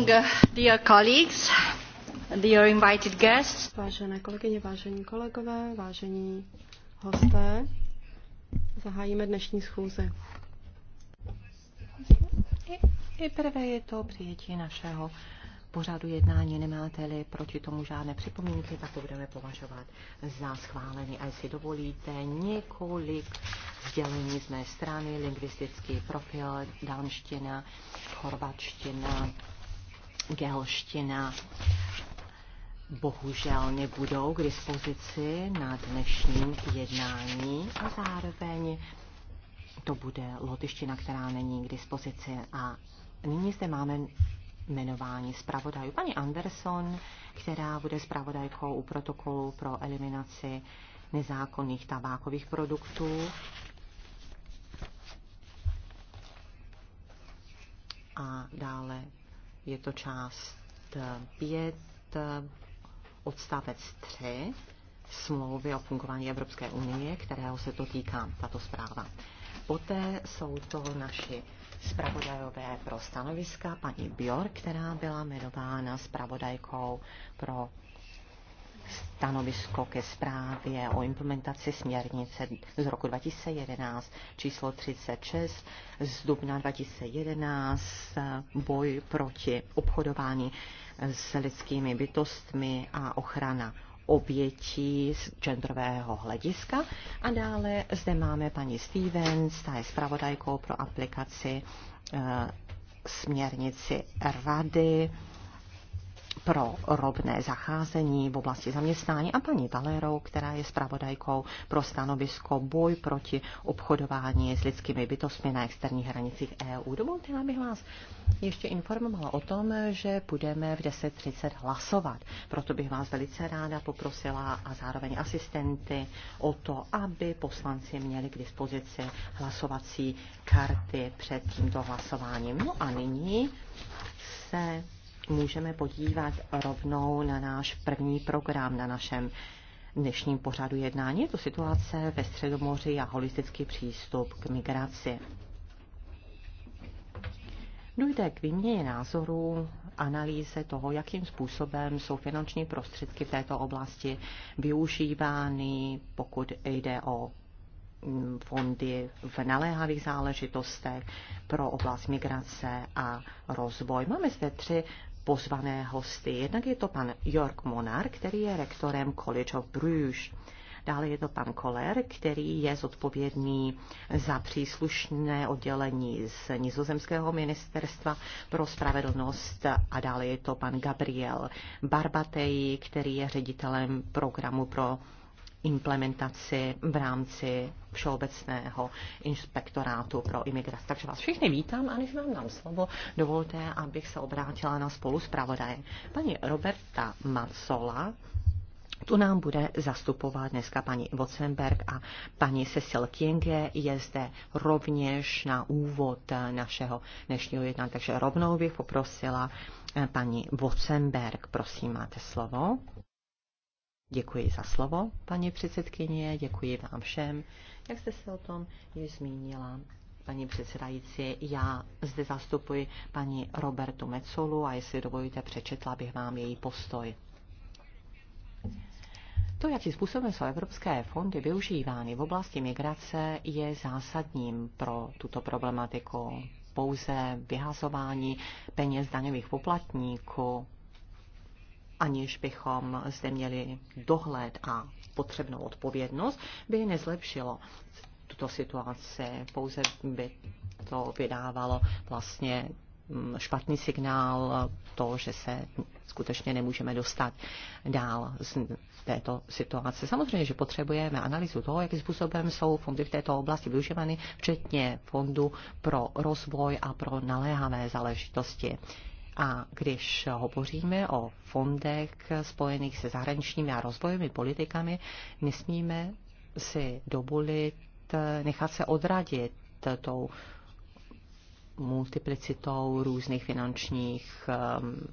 morning, uh, dear colleagues, dear invited guests. Vážené kolegyně, vážení kolegové, vážení hosté, zahájíme dnešní schůze. Nejprve je to přijetí našeho pořadu jednání. Nemáte-li proti tomu žádné připomínky, tak to budeme považovat za schválení. A jestli dovolíte několik sdělení z mé strany, lingvistický profil, dánština, chorvačtina, gelština bohužel nebudou k dispozici na dnešním jednání a zároveň to bude lotiština, která není k dispozici. A nyní zde máme jmenování zpravodajů. Paní Anderson, která bude zpravodajkou u protokolu pro eliminaci nezákonných tabákových produktů. A dále je to část 5, eh, eh, odstavec 3 smlouvy o fungování Evropské unie, kterého se to týká, tato zpráva. Poté jsou to naši zpravodajové pro stanoviska, paní Bjork, která byla jmenována zpravodajkou pro stanovisko ke zprávě o implementaci směrnice z roku 2011 číslo 36 z dubna 2011 boj proti obchodování s lidskými bytostmi a ochrana obětí z genderového hlediska. A dále zde máme paní Stevens, ta je zpravodajkou pro aplikaci e, směrnici Rady pro rovné zacházení v oblasti zaměstnání a paní Valerou, která je zpravodajkou pro stanovisko boj proti obchodování s lidskými bytostmi na externích hranicích EU. Dovolte, abych vás ještě informovala o tom, že budeme v 10.30 hlasovat. Proto bych vás velice ráda poprosila a zároveň asistenty o to, aby poslanci měli k dispozici hlasovací karty před tímto hlasováním. No a nyní se můžeme podívat rovnou na náš první program na našem dnešním pořadu jednání. Je to situace ve Středomoři a holistický přístup k migraci. Dojde k výměně názorů, analýze toho, jakým způsobem jsou finanční prostředky v této oblasti využívány, pokud jde o mm, fondy v naléhavých záležitostech pro oblast migrace a rozvoj. Máme zde tři pozvané hosty. Jednak je to pan Jörg Monar, který je rektorem College of Bruges. Dále je to pan Koller, který je zodpovědný za příslušné oddělení z nizozemského ministerstva pro spravedlnost a dále je to pan Gabriel Barbatej, který je ředitelem programu pro implementaci v rámci Všeobecného inspektorátu pro imigraci. Takže vás všichni vítám a než vám dám slovo, dovolte, abych se obrátila na spolu zpravodaje. Paní Roberta Macola, tu nám bude zastupovat dneska paní Vocenberg a paní Cecil Kienge je zde rovněž na úvod našeho dnešního jednání. Takže rovnou bych poprosila paní Vocenberg, prosím, máte slovo. Děkuji za slovo, paní předsedkyně, děkuji vám všem. Jak jste se o tom již zmínila, paní předsedající, já zde zastupuji paní Robertu Mecolu a jestli dovolíte, přečetla bych vám její postoj. To, jakým způsobem jsou evropské fondy využívány v oblasti migrace, je zásadním pro tuto problematiku. Pouze vyhazování peněz daňových poplatníků aniž bychom zde měli dohled a potřebnou odpovědnost, by nezlepšilo tuto situaci. Pouze by to vydávalo vlastně mm, špatný signál, to, že se skutečně nemůžeme dostat dál z této situace. Samozřejmě, že potřebujeme analýzu toho, jakým způsobem jsou fondy v této oblasti využívány, včetně fondu pro rozvoj a pro naléhavé záležitosti. A když hovoříme o fondech spojených se zahraničními a rozvojovými politikami, nesmíme si dovolit eh, nechat se odradit tou multiplicitou různých finančních ehm,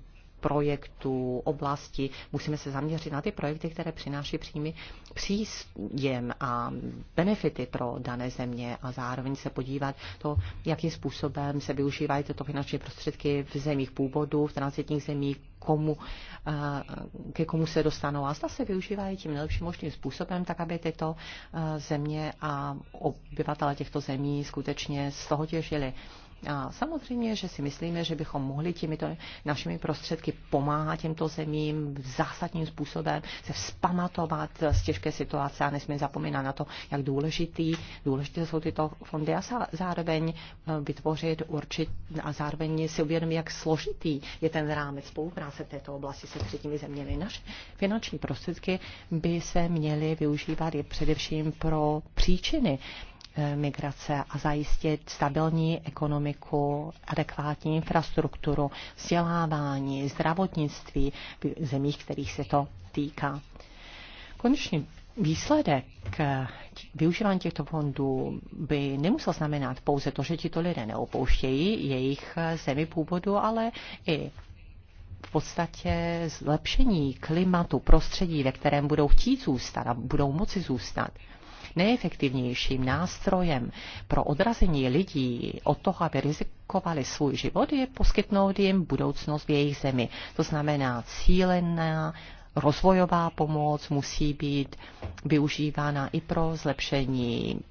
projektů, oblasti Musíme se zaměřit na ty projekty, které přináší příjmy příjem a benefity pro dané země a zároveň se podívat to, jakým způsobem se využívají tyto finanční prostředky v zemích původu, v transitních zemích, komu, eh, ke komu se dostanou a zda se využívají tím nejlepším možným způsobem, tak aby tyto eh, země a obyvatele těchto zemí skutečně z toho těžili. A samozřejmě, že si myslíme, že bychom mohli těmito našimi prostředky pomáhat těmto zemím zásadním způsobem se vzpamatovat z těžké situace a nesmíme zapomínat na to, jak důležitý, důležité jsou tyto fondy a zároveň eh, vytvořit určit a zároveň si uvědomit, jak složitý je ten rámec spolupráce v této oblasti se třetími zeměmi. Naše finanční prostředky by se měly využívat i především pro příčiny Eh, migrace a zajistit stabilní ekonomiku, adekvátní infrastrukturu, vzdělávání, zdravotnictví v zemích, kterých se to týká. Konečný výsledek eh, využívání těchto fondů by nemusel znamenat pouze to, že tito lidé neopouštějí jejich eh, zemi původu, ale i v podstatě zlepšení klimatu, prostředí, ve kterém budou chtít zůstat a budou moci zůstat nejefektivnějším nástrojem pro odrazení lidí od toho, aby rizikovali svůj život, je poskytnout jim budoucnost v jejich zemi. To znamená cílená rozvojová pomoc musí být využívána i pro zlepšení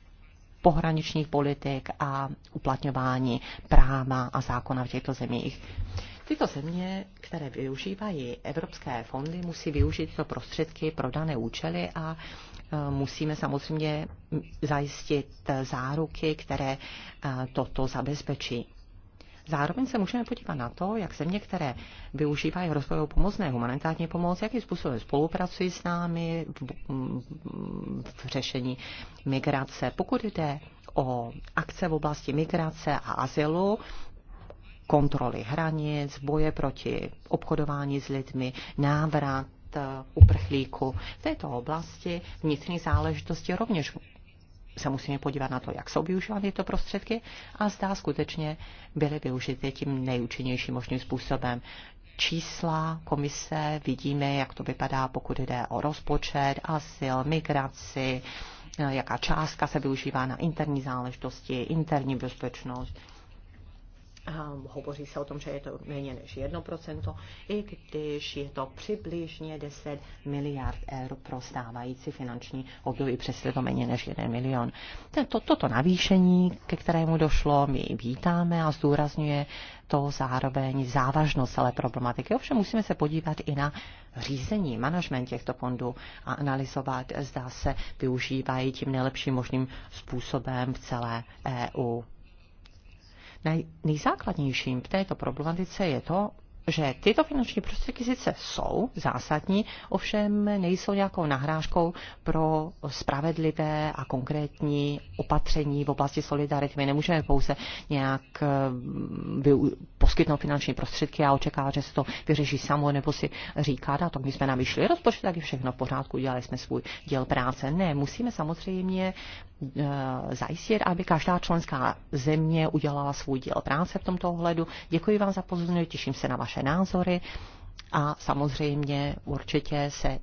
pohraničních politik a uplatňování práva a zákona v těchto zemích. Tyto země, které využívají evropské fondy, musí využít to prostředky pro dané účely a Eh, musíme samozřejmě zajistit záruky, které eh, toto zabezpečí. Zároveň se můžeme podívat na to, jak země, které využívají rozvojovou pomocné humanitární pomoc, jakým způsobem spolupracují s námi v, v řešení migrace. Pokud jde o akce v oblasti migrace a azylu, kontroly hranic, boje proti obchodování s lidmi, návrat Eh, uprchlíků. V této oblasti vnitřní záležitosti rovněž se musíme podívat na to, jak jsou využívány tyto prostředky a zdá skutečně byly využity tím nejúčinnějším možným způsobem. Čísla komise vidíme, jak to vypadá, pokud jde o rozpočet, asyl, migraci, eh, jaká částka se využívá na interní záležitosti, interní bezpečnost hovoří se o tom, že je to méně než 1%, i když je to přibližně 10 miliard eur pro stávající finanční období, přesně to méně než 1 milion. To to navýšení, ke kterému došlo, my vítáme a zdůrazňuje to zároveň závažnost celé problematiky. Ovšem musíme se podívat i na řízení, manažment těchto fondů a analyzovat, zda se využívají tím nejlepším možným způsobem v celé EU nej, nejzákladnějším v této problematice je to, že tyto finanční prostředky sice jsou zásadní, ovšem nejsou nějakou nahrážkou pro spravedlivé a konkrétní opatření v oblasti solidarity. My nemůžeme pouze nějak eh, poskytnout finanční prostředky a očekávat, že se to vyřeší samo, nebo si říká, a tak my jsme navýšili rozpočet, tak je všechno v pořádku, dělali jsme svůj díl práce. Ne, musíme samozřejmě eh, zajistit, aby každá členská země udělala svůj díl práce v tomto ohledu. Děkuji vám za pozornost, těším se na vaše vaše názory a samozřejmě určitě se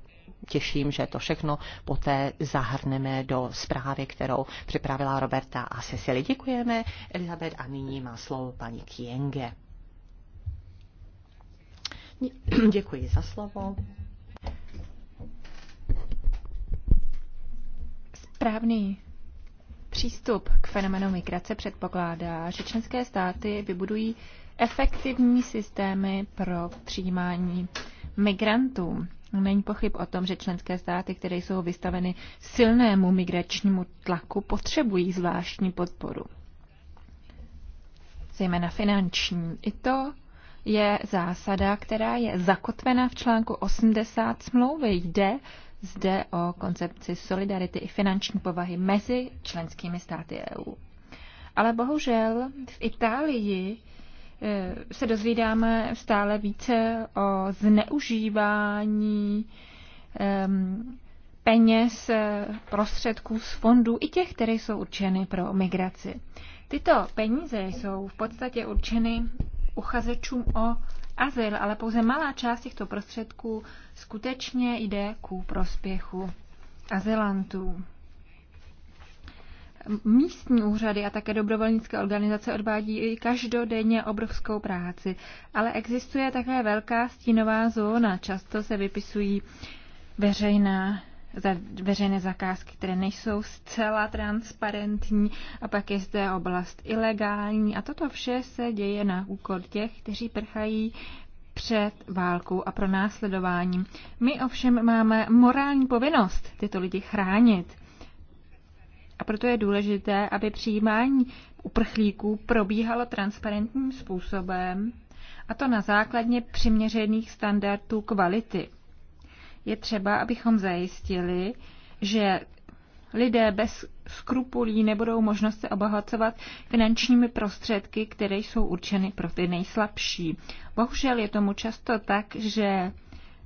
těším, že to všechno poté zahrneme do zprávy, kterou připravila Roberta a Cecily. Děkujeme, Elizabeth, a nyní má slovo paní Kienge. Děkuji za slovo. Správný přístup k fenomenu migrace předpokládá, že členské státy vybudují efektivní systémy pro přijímání migrantů. Není pochyb o tom, že členské státy, které jsou vystaveny silnému migračnímu tlaku, potřebují zvláštní podporu, zejména finanční. I to je zásada, která je zakotvena v článku 80 smlouvy. Jde zde o koncepci solidarity i finanční povahy mezi členskými státy EU. Ale bohužel v Itálii Eh, se dozvídáme stále více o zneužívání ehm, peněz, prostředků z fondů, i těch, které jsou určeny pro migraci. Tyto peníze jsou v podstatě určeny uchazečům o azyl, ale pouze malá část těchto prostředků skutečně jde ku prospěchu azylantů. Místní úřady a také dobrovolnické organizace odvádí každodenně obrovskou práci, ale existuje také velká stínová zóna. Často se vypisují veřejná za veřejné zakázky, které nejsou zcela transparentní a pak je zde oblast ilegální a toto vše se děje na úkol těch, kteří prchají před válkou a pro následováním. My ovšem máme morální povinnost tyto lidi chránit. A proto je důležité, aby přijímání uprchlíků probíhalo transparentním způsobem, a to na základně přiměřených standardů kvality. Je třeba, abychom zajistili, že lidé bez skrupulí nebudou možnost se obohacovat finančními prostředky, které jsou určeny pro ty nejslabší. Bohužel je tomu často tak, že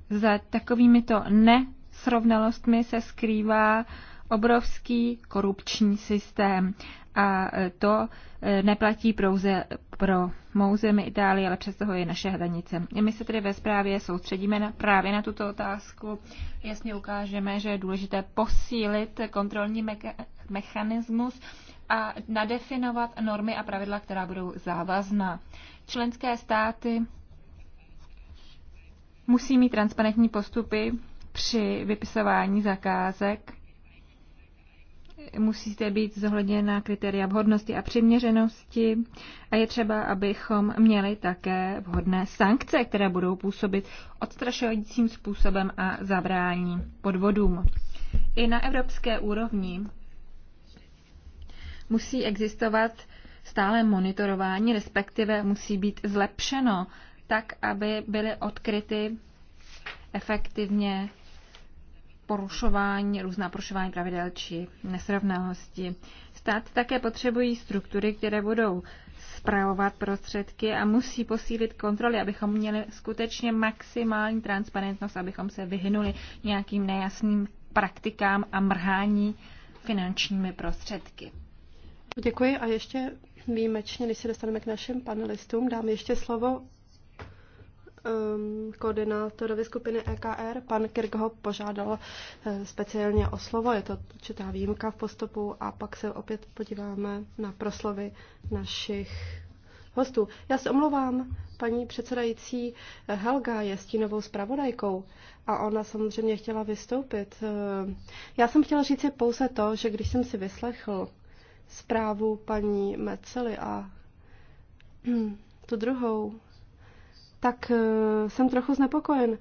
za takovými to nesrovnalostmi se skrývá obrovský korupční systém. A e, to e, neplatí pouze pro mou zemi Itálie, ale přes toho je naše hranice. My se tedy ve zprávě soustředíme na, právě na tuto otázku. Jasně ukážeme, že je důležité posílit kontrolní meka- mechanismus a nadefinovat normy a pravidla, která budou závazná. Členské státy musí mít transparentní postupy při vypisování zakázek musíte být zohledněna kritéria vhodnosti a přiměřenosti a je třeba, abychom měli také vhodné sankce, které budou působit odstrašujícím způsobem a zabrání podvodům. I na evropské úrovni musí existovat stále monitorování, respektive musí být zlepšeno tak, aby byly odkryty efektivně porušování, různá porušování pravidel či nesrovnalosti. Stát také potřebují struktury, které budou zpravovat prostředky a musí posílit kontroly, abychom měli skutečně maximální transparentnost, abychom se vyhnuli nějakým nejasným praktikám a mrhání finančními prostředky. Děkuji a ještě výjimečně, když se dostaneme k našim panelistům, dám ještě slovo um, koordinátorovi skupiny EKR, pan Kirkho požádal eh, speciálně o slovo, je to určitá výjimka v postupu a pak se opět podíváme na proslovy našich hostů. Já se omlouvám, paní předsedající eh, Helga je stínovou zpravodajkou a ona samozřejmě chtěla vystoupit. Eh, já jsem chtěla říct si pouze to, že když jsem si vyslechl zprávu paní Mecely a tu druhou tak eh, jsem trochu znepokojen,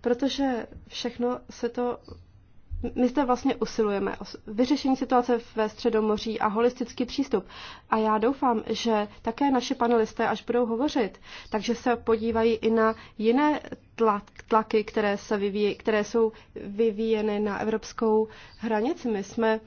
protože všechno se to my zde vlastně usilujeme o vyřešení situace ve Středomoří a holistický přístup. A já doufám, že také naši panelisté, až budou hovořit, takže se podívají i na jiné tlaky, které, se vyvíjí, které jsou vyvíjeny na evropskou hranici. My jsme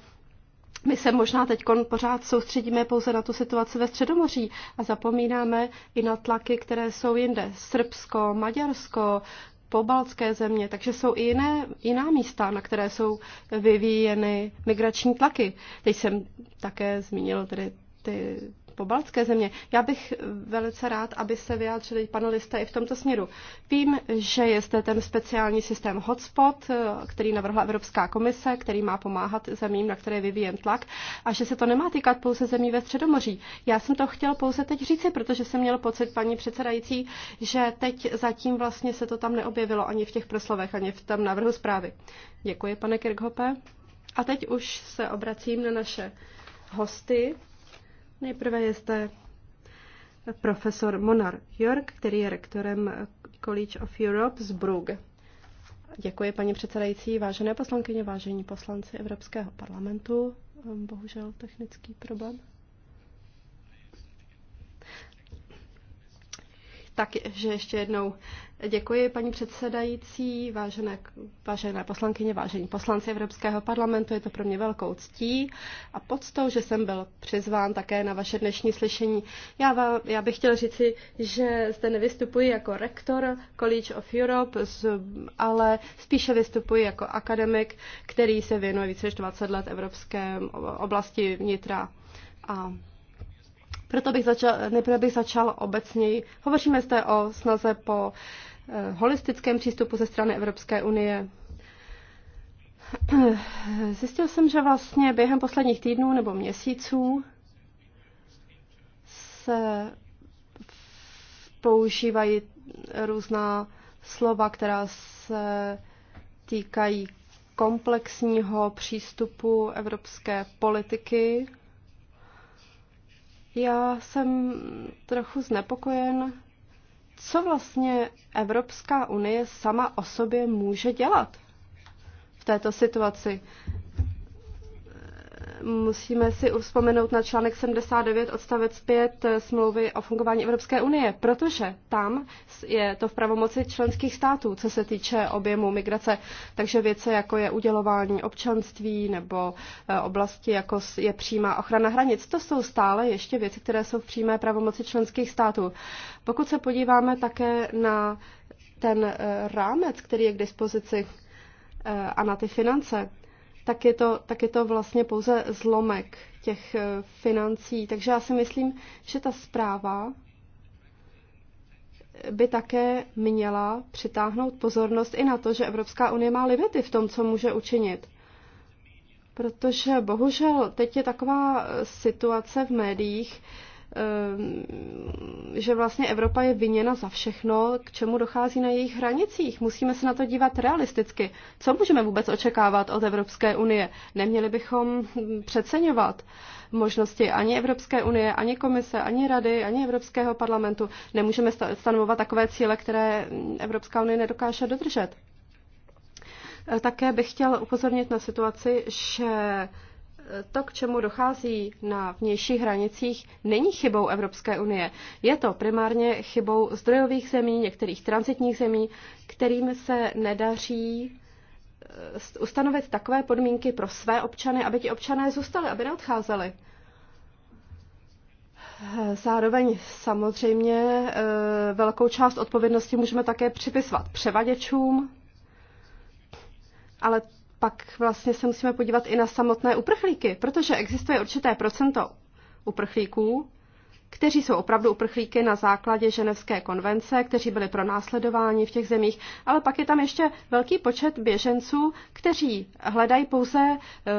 my se možná teď pořád soustředíme pouze na tu situaci ve Středomoří a zapomínáme i na tlaky, které jsou jinde. Srbsko, Maďarsko, pobaltské země, takže jsou i jiné, jiná místa, na které jsou vyvíjeny migrační tlaky. Teď jsem také zmínil tedy ty pobaltské země. Já bych velice rád, aby se vyjádřili panelisté i v tomto směru. Vím, že je zde ten speciální systém hotspot, eh, který navrhla Evropská komise, který má pomáhat zemím, na které je vyvíjen tlak, a že se to nemá týkat pouze zemí ve Středomoří. Já jsem to chtěl pouze teď říci, protože jsem měl pocit, paní předsedající, že teď zatím vlastně se to tam neobjevilo ani v těch proslovech, ani v tom návrhu zprávy. Děkuji, pane Kirkhope. A teď už se obracím na naše hosty. Nejprve je zde profesor Monar Jörg, který je rektorem College of Europe z Brug. Děkuji, paní předsedající, vážené poslankyně, vážení poslanci Evropského parlamentu. Bohužel technický problém. Takže ještě jednou děkuji paní předsedající, vážené, vážené poslankyně, vážení poslanci Evropského parlamentu. Je to pro mě velkou ctí a poctou, že jsem byl přizván také na vaše dnešní slyšení. Já, vám, já bych chtěl říci, že zde nevystupuji jako rektor College of Europe, ale spíše vystupuji jako akademik, který se věnuje více než 20 let evropské oblasti vnitra a proto bych začal, nejprve bych začal obecněji. Hovoříme zde o snaze po eh, holistickém přístupu ze strany Evropské unie. Zjistil jsem, že vlastně během posledních týdnů nebo měsíců se používají různá slova, která se týkají komplexního přístupu evropské politiky já jsem trochu znepokojen, co vlastně Evropská unie sama o sobě může dělat v této situaci musíme si vzpomenout na článek 79 odstavec 5 eh, smlouvy o fungování Evropské unie, protože tam je to v pravomoci členských států, co se týče objemu migrace. Takže věce jako je udělování občanství nebo eh, oblasti jako je přímá ochrana hranic, to jsou stále ještě věci, které jsou v přímé pravomoci členských států. Pokud se podíváme také na ten eh, rámec, který je k dispozici a na ty finance, tak je to, tak je to vlastně pouze zlomek těch eh, financí. Takže já si myslím, že ta zpráva by také měla přitáhnout pozornost i na to, že Evropská unie má limity v tom, co může učinit. Protože bohužel teď je taková eh, situace v médiích, Ehm, že vlastně Evropa je viněna za všechno, k čemu dochází na jejich hranicích. Musíme se na to dívat realisticky. Co můžeme vůbec očekávat od Evropské unie? Neměli bychom hm, přeceňovat možnosti ani Evropské unie, ani komise, ani rady, ani Evropského parlamentu. Nemůžeme stanovovat takové cíle, které hm, Evropská unie nedokáže dodržet. E, také bych chtěl upozornit na situaci, že to, k čemu dochází na vnějších hranicích, není chybou Evropské unie. Je to primárně chybou zdrojových zemí, některých transitních zemí, kterým se nedaří eh, ustanovit takové podmínky pro své občany, aby ti občané zůstali, aby neodcházeli. Zároveň samozřejmě eh, velkou část odpovědnosti můžeme také připisovat převaděčům, ale pak vlastně se musíme podívat i na samotné uprchlíky, protože existuje určité procento uprchlíků, kteří jsou opravdu uprchlíky na základě Ženevské konvence, kteří byli pronásledováni v těch zemích, ale pak je tam ještě velký počet běženců, kteří hledají pouze e,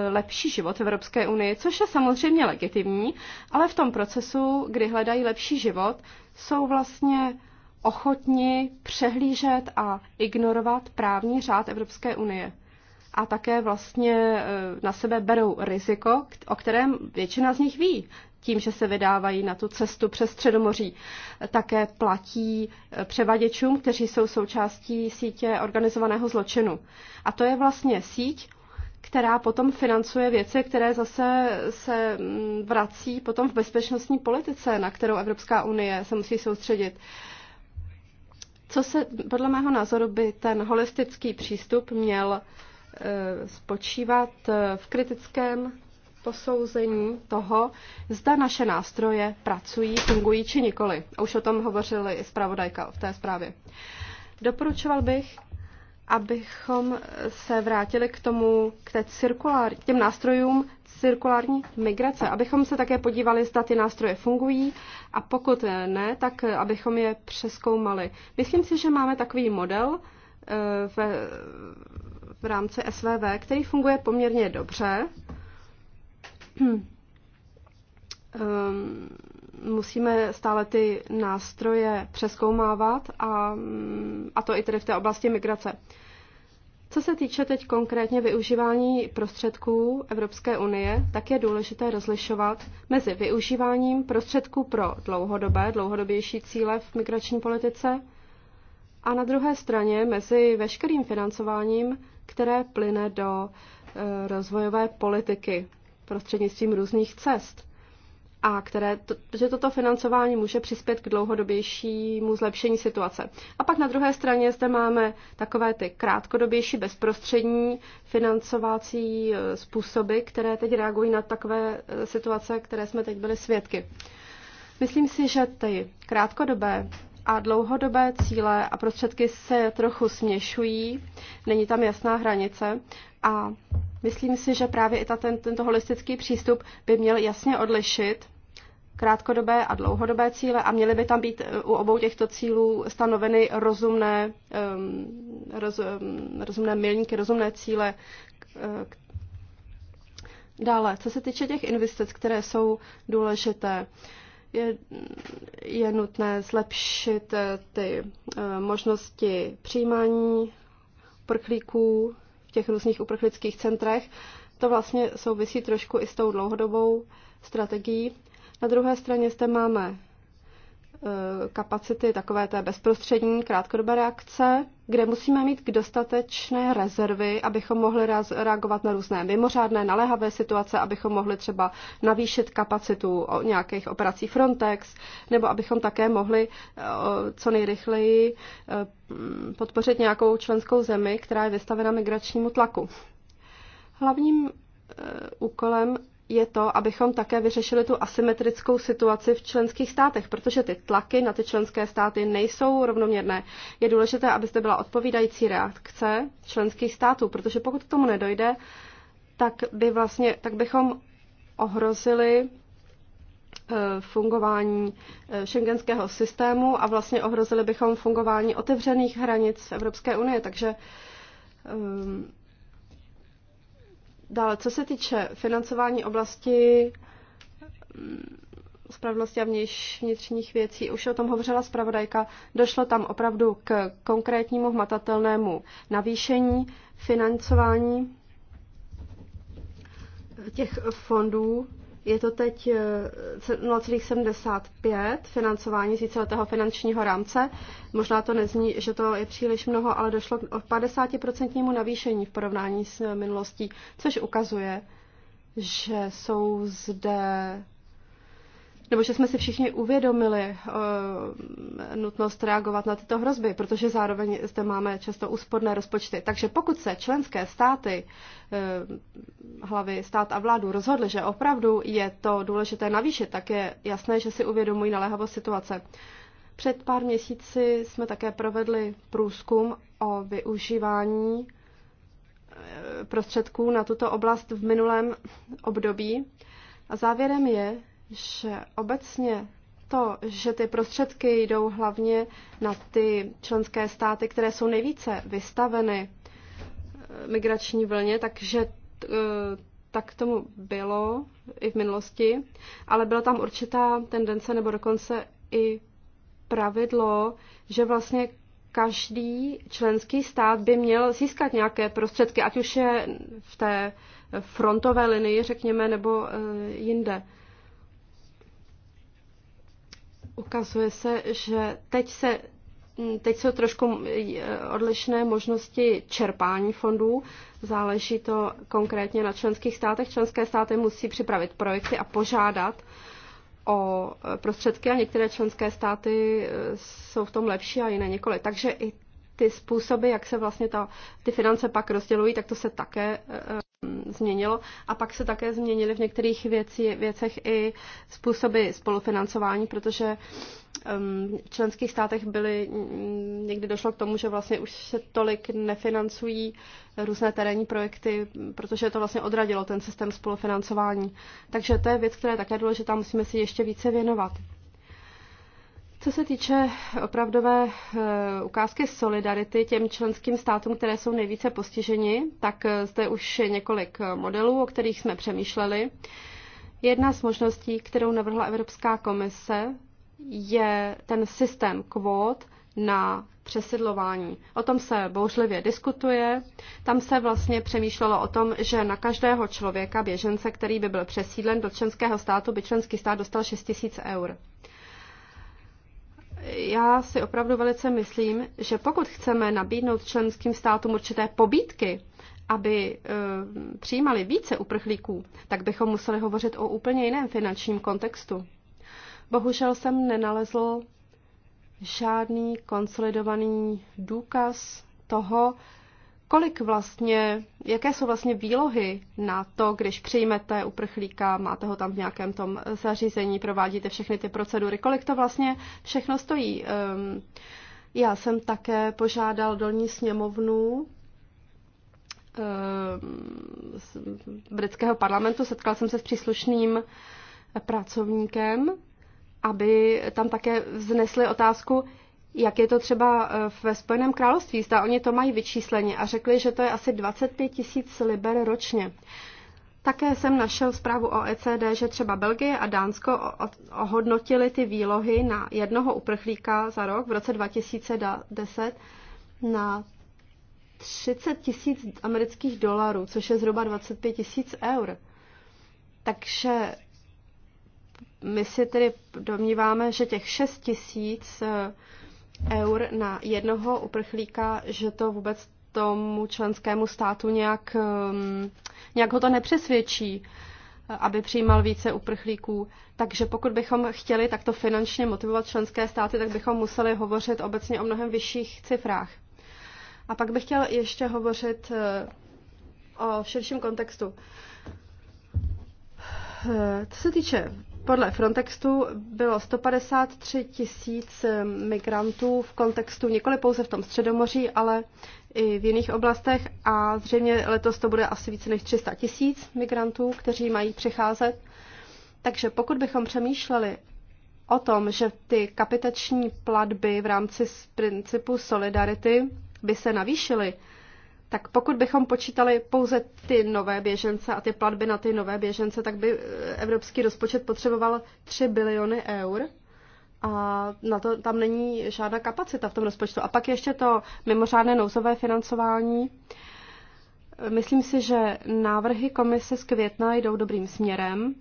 lepší život v Evropské unii, což je samozřejmě legitimní, ale v tom procesu, kdy hledají lepší život, jsou vlastně ochotni přehlížet a ignorovat právní řád Evropské unie a také vlastně eh, na sebe berou riziko, o kterém většina z nich ví, tím, že se vydávají na tu cestu přes Středomoří. Také platí eh, převaděčům, kteří jsou součástí sítě organizovaného zločinu. A to je vlastně síť, která potom financuje věci, které zase se mm, vrací potom v bezpečnostní politice, na kterou Evropská unie se musí soustředit. Co se, podle mého názoru, by ten holistický přístup měl uh, Eh, spočívat eh, v kritickém posouzení toho, zda naše nástroje pracují, fungují či nikoli. Už o tom hovořili i zpravodajka v té zprávě. Doporučoval bych, abychom se vrátili k tomu, k, té cirkulár, k těm nástrojům cirkulární migrace, abychom se také podívali, zda ty nástroje fungují a pokud ne, tak eh, abychom je přeskoumali. Myslím si, že máme takový model, ve, v rámci SVV, který funguje poměrně dobře. Ehm, musíme stále ty nástroje přeskoumávat a, a to i tedy v té oblasti migrace. Co se týče teď konkrétně využívání prostředků Evropské unie, tak je důležité rozlišovat mezi využíváním prostředků pro dlouhodobé, dlouhodobější cíle v migrační politice a na druhé straně mezi veškerým financováním, které plyne do eh, rozvojové politiky prostřednictvím různých cest a které, to, že toto financování může přispět k dlouhodobějšímu zlepšení situace. A pak na druhé straně zde máme takové ty krátkodobější, bezprostřední financovací eh, způsoby, které teď reagují na takové eh, situace, které jsme teď byli svědky. Myslím si, že ty krátkodobé a dlouhodobé cíle a prostředky se trochu směšují, není tam jasná hranice a myslím si, že právě i ta, ten, tento holistický přístup by měl jasně odlišit krátkodobé a dlouhodobé cíle a měly by tam být e, u obou těchto cílů stanoveny rozumné, um, roz, um, rozumné milníky, rozumné cíle. E, k, dále, co se týče těch investic, které jsou důležité, je, je nutné zlepšit eh, ty eh, možnosti přijímání prchlíků v těch různých uprchlických centrech. To vlastně souvisí trošku i s tou dlouhodobou strategií. Na druhé straně zde máme Eh, kapacity takové té bezprostřední krátkodobé reakce, kde musíme mít k dostatečné rezervy, abychom mohli reagovat na různé mimořádné naléhavé situace, abychom mohli třeba navýšit kapacitu o nějakých operací Frontex, nebo abychom také mohli eh, co nejrychleji eh, podpořit nějakou členskou zemi, která je vystavena migračnímu tlaku. Hlavním úkolem je to, abychom také vyřešili tu asymetrickou situaci v členských státech, protože ty tlaky na ty členské státy nejsou rovnoměrné. Je důležité, aby zde byla odpovídající reakce členských států, protože pokud k tomu nedojde, tak, by vlastně, tak bychom ohrozili eh, fungování šengenského eh, systému a vlastně ohrozili bychom fungování otevřených hranic Evropské unie. Takže um, Dále, co se týče financování oblasti mm, spravedlnosti a vnějš, vnitřních věcí, už o tom hovořila zpravodajka, došlo tam opravdu k konkrétnímu hmatatelnému navýšení financování těch fondů je to teď 0,75 eh, financování z víceletého finančního rámce. Možná to nezní, že to je příliš mnoho, ale došlo k 50% navýšení v porovnání s minulostí, což ukazuje, že jsou zde nebo že jsme si všichni uvědomili uh, nutnost reagovat na tyto hrozby, protože zároveň zde máme často úsporné rozpočty. Takže pokud se členské státy, uh, hlavy stát a vládu rozhodly, že opravdu je to důležité navýšit, tak je jasné, že si uvědomují naléhavost situace. Před pár měsíci jsme také provedli průzkum o využívání eh, prostředků na tuto oblast v minulém období. A závěrem je, že obecně to, že ty prostředky jdou hlavně na ty členské státy, které jsou nejvíce vystaveny eh, migrační vlně, takže eh, tak tomu bylo i v minulosti, ale byla tam určitá tendence nebo dokonce i pravidlo, že vlastně každý členský stát by měl získat nějaké prostředky, ať už je v té frontové linii, řekněme, nebo eh, jinde. Ukazuje se, že teď se mm, Teď jsou trošku mm, e, odlišné možnosti čerpání fondů. Záleží to konkrétně na členských státech. Členské státy musí připravit projekty a požádat o e, prostředky a některé členské státy e, jsou v tom lepší a jiné několik. Takže i ty způsoby, jak se vlastně ta, ty finance pak rozdělují, tak to se také e, změnilo. A pak se také změnily v některých věcí, věcech i způsoby spolufinancování, protože ehm, v členských státech byly, mm, někdy došlo k tomu, že vlastně už se tolik nefinancují různé terénní projekty, protože to vlastně odradilo ten systém spolufinancování. Takže to je věc, která je také důležitá, musíme si ještě více věnovat. Co se týče opravdové eh, ukázky solidarity těm členským státům, které jsou nejvíce postiženi, tak eh, zde už je několik eh, modelů, o kterých jsme přemýšleli. Jedna z možností, kterou navrhla Evropská komise, je ten systém kvót na přesidlování. O tom se bouřlivě diskutuje. Tam se vlastně přemýšlelo o tom, že na každého člověka, běžence, který by byl přesídlen do členského státu, by členský stát dostal 6 000 eur já si opravdu velice myslím, že pokud chceme nabídnout členským státům určité pobídky, aby e, přijímali více uprchlíků, tak bychom museli hovořit o úplně jiném finančním kontextu. Bohužel jsem nenalezl žádný konsolidovaný důkaz toho, kolik vlastně, jaké jsou vlastně výlohy na to, když přijmete uprchlíka, máte ho tam v nějakém tom zařízení, provádíte všechny ty procedury, kolik to vlastně všechno stojí. Ehm, já jsem také požádal dolní sněmovnu ehm, z britského parlamentu, setkal jsem se s příslušným pracovníkem, aby tam také vznesli otázku, jak je to třeba eh, ve Spojeném království. Zda oni to mají vyčísleně a řekli, že to je asi 25 tisíc liber ročně. Také jsem našel zprávu OECD, že třeba Belgie a Dánsko ohodnotili ty výlohy na jednoho uprchlíka za rok v roce 2010 na 30 tisíc amerických dolarů, což je zhruba 25 tisíc eur. Takže my si tedy domníváme, že těch 6 tisíc eh, eur na jednoho uprchlíka, že to vůbec tomu členskému státu nějak, um, nějak ho to nepřesvědčí, aby přijímal více uprchlíků. Takže pokud bychom chtěli takto finančně motivovat členské státy, tak bychom museli hovořit obecně o mnohem vyšších cifrách. A pak bych chtěl ještě hovořit uh, o širším kontextu. Uh, co se týče podle Frontextu bylo 153 tisíc eh, migrantů v kontextu nikoli pouze v tom Středomoří, ale i v jiných oblastech a zřejmě letos to bude asi více než 300 tisíc migrantů, kteří mají přicházet. Takže pokud bychom přemýšleli o tom, že ty kapitační platby v rámci principu solidarity by se navýšily, tak pokud bychom počítali pouze ty nové běžence a ty platby na ty nové běžence, tak by eh, evropský rozpočet potřeboval 3 biliony eur a na to tam není žádná kapacita v tom rozpočtu. A pak ještě to mimořádné nouzové financování. Myslím si, že návrhy komise z května jdou dobrým směrem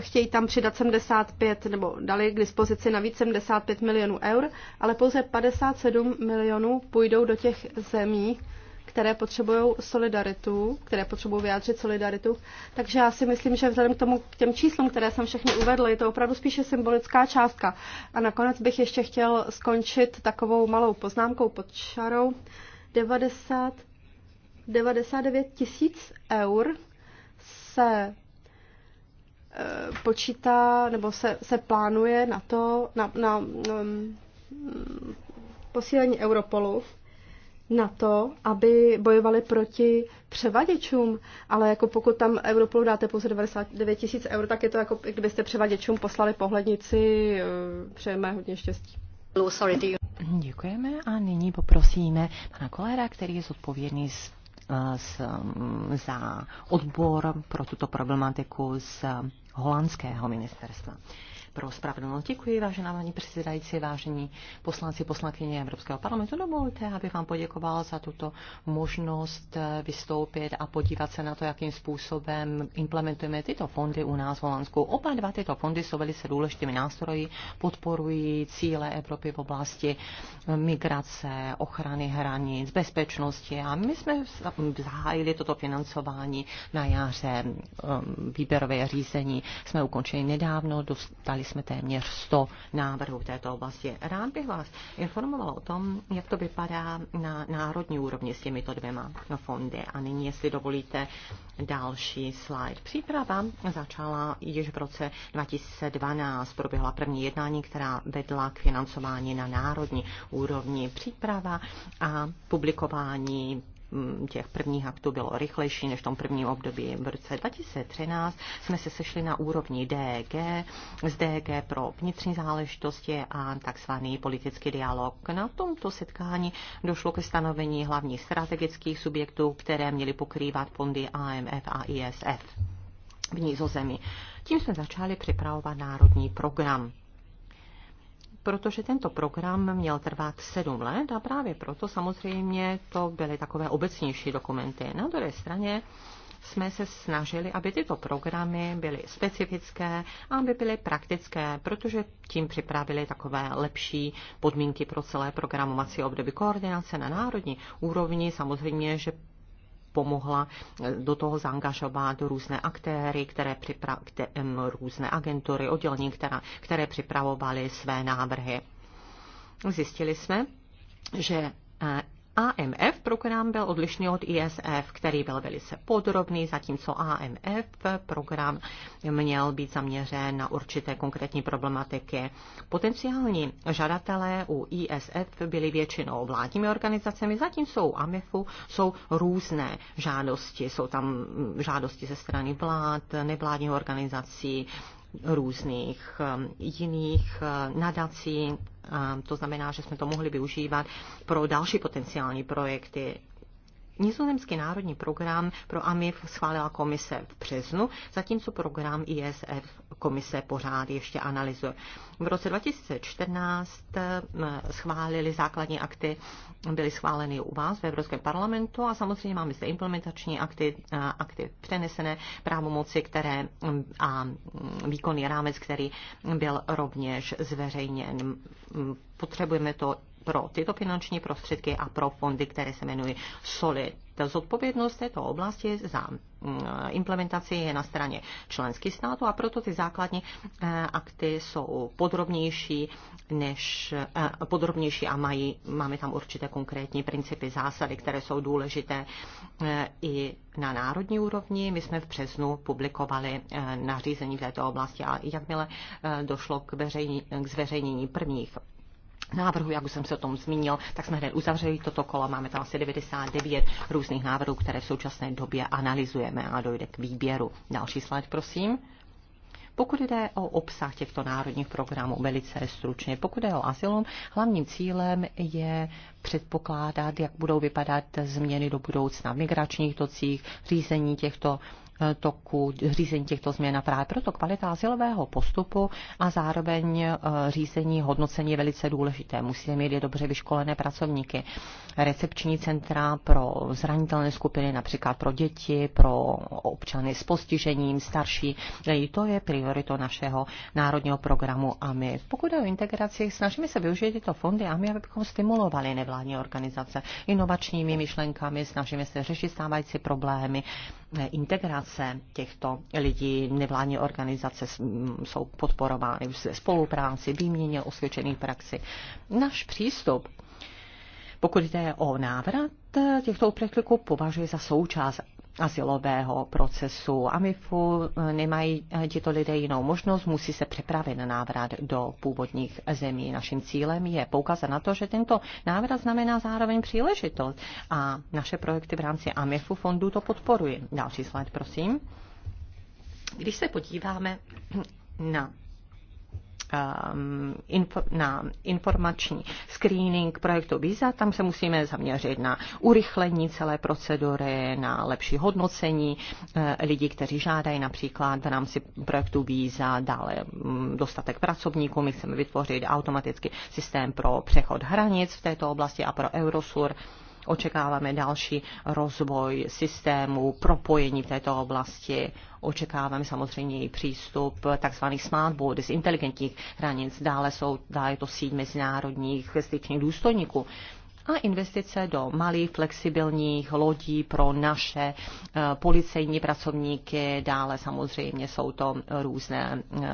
chtějí tam přidat 75, nebo dali k dispozici navíc 75 milionů eur, ale pouze 57 milionů půjdou do těch zemí, které potřebují solidaritu, které potřebují vyjádřit solidaritu. Takže já si myslím, že vzhledem k, tomu, k těm číslům, které jsem všechny uvedla, je to opravdu spíše symbolická částka. A nakonec bych ještě chtěl skončit takovou malou poznámkou pod čarou. 90, 99 tisíc eur se Eh, počítá nebo se, se plánuje na to, na, na um, posílení Europolu na to, aby bojovali proti převaděčům, ale jako pokud tam Europolu dáte pouze 99 tisíc eur, tak je to jako kdybyste převaděčům poslali pohlednici, eh, přejeme hodně štěstí. Děkujeme a nyní poprosíme pana Kolera, který je zodpovědný z eh, z, mm, za odbor pro tuto problematiku z holandského ministerstva pro spravedlnost. Děkuji, vážená paní předsedající, vážení poslanci, poslankyně Evropského parlamentu. Dovolte, abych vám poděkoval za tuto možnost vystoupit a podívat se na to, jakým způsobem implementujeme tyto fondy u nás v Holandsku. Oba dva tyto fondy jsou velice důležitými nástroji, podporují cíle Evropy v oblasti migrace, ochrany hranic, bezpečnosti a my jsme zahájili toto financování na jaře um, výběrové řízení. Jsme ukončili nedávno, dostali jsme téměř 100 návrhů v této oblasti. Rád bych vás informoval o tom, jak to vypadá na národní úrovni s těmito dvěma fondy. A nyní, jestli dovolíte, další slide. Příprava začala již v roce 2012. Proběhla první jednání, která vedla k financování na národní úrovni. Příprava a publikování Mm, těch prvních aktů bylo rychlejší než v tom prvním období. V roce 2013 jsme se sešli na úrovni DG, z DG pro vnitřní záležitosti a takzvaný politický dialog. Na tomto setkání došlo ke stanovení hlavních strategických subjektů, které měly pokrývat fondy AMF a ISF v Nízozemí. Tím jsme začali připravovat národní program protože tento program měl trvat sedm let a právě proto samozřejmě to byly takové obecnější dokumenty. Na druhé straně jsme se snažili, aby tyto programy byly specifické a aby byly praktické, protože tím připravili takové lepší podmínky pro celé programovací období koordinace na národní úrovni. Samozřejmě, že pomohla eh, do toho zaangažovat různé aktéry, které připra- kte- různé agentury, oddělení, která, které připravovaly své návrhy. Zjistili jsme, že eh, AMF program byl odlišný od ISF, který byl velice podrobný, zatímco AMF program měl být zaměřen na určité konkrétní problematiky. Potenciální žadatelé u ISF byli většinou vládními organizacemi, zatímco u AMEFu jsou různé žádosti. Jsou tam žádosti ze strany vlád, nevládních organizací, různých um, jiných uh, nadací. Um, to znamená, že jsme to mohli využívat pro další potenciální projekty Nizozemský národní program pro AMIF schválila komise v březnu, zatímco program ISF komise pořád ještě analyzuje. V roce 2014 eh, schválili základní akty, byly schváleny u vás v Evropském parlamentu a samozřejmě máme zde implementační akty, eh, akty přenesené právomoci, které mm, a mm, výkonný rámec, který byl rovněž zveřejněn. Mm, potřebujeme to pro tyto finanční prostředky a pro fondy, které se jmenují SOLID. Ta zodpovědnost této oblasti za mm, implementaci je na straně členských států a proto ty základní eh, akty jsou podrobnější, než, eh, podrobnější a mají, máme tam určité konkrétní principy, zásady, které jsou důležité eh, i na národní úrovni. My jsme v březnu publikovali nařízení v této oblasti a jakmile došlo k, veřejní, k zveřejnění prvních návrhu, jak už jsem se o tom zmínil, tak jsme hned uzavřeli toto kolo. Máme tam asi 99 různých návrhů, které v současné době analyzujeme a dojde k výběru. Další slide, prosím. Pokud jde o obsah těchto národních programů, velice stručně, pokud jde o asylum, hlavním cílem je předpokládat, jak budou vypadat změny do budoucna v migračních tocích, řízení těchto Eh, toku řízení těchto změn. A právě proto kvalita asilového postupu a zároveň eh, řízení hodnocení je velice důležité. Musíte mít je dobře vyškolené pracovníky. Recepční centra pro zranitelné skupiny, například pro děti, pro občany s postižením, starší. I eh, to je prioritou našeho národního programu AMI. Pokud je o integraci, snažíme se využít tyto fondy AMI, abychom stimulovali nevládní organizace inovačními myšlenkami, snažíme se řešit stávající problémy, integrace těchto lidí, nevládní organizace jsou podporovány v spolupráci, výměně osvědčených praxi. Náš přístup pokud jde o návrat těchto uprchlíků, považuji za součást asilového procesu. A MIFu nemají eh, tito lidé jinou možnost, musí se připravit na návrat do původních zemí. Naším cílem je poukazat na to, že tento návrat znamená zároveň příležitost a naše projekty v rámci AMIFu fondu to podporují. Další slide, prosím. Když se podíváme na Um, na informační screening projektu víza, tam se musíme zaměřit na urychlení celé procedury, na lepší hodnocení eh, lidí, kteří žádají například v rámci projektu víza, dále mm, dostatek pracovníků, my chceme vytvořit automaticky systém pro přechod hranic v této oblasti a pro Eurosur Očekáváme další rozvoj systému, propojení v této oblasti. Očekáváme samozřejmě i přístup tzv. smart borders, inteligentních hranic. Dále jsou, dále je to síť mezinárodních styčných důstojníků a investice do malých flexibilních lodí pro naše eh, policejní pracovníky. Dále samozřejmě jsou to různé eh,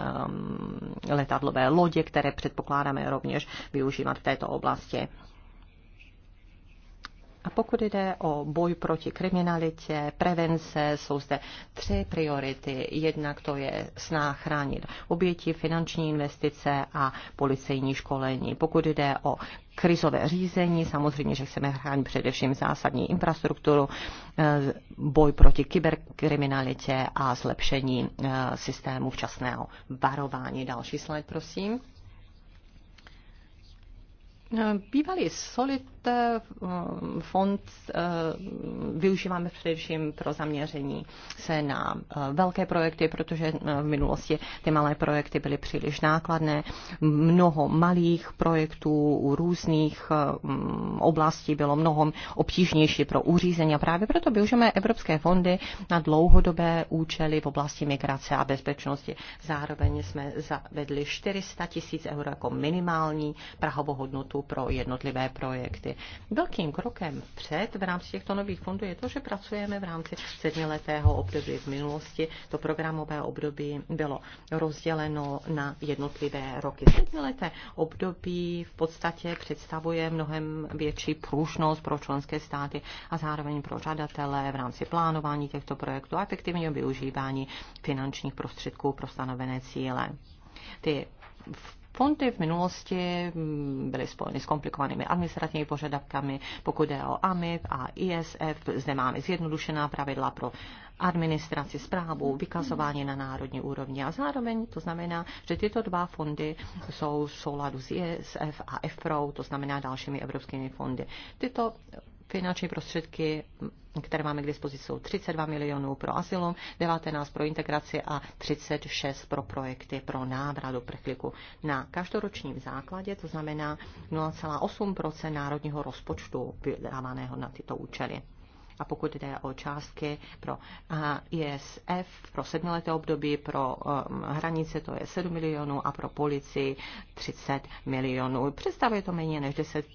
letadlové lodě, které předpokládáme rovněž využívat v této oblasti. A pokud jde o boj proti kriminalitě, prevence, jsou zde tři priority. Jednak to je sná chránit oběti, finanční investice a policejní školení. Pokud jde o krizové řízení, samozřejmě, že chceme chránit především zásadní infrastrukturu, eh, boj proti kyberkriminalitě a zlepšení eh, systému včasného varování. Další slide, prosím. Eh, bývalý solid Eh, fond eh, využíváme především pro zaměření se na eh, velké projekty, protože v minulosti ty malé projekty byly příliš nákladné. Mnoho malých projektů u různých mm, oblastí bylo mnohem obtížnější pro uřízení a právě proto využíváme evropské fondy na dlouhodobé účely v oblasti migrace a bezpečnosti. Zároveň jsme zavedli 400 tisíc eur jako minimální prahovou hodnotu pro jednotlivé projekty Evropě. Velkým krokem před v rámci těchto nových fondů je to, že pracujeme v rámci sedmiletého období. V minulosti to programové období bylo rozděleno na jednotlivé roky. Sedmileté období v podstatě představuje mnohem větší průžnost pro členské státy a zároveň pro žadatele v rámci plánování těchto projektů a efektivního využívání finančních prostředků pro stanovené cíle. Ty Fondy v minulosti mm, byly spojeny s komplikovanými administrativními požadavkami, pokud je o AMIF a ISF. Zde máme zjednodušená pravidla pro administraci, zprávu, vykazování na národní úrovni. A zároveň to znamená, že tyto dva fondy jsou v souladu s ISF a EFRO, to znamená dalšími evropskými fondy. Tyto Finanční prostředky, které máme k dispozici, jsou 32 milionů pro asilum, 19 pro integraci a 36 pro projekty pro návrat do prchlíku na každoročním základě, to znamená 0,8 národního rozpočtu vydávaného na tyto účely. A pokud jde o částky pro ISF pro sedmileté období, pro um, hranice to je 7 milionů a pro policii 30 milionů. Představuje to méně než 10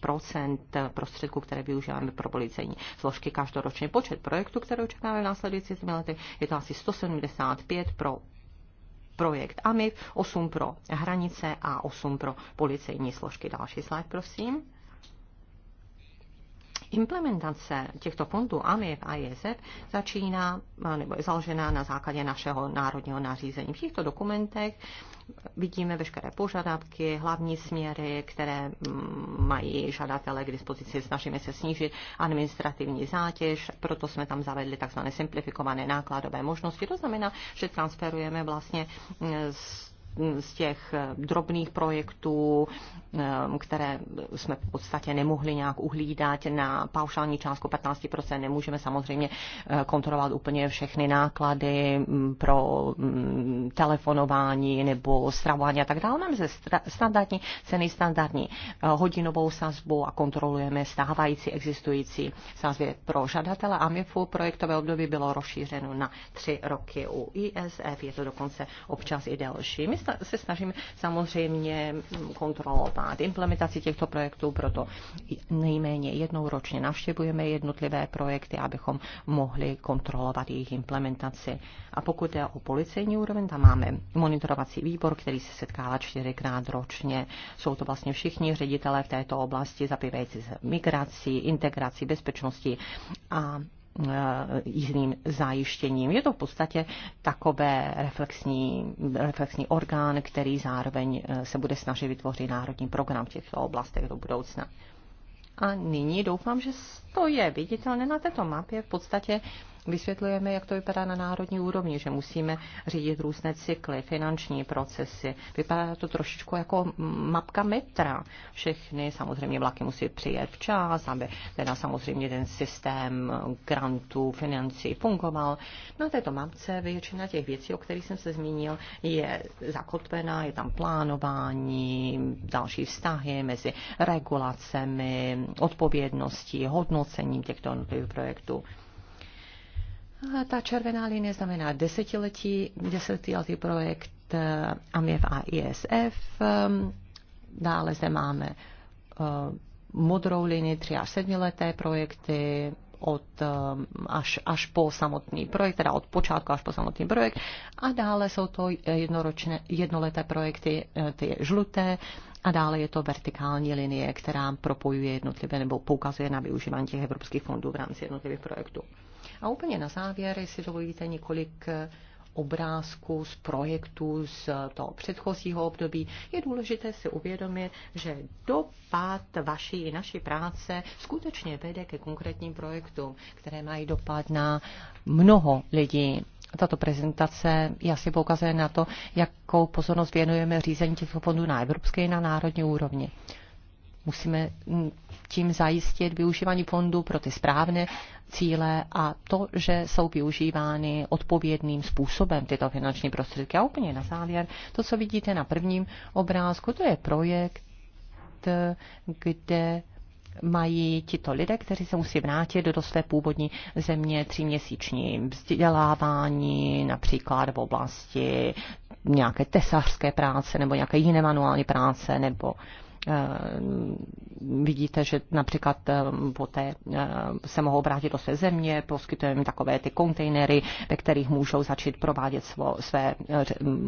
prostředků, které využíváme pro policejní složky každoročně. Počet projektů, které očekáváme v následující letech, je to asi 175 pro projekt AMIF, 8 pro hranice a 8 pro policejní složky. Další slide, prosím implementace těchto fondů AMIF a ISF začíná eh, nebo je založená na základě našeho národního nařízení. V těchto dokumentech vidíme veškeré požadavky, hlavní směry, které mm, mají žadatele k dispozici. Snažíme se snížit administrativní zátěž, proto jsme tam zavedli tzv. simplifikované nákladové možnosti. To znamená, že transferujeme vlastně eh, z z těch eh, drobných projektů, eh, které jsme v podstatě nemohli nějak uhlídat na paušální částku 15%. Nemůžeme samozřejmě eh, kontrolovat úplně všechny náklady mm, pro mm, telefonování nebo stravování a tak dále. Máme ze standardní ceny, standardní hodinovou sazbu a kontrolujeme stávající existující sazby pro žadatele. A MIFu projektové období bylo rozšířeno na tři roky. U ISF je to dokonce občas i delší. My se snažíme samozřejmě kontrolovat implementaci těchto projektů, proto nejméně jednou ročně navštěvujeme jednotlivé projekty, abychom mohli kontrolovat jejich implementaci. A pokud je o policejní úroveň, tam máme monitorovací výbor, který se setkává čtyřikrát ročně. Jsou to vlastně všichni ředitelé v této oblasti zabývající se migrací, integrací, bezpečností a Eh, jízdným zajištěním. Je to v podstatě takové reflexní, reflexní orgán, který zároveň eh, se bude snažit vytvořit národní program v těchto oblastech do budoucna. A nyní doufám, že to je viditelné na této mapě. V podstatě vysvětlujeme, jak to vypadá na národní úrovni, že musíme řídit různé cykly, finanční procesy. Vypadá to trošičku jako mapka metra. Všechny samozřejmě vlaky musí přijet včas, aby teda samozřejmě ten systém grantů, financí fungoval. Na této mapce většina těch věcí, o kterých jsem se zmínil, je zakotvená, je tam plánování, další vztahy mezi regulacemi, odpovědností, hodnocením těchto projektů. Ta červená linie znamená desetiletí, desetiletý projekt eh, AMIF a ISF. Eh, dále zde máme eh, modrou linii 3 až 7 leté projekty, od, až, až po samotný projekt, teda od počátku až po samotný projekt. A dále jsou to jednoročné, jednoleté projekty, ty žluté, a dále je to vertikální linie, která propojuje jednotlivé nebo poukazuje na využívání těch evropských fondů v rámci jednotlivých projektů. A úplně na závěr, jestli dovolíte několik eh, obrázků z projektu, z toho předchozího období, je důležité si uvědomit, že dopad vaší i naší práce skutečně vede ke konkrétním projektům, které mají dopad na mnoho lidí tato prezentace jasně poukazuje na to, jakou pozornost věnujeme řízení těchto fondů na evropské i na národní úrovni. Musíme mm, tím zajistit využívání fondů pro ty správné cíle a to, že jsou využívány odpovědným způsobem tyto finanční prostředky. A úplně na závěr, to, co vidíte na prvním obrázku, to je projekt, kde mají tito lidé, kteří se musí vrátit do své původní země, tříměsíční vzdělávání, například v oblasti nějaké tesařské práce nebo nějaké jiné manuální práce nebo Eh, vidíte, že například eh, poté eh, se mohou vrátit do své země, poskytujeme takové ty kontejnery, ve kterých můžou začít provádět svo, své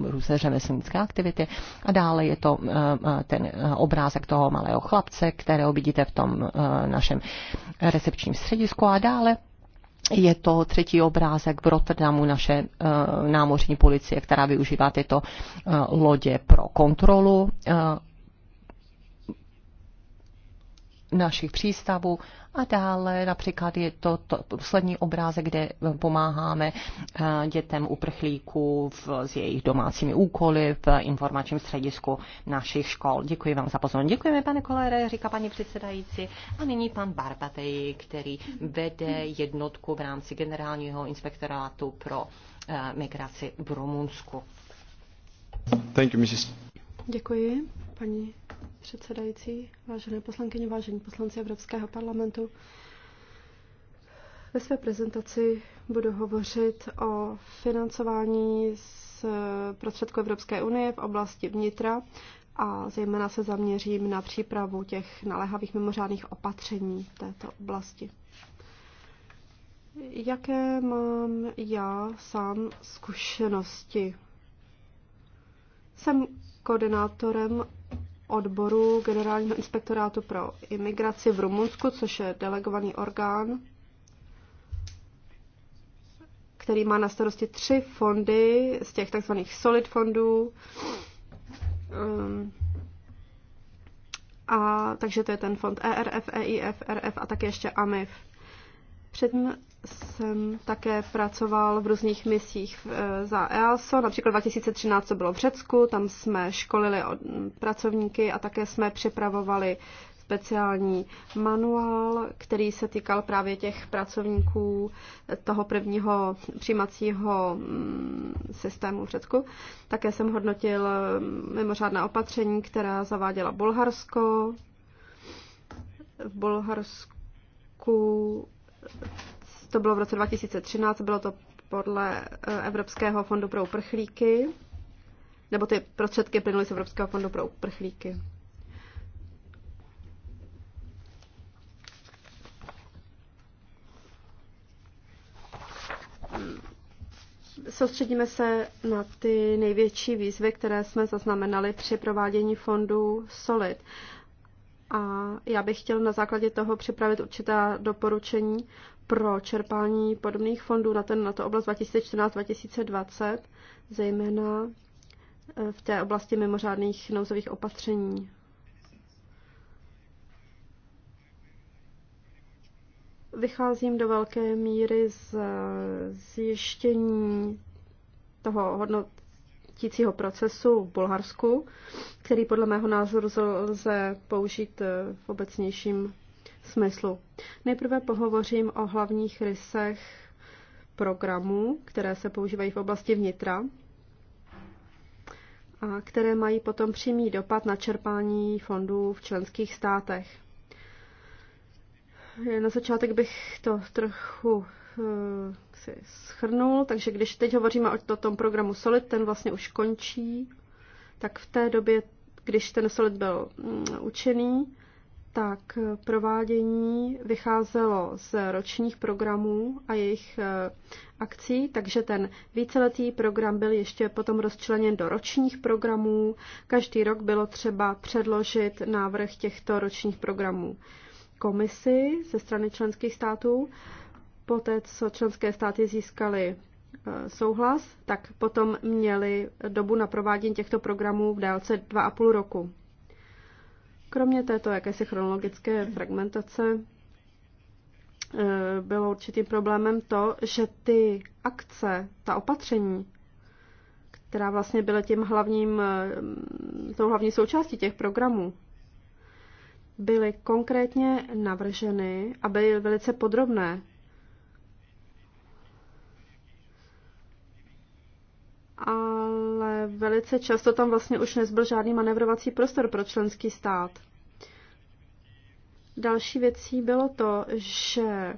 různé řemeslnické aktivity. A dále je to ten obrázek toho malého chlapce, kterého vidíte v tom našem recepčním středisku a dále je to třetí obrázek v Rotterdamu naše námořní policie, která využívá tyto lodě pro kontrolu našich přístavů a dále například je to, to poslední obrázek, kde eh, pomáháme eh, dětem uprchlíků v, s jejich domácími úkoly v informačním středisku našich škol. Děkuji vám za pozornost. Děkujeme, pane Kolere, říká paní předsedající. A nyní pan Barbatej, který vede jednotku v rámci generálního inspektorátu pro eh, migraci v Rumunsku. Thank you, Mrs. Děkuji, paní předsedající, vážené poslankyně, vážení poslanci Evropského parlamentu. Ve své prezentaci budu hovořit o financování z prostředků Evropské unie v oblasti vnitra a zejména se zaměřím na přípravu těch naléhavých mimořádných opatření v této oblasti. Jaké mám já sám zkušenosti? Jsem koordinátorem odboru Generálního inspektorátu pro imigraci v Rumunsku, což je delegovaný orgán, který má na starosti tři fondy z těch takzvaných solid fondů. Um, a takže to je ten fond ERF, EIF, RF a také ještě AMIF. Předtím jsem také pracoval v různých misích eh, za EASO, například 2013 to bylo v Řecku, tam jsme školili mm, pracovníky a také jsme připravovali speciální manuál, který se týkal právě těch pracovníků toho prvního přijímacího mm, systému v Řecku. Také jsem hodnotil mm, mimořádná opatření, která zaváděla Bulharsko. V Bulharsku to bylo v roce 2013, bylo to podle eh, Evropského fondu pro uprchlíky, nebo ty prostředky plynuly z Evropského fondu pro uprchlíky. Soustředíme se na ty největší výzvy, které jsme zaznamenali při provádění fondu SOLID a já bych chtěl na základě toho připravit určitá doporučení pro čerpání podobných fondů na, ten, na to oblast 2014-2020, zejména e, v té oblasti mimořádných nouzových opatření. Vycházím do velké míry z e, zjištění toho hodnot, čistícího procesu v Bulharsku, který podle mého názoru lze použít eh, v obecnějším smyslu. Nejprve pohovořím o hlavních rysech programů, které se používají v oblasti vnitra a které mají potom přímý dopad na čerpání fondů v členských státech. Na začátek bych to trochu Eh, si schrnul, takže když teď hovoříme o tom programu Solid, ten vlastně už končí, tak v té době, když ten Solid byl učený, mm, tak eh, provádění vycházelo z ročních programů a jejich eh, akcí, takže ten víceletý program byl ještě potom rozčleněn do ročních programů. Každý rok bylo třeba předložit návrh těchto ročních programů komisi ze strany členských států poté, co členské státy získaly e, souhlas, tak potom měli dobu na provádění těchto programů v délce 2,5 roku. Kromě této jakési chronologické fragmentace e, bylo určitým problémem to, že ty akce, ta opatření, která vlastně byla tím hlavním, e, tou hlavní součástí těch programů, byly konkrétně navrženy a byly velice podrobné. ale velice často tam vlastně už nezbyl žádný manevrovací prostor pro členský stát. Další věcí bylo to, že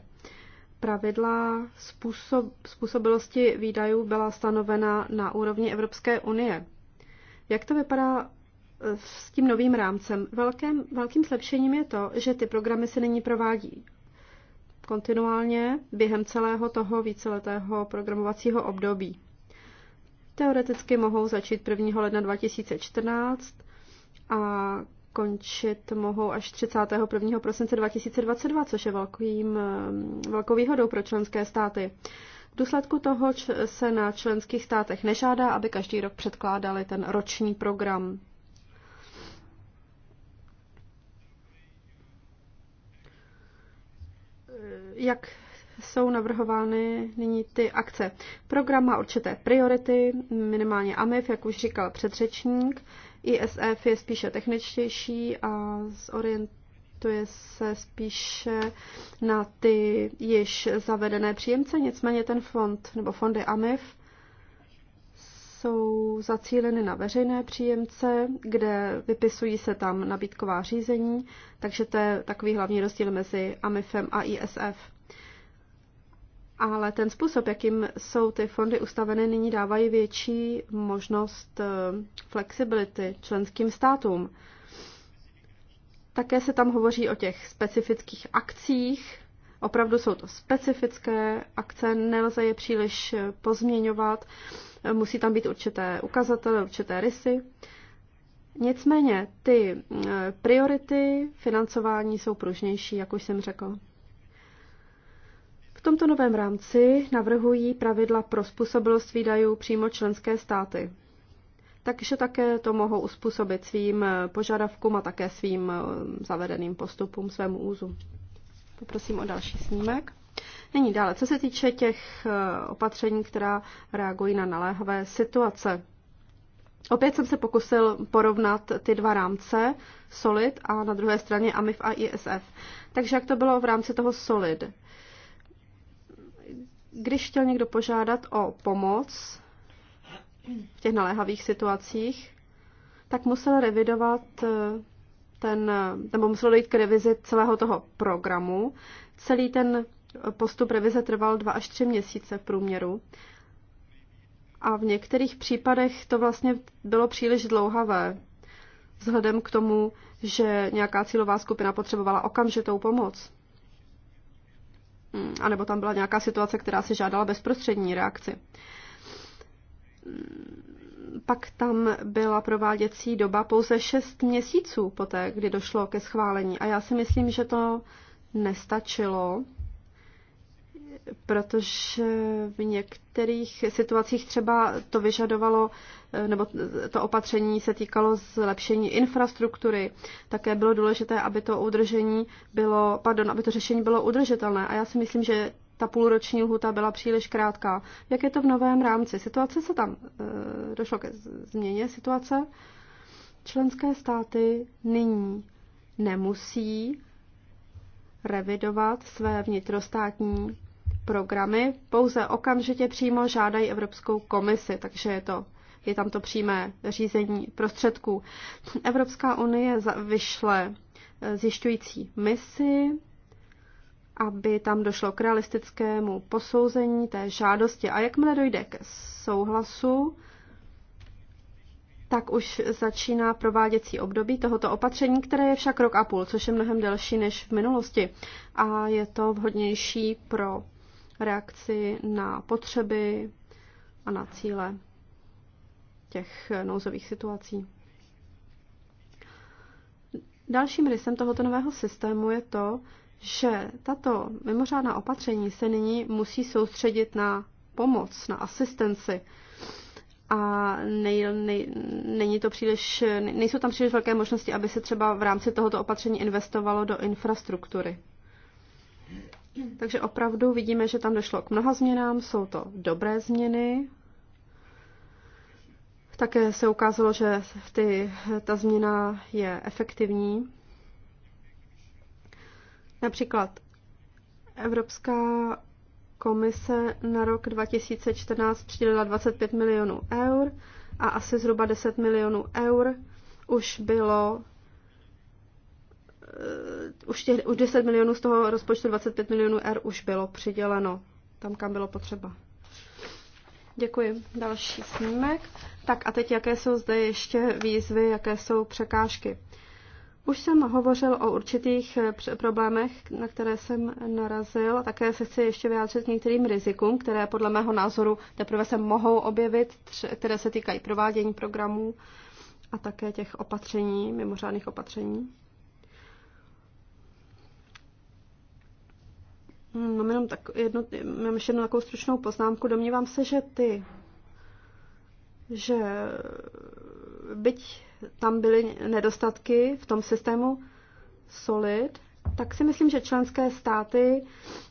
pravidla způsob, způsobilosti výdajů byla stanovena na úrovni Evropské unie. Jak to vypadá eh, s tím novým rámcem? Velkém, velkým zlepšením je to, že ty programy se nyní provádí kontinuálně během celého toho víceletého programovacího období teoreticky mohou začít 1. ledna 2014 a končit mohou až 31. prosince 2022, což je velkým, velkou výhodou pro členské státy. V důsledku toho se na členských státech nežádá, aby každý rok předkládali ten roční program. Jak navrhovány nyní ty akce. Program má určité priority, minimálně AMIF, jak už říkal předřečník. ISF je spíše techničtější a zorientuje se spíše na ty již zavedené příjemce, nicméně ten fond nebo fondy AMIF jsou zacíleny na veřejné příjemce, kde vypisují se tam nabídková řízení, takže to je takový hlavní rozdíl mezi AMIFem a ISF ale ten způsob, jakým jsou ty fondy ustaveny, nyní dávají větší možnost eh, flexibility členským státům. Také se tam hovoří o těch specifických akcích. Opravdu jsou to specifické akce, nelze je příliš eh, pozměňovat, musí tam být určité ukazatele, určité rysy. Nicméně ty eh, priority financování jsou pružnější, jak už jsem řekl. V tomto novém rámci navrhují pravidla pro způsobilost výdajů přímo členské státy. Takže také to mohou uspůsobit svým požadavkům a také svým eh, zavedeným postupům, svému úzu. Poprosím o další snímek. Není dále. Co se týče těch eh, opatření, která reagují na naléhavé situace. Opět jsem se pokusil porovnat ty dva rámce, SOLID a na druhé straně AMIF a ISF. Takže jak to bylo v rámci toho SOLID? Když chtěl někdo požádat o pomoc v těch naléhavých situacích, tak musel revidovat eh, ten, nebo muselo dojít k revizi celého toho programu. Celý ten postup revize trval dva až tři měsíce v průměru. A v některých případech to vlastně bylo příliš dlouhavé, vzhledem k tomu, že nějaká cílová skupina potřebovala okamžitou pomoc. Mm, anebo tam byla nějaká situace, která si žádala bezprostřední reakci. Mm, pak tam byla prováděcí doba pouze 6 měsíců poté, kdy došlo ke schválení. A já si myslím, že to nestačilo protože v některých situacích třeba to vyžadovalo, eh, nebo to opatření se týkalo zlepšení infrastruktury. Také bylo důležité, aby to udržení bylo, pardon, aby to řešení bylo udržitelné. A já si myslím, že ta půlroční lhuta byla příliš krátká. Jak je to v novém rámci? Situace se tam, eh, došlo ke změně situace. Členské státy nyní nemusí revidovat své vnitrostátní programy pouze okamžitě přímo žádají Evropskou komisi, takže je to je tam to přímé řízení prostředků. Evropská unie vyšle eh, zjišťující misi, aby tam došlo k realistickému posouzení té žádosti. A jakmile dojde k souhlasu, tak už začíná prováděcí období tohoto opatření, které je však rok a půl, což je mnohem delší než v minulosti. A je to vhodnější pro reakci na potřeby a na cíle těch nouzových situací. Dalším rysem tohoto nového systému je to, že tato mimořádná opatření se nyní musí soustředit na pomoc, na asistenci. A nej, nej, není to příliš, nejsou tam příliš velké možnosti, aby se třeba v rámci tohoto opatření investovalo do infrastruktury. Takže opravdu vidíme, že tam došlo k mnoha změnám, jsou to dobré změny. Také se ukázalo, že ty, ta změna je efektivní. Například Evropská komise na rok 2014 přidělila 25 milionů eur a asi zhruba 10 milionů eur už bylo Eh, už, těch, už 10 milionů z toho rozpočtu 25 milionů R už bylo přiděleno tam, kam bylo potřeba. Děkuji. Další snímek. Tak a teď, jaké jsou zde ještě výzvy, jaké jsou překážky. Už jsem hovořil o určitých eh, problémech, na které jsem narazil. Také se chci ještě vyjádřit k některým rizikům, které podle mého názoru teprve se mohou objevit, které se týkají provádění programů a také těch opatření, mimořádných opatření. Mám jenom tak jednu, mám ještě jednu takovou stručnou poznámku. Domnívám se, že ty, že byť tam byly nedostatky v tom systému SOLID, tak si myslím, že členské státy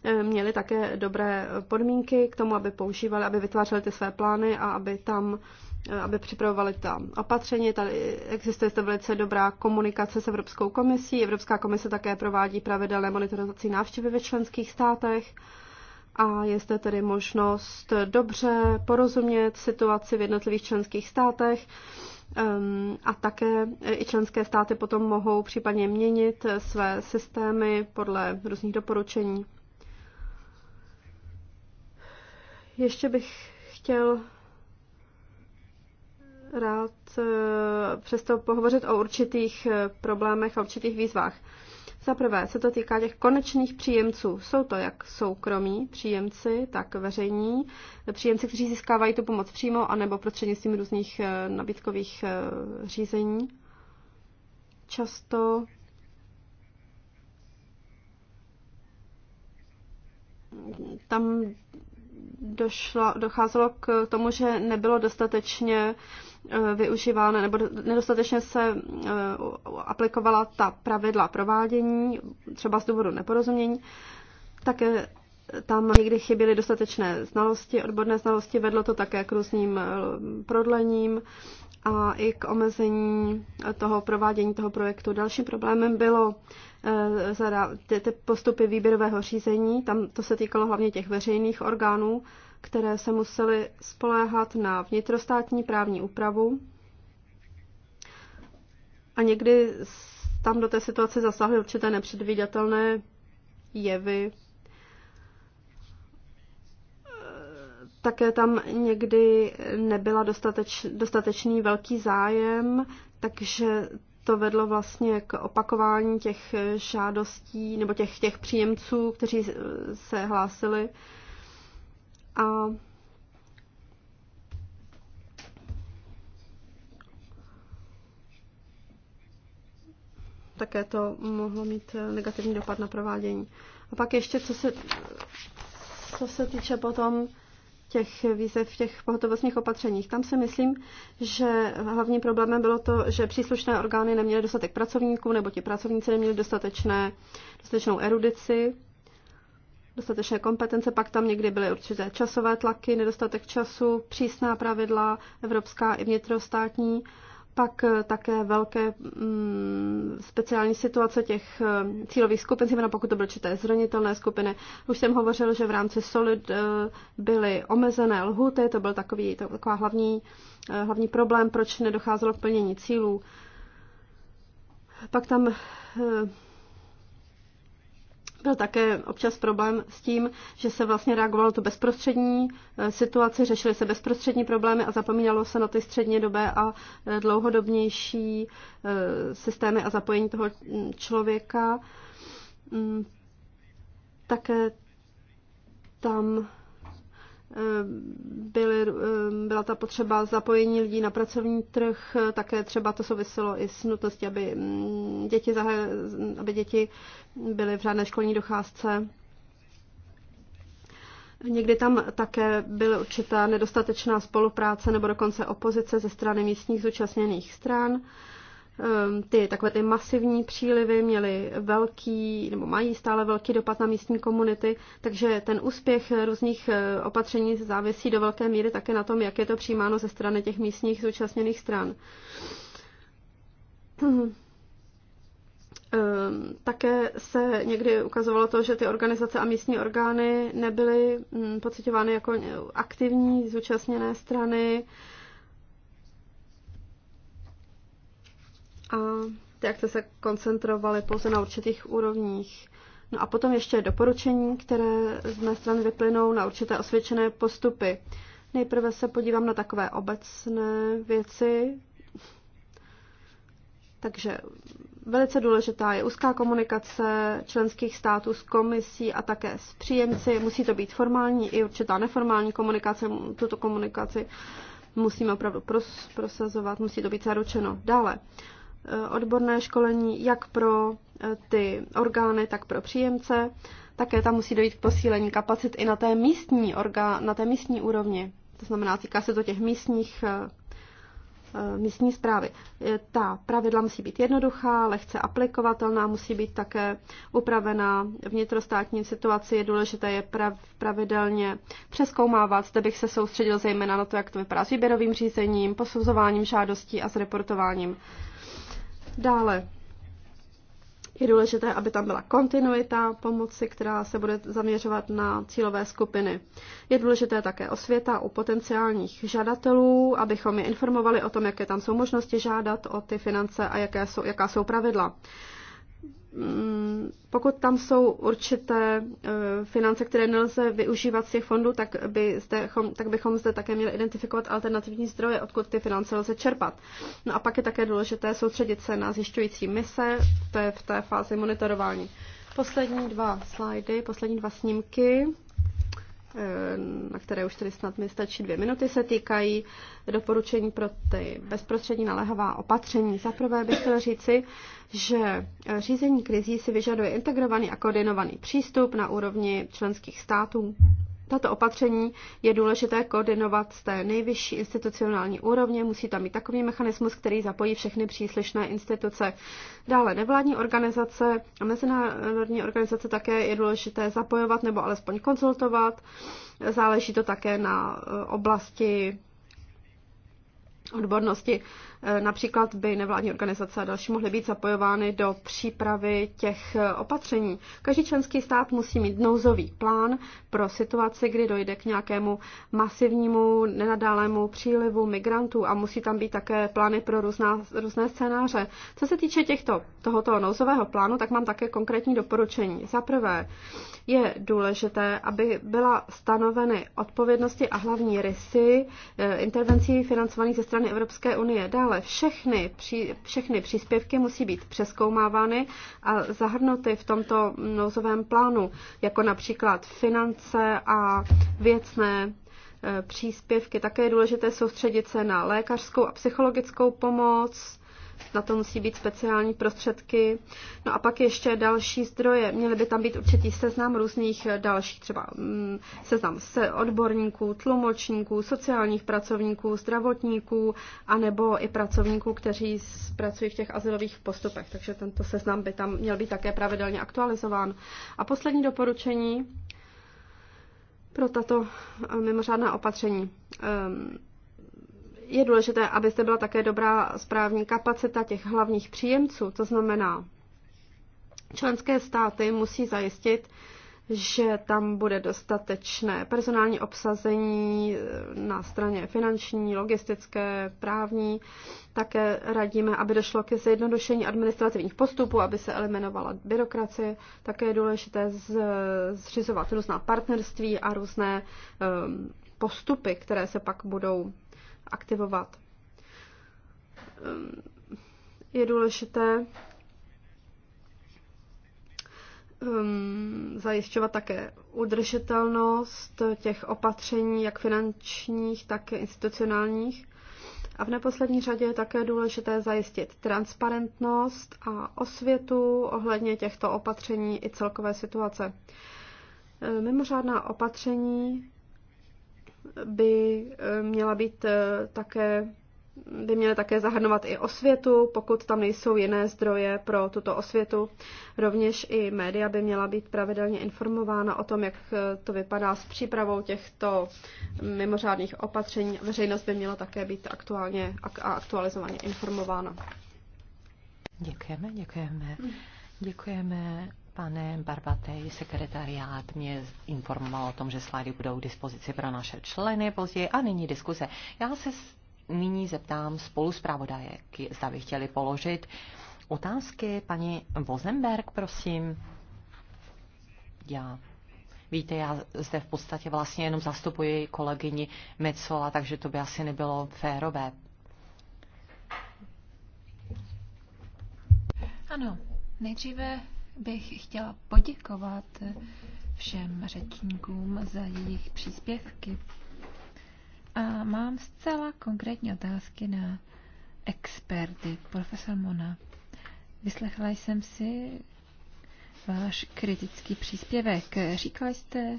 eh, měly také dobré podmínky k tomu, aby používaly, aby vytvářely ty své plány a aby tam Eh, aby připravovali ta opatření. Tady existuje zde velice dobrá komunikace s Evropskou komisí. Evropská komise také provádí pravidelné monitorizaci návštěvy ve členských státech a je zde tedy možnost dobře porozumět situaci v jednotlivých členských státech ehm, a také i členské státy potom mohou případně měnit své systémy podle různých doporučení. Ještě bych chtěl rád eh, přesto pohovořit o určitých eh, problémech a určitých výzvách. Za prvé se to týká těch konečných příjemců. Jsou to jak soukromí příjemci, tak veřejní příjemci, kteří získávají tu pomoc přímo anebo prostřednictvím různých eh, nabídkových řízení. Často tam došlo, docházelo k tomu, že nebylo dostatečně eh, využívána nebo nedostatečně se eh, aplikovala ta pravidla provádění, třeba z důvodu neporozumění. Tak eh, tam někdy chyběly dostatečné znalosti, odborné znalosti, vedlo to také k různým prodlením a i k omezení toho provádění toho projektu. Dalším problémem bylo eh, ty, ty postupy výběrového řízení, tam to se týkalo hlavně těch veřejných orgánů, které se musely spoléhat na vnitrostátní právní úpravu. A někdy tam do té situace zasáhly určité nepředvídatelné jevy, Také tam někdy nebyla dostateč, dostatečný velký zájem, takže to vedlo vlastně k opakování těch žádostí nebo těch, těch příjemců, kteří se hlásili. A také to mohlo mít negativní dopad na provádění. A pak ještě, co se, co se týče potom těch výzev, v těch pohotovostních opatřeních. Tam si myslím, že hlavním problémem bylo to, že příslušné orgány neměly dostatek pracovníků, nebo ti pracovníci neměli dostatečné, dostatečnou erudici, dostatečné kompetence, pak tam někdy byly určité časové tlaky, nedostatek času, přísná pravidla, evropská i vnitrostátní pak eh, také velké mm, speciální situace těch eh, cílových skupin, zejména pokud to byly určité zranitelné skupiny. Už jsem hovořil, že v rámci SOLID eh, byly omezené lhuty, to byl takový to, taková hlavní, hlavní problém, proč nedocházelo k plnění cílů. Pak tam byl také občas problém s tím, že se vlastně reagovalo to bezprostřední eh, situace, řešily se bezprostřední problémy a zapomínalo se na ty střednědobé a eh, dlouhodobnější eh, systémy a zapojení toho mm, člověka. Mm, také tam Eh, byly, eh, byla ta potřeba zapojení lidí na pracovní trh, eh, také třeba to souviselo i s nutností, aby mm, děti, zahaj, aby děti byly v řádné školní docházce. Někdy tam také byla určitá nedostatečná spolupráce nebo dokonce opozice ze strany místních zúčastněných stran. Ehm, ty takové ty masivní přílivy měly velký, nebo mají stále velký dopad na místní komunity, takže ten úspěch různých eh, opatření závisí do velké míry také na tom, jak je to přijímáno ze strany těch místních zúčastněných stran. Ehm, také se někdy ukazovalo to, že ty organizace a místní orgány nebyly hm, pocitovány jako aktivní zúčastněné strany, a ty akce se koncentrovaly pouze na určitých úrovních. No a potom ještě doporučení, které z mé strany vyplynou na určité osvědčené postupy. Nejprve se podívám na takové obecné věci. Takže velice důležitá je úzká komunikace členských států s komisí a také s příjemci. Musí to být formální i určitá neformální komunikace. Tuto komunikaci musíme opravdu pros- prosazovat, musí to být zaručeno. Dále, Eh, odborné školení jak pro eh, ty orgány, tak pro příjemce. Také tam musí dojít k posílení kapacit i na té místní, orgán, na té místní úrovni. To znamená, týká se to těch místních eh, místní zprávy. Ta pravidla musí být jednoduchá, lehce aplikovatelná, musí být také upravená vnitrostátní situaci. Je důležité je pravidelně přeskoumávat. Zde bych se soustředil zejména na to, jak to vypadá s výběrovým řízením, posuzováním žádostí a s reportováním. Dále je důležité, aby tam byla kontinuita pomoci, která se bude zaměřovat na cílové skupiny. Je důležité také osvěta u potenciálních žadatelů, abychom je informovali o tom, jaké tam jsou možnosti žádat o ty finance a jaké jsou, jaká jsou pravidla. Mm, pokud tam jsou určité eh, finance, které nelze využívat z těch fondů, tak, by zde, tak bychom zde také měli identifikovat alternativní zdroje, odkud ty finance lze čerpat. No a pak je také důležité soustředit se na zjišťující mise, to je v té fázi monitorování. Poslední dva slajdy, poslední dva snímky. Eh, na které už tedy snad mi stačí dvě minuty, se týkají doporučení pro ty bezprostřední naléhavá opatření. Za prvé bych chtěla říci, že řízení krizí si vyžaduje integrovaný a koordinovaný přístup na úrovni členských států tato opatření je důležité koordinovat z té nejvyšší institucionální úrovně. Musí tam být takový mechanismus, který zapojí všechny příslušné instituce. Dále nevládní organizace a mezinárodní organizace také je důležité zapojovat nebo alespoň konzultovat. Záleží to také na eh, oblasti odbornosti. Eh, například by nevládní organizace a další mohly být zapojovány do přípravy těch eh, opatření. Každý členský stát musí mít nouzový plán pro situaci, kdy dojde k nějakému masivnímu nenadálému přílivu migrantů a musí tam být také plány pro různá, různé scénáře. Co se týče těchto, tohoto nouzového plánu, tak mám také konkrétní doporučení. Za prvé je důležité, aby byla stanoveny odpovědnosti a hlavní rysy eh, intervencí financovaných ze strany Evropské unie. Dále Dále všechny, při, všechny příspěvky musí být přeskoumávány a zahrnuty v tomto nouzovém plánu, jako například finance a věcné e, příspěvky. Také je důležité soustředit se na lékařskou a psychologickou pomoc, na to musí být speciální prostředky. No a pak ještě další zdroje. Měly by tam být určitý seznam různých eh, dalších, třeba mm, seznam se odborníků, tlumočníků, sociálních pracovníků, zdravotníků, anebo i pracovníků, kteří pracují v těch asilových postupech. Takže tento seznam by tam měl být také pravidelně aktualizován. A poslední doporučení pro tato eh, mimořádná opatření. Ehm, je důležité, aby zde byla také dobrá správní kapacita těch hlavních příjemců, to znamená, členské státy musí zajistit, že tam bude dostatečné personální obsazení eh, na straně finanční, logistické, právní. Také radíme, aby došlo ke zjednodušení administrativních postupů, aby se eliminovala byrokracie. Také je důležité zřizovat různá partnerství a různé ehm, postupy, které se pak budou aktivovat. Ehm, je důležité ehm, zajišťovat také udržitelnost těch opatření, jak finančních, tak institucionálních. A v neposlední řadě je také důležité zajistit transparentnost a osvětu ohledně těchto opatření i celkové situace. Ehm, mimořádná opatření by eh, měla být eh, také by měly také zahrnovat i osvětu, pokud tam nejsou jiné zdroje pro tuto osvětu. Rovněž i média by měla být pravidelně informována o tom, jak eh, to vypadá s přípravou těchto mimořádných opatření. Veřejnost by měla také být aktuálně a aktualizovaně informována. Děkujeme, děkujeme. Děkujeme Pane Barbatej, sekretariát mě informoval o tom, že slády budou k dispozici pro naše členy později a nyní diskuze. Já se nyní zeptám spolu zpravodajek, zda by chtěli položit otázky. Paní Vozenberg, prosím. Já Víte, já zde v podstatě vlastně jenom zastupuji kolegyni Mecola, takže to by asi nebylo férové. Ano, nejdříve bych chtěla poděkovat všem řečníkům za jejich příspěvky. A mám zcela konkrétní otázky na experty. Profesor Mona, vyslechla jsem si váš kritický příspěvek. Říkala jste,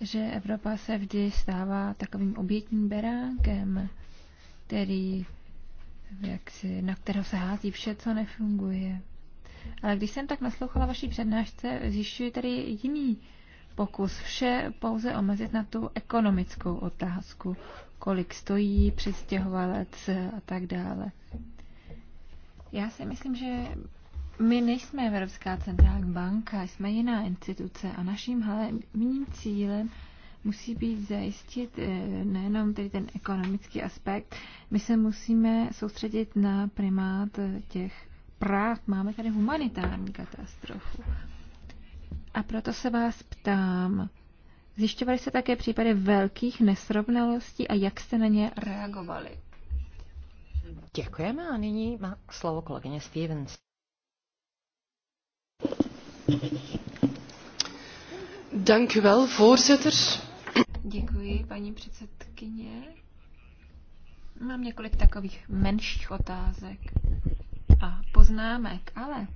že Evropa se vždy stává takovým obětním beránkem, který, jak si, na kterého se hází vše, co nefunguje. Ale když jsem tak naslouchala vaší přednášce, zjišťuji tady jiný pokus vše pouze omezit na tu ekonomickou otázku, kolik stojí přistěhovalec a tak dále. Já si myslím, že my nejsme Evropská centrální banka, jsme jiná instituce a naším hlavním cílem musí být zajistit eh, nejenom tedy ten ekonomický aspekt, my se musíme soustředit na primát eh, těch práv, máme tady humanitární katastrofu. A proto se vás ptám, zjišťovali se také případy velkých nesrovnalostí a jak jste na ně reagovali? Děkujeme a nyní má slovo kolegyně Stevens. Dank wel, voorzitter. Děkuji, paní předsedkyně. Mám několik takových menších otázek a poznámek, ale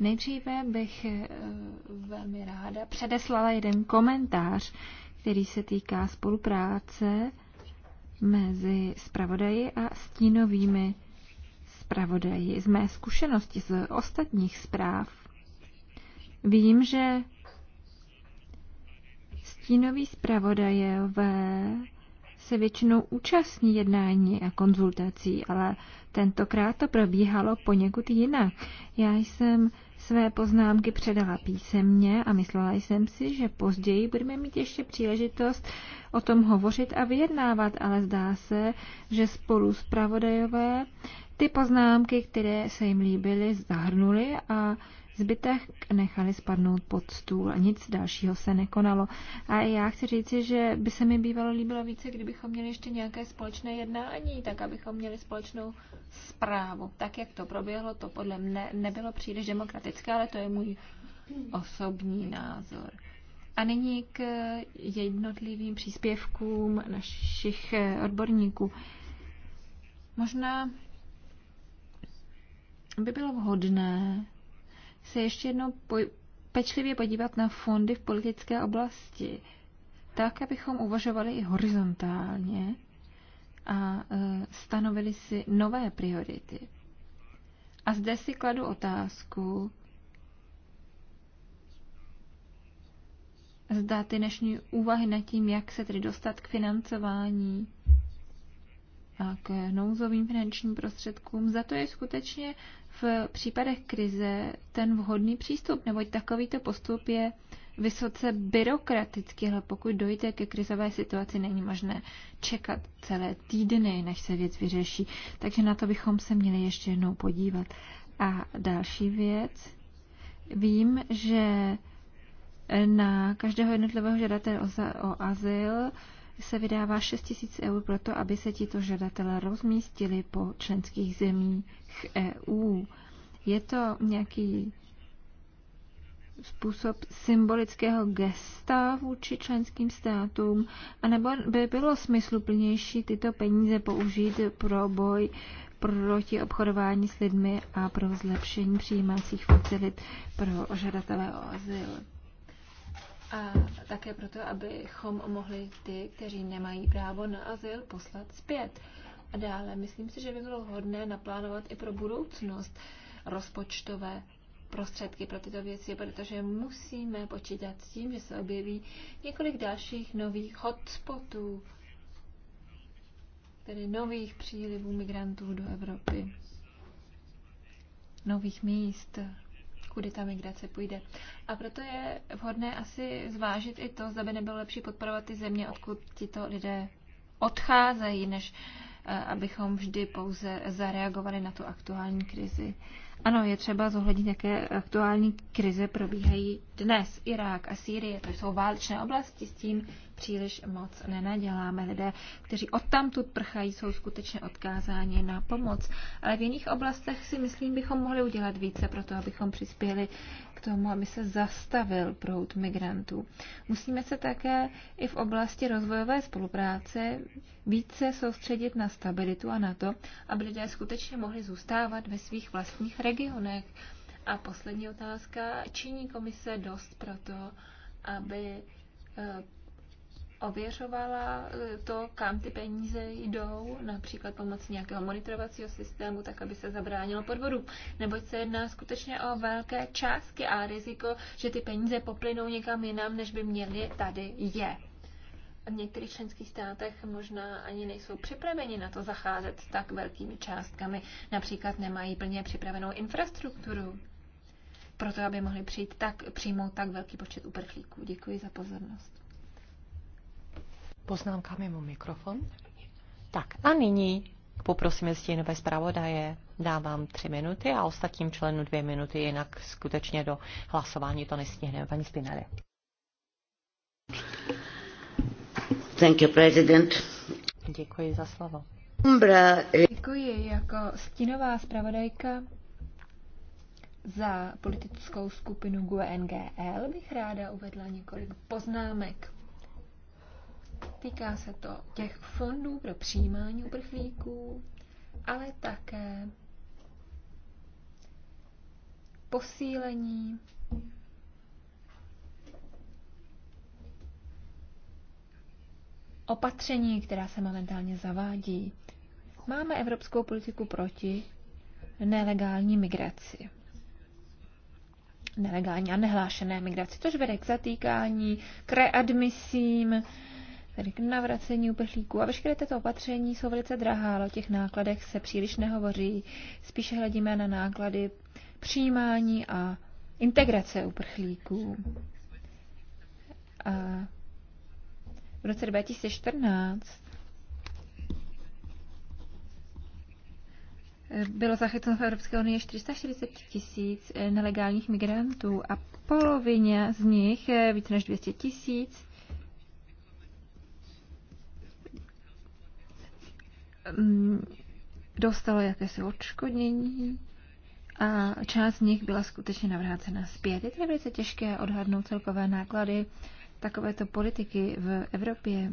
nejdříve bych eh, velmi ráda předeslala jeden komentář, který se týká spolupráce mezi spravodají a stínovými spravodají. Z mé zkušenosti z ostatních zpráv vím, že stínoví ve se většinou účastní jednání a konzultací, ale Tentokrát to probíhalo poněkud jinak. Já jsem své poznámky předala písemně a myslela jsem si, že později budeme mít ještě příležitost o tom hovořit a vyjednávat, ale zdá se, že spolu zpravodajové ty poznámky, které se jim líbily, zahrnuli a Zbytek nechali spadnout pod stůl a nic dalšího se nekonalo. A já chci říci, že by se mi bývalo líbilo více, kdybychom měli ještě nějaké společné jednání, tak abychom měli společnou zprávu. Tak, jak to proběhlo, to podle mne nebylo příliš demokratické, ale to je můj osobní názor. A nyní k jednotlivým příspěvkům našich eh, odborníků. Možná by bylo vhodné se ještě jednou pečlivě podívat na fondy v politické oblasti, tak, abychom uvažovali i horizontálně a e, stanovili si nové priority. A zde si kladu otázku, zda ty dnešní úvahy nad tím, jak se tedy dostat k financování a k nouzovým finančním prostředkům, za to je skutečně v případech krize ten vhodný přístup, neboť takovýto postup je vysoce byrokratický, ale pokud dojde ke krizové situaci, není možné čekat celé týdny, než se věc vyřeší. Takže na to bychom se měli ještě jednou podívat. A další věc. Vím, že na každého jednotlivého žadatele o, o azyl se vydává 6 tisíc eur pro to, aby se tito žadatelé rozmístili po členských zemích EU. Je to nějaký způsob symbolického gesta vůči členským státům, anebo by bylo smysluplnější tyto peníze použít pro boj proti obchodování s lidmi a pro zlepšení přijímacích facilit pro žadatele o azyl a také proto, abychom mohli ty, kteří nemají právo na azyl, poslat zpět. A dále, myslím si, že by bylo hodné naplánovat i pro budoucnost rozpočtové prostředky pro tyto věci, protože musíme počítat s tím, že se objeví několik dalších nových hotspotů, tedy nových přílivů migrantů do Evropy, nových míst kudy ta migrace půjde. A proto je vhodné asi zvážit i to, zda by nebylo lepší podporovat ty země, odkud tito lidé odcházejí, než eh, abychom vždy pouze zareagovali na tu aktuální krizi. Ano, je třeba zohlednit, jaké aktuální krize probíhají dnes. Irák a Sýrie, to jsou válečné oblasti, s tím příliš moc nenaděláme. Lidé, kteří odtamtud prchají, jsou skutečně odkázáni na pomoc. Ale v jiných oblastech si myslím, bychom mohli udělat více pro to, abychom přispěli k tomu, aby se zastavil proud migrantů. Musíme se také i v oblasti rozvojové spolupráce více soustředit na stabilitu a na to, aby lidé skutečně mohli zůstávat ve svých vlastních regionech. A poslední otázka. Činí komise dost pro to, aby eh, ověřovala eh, to, kam ty peníze jdou, například pomocí nějakého monitorovacího systému, tak aby se zabránilo podvodu. Neboť se jedná skutečně o velké částky a riziko, že ty peníze poplynou někam jinam, než by měly, tady je. V některých členských státech možná ani nejsou připraveni na to zacházet s tak velkými částkami. Například nemají plně připravenou infrastrukturu proto aby mohli přijít tak, přijmout tak velký počet uprchlíků. Děkuji za pozornost. Poznámka mimo mikrofon. Tak a nyní poprosíme stínové zpravodaje. Dávám tři minuty a ostatním členu dvě minuty, jinak skutečně do hlasování to nestihneme. Paní Spinelli. Thank you, President. Děkuji za slovo. Děkuji jako stínová zpravodajka za politickou skupinu GUNGL bych ráda uvedla několik poznámek. Týká se to těch fondů pro přijímání uprchlíků, ale také posílení opatření, která se momentálně zavádí. Máme evropskou politiku proti nelegální migraci. Nelegální a nehlášené migraci, což vede k zatýkání, k readmisím, tedy k navracení uprchlíků. A veškeré tyto opatření jsou velice drahá, ale o těch nákladech se příliš nehovoří. Spíše hledíme na náklady přijímání a integrace uprchlíků. A v roce 2014 bylo zachyceno v Evropské unii 440 tisíc nelegálních migrantů a polovině z nich, více než 200 tisíc, Mm, dostalo jakési odškodnění a část z nich byla skutečně navrácena zpět. Je tedy velice těžké odhadnout celkové náklady takovéto politiky v Evropě.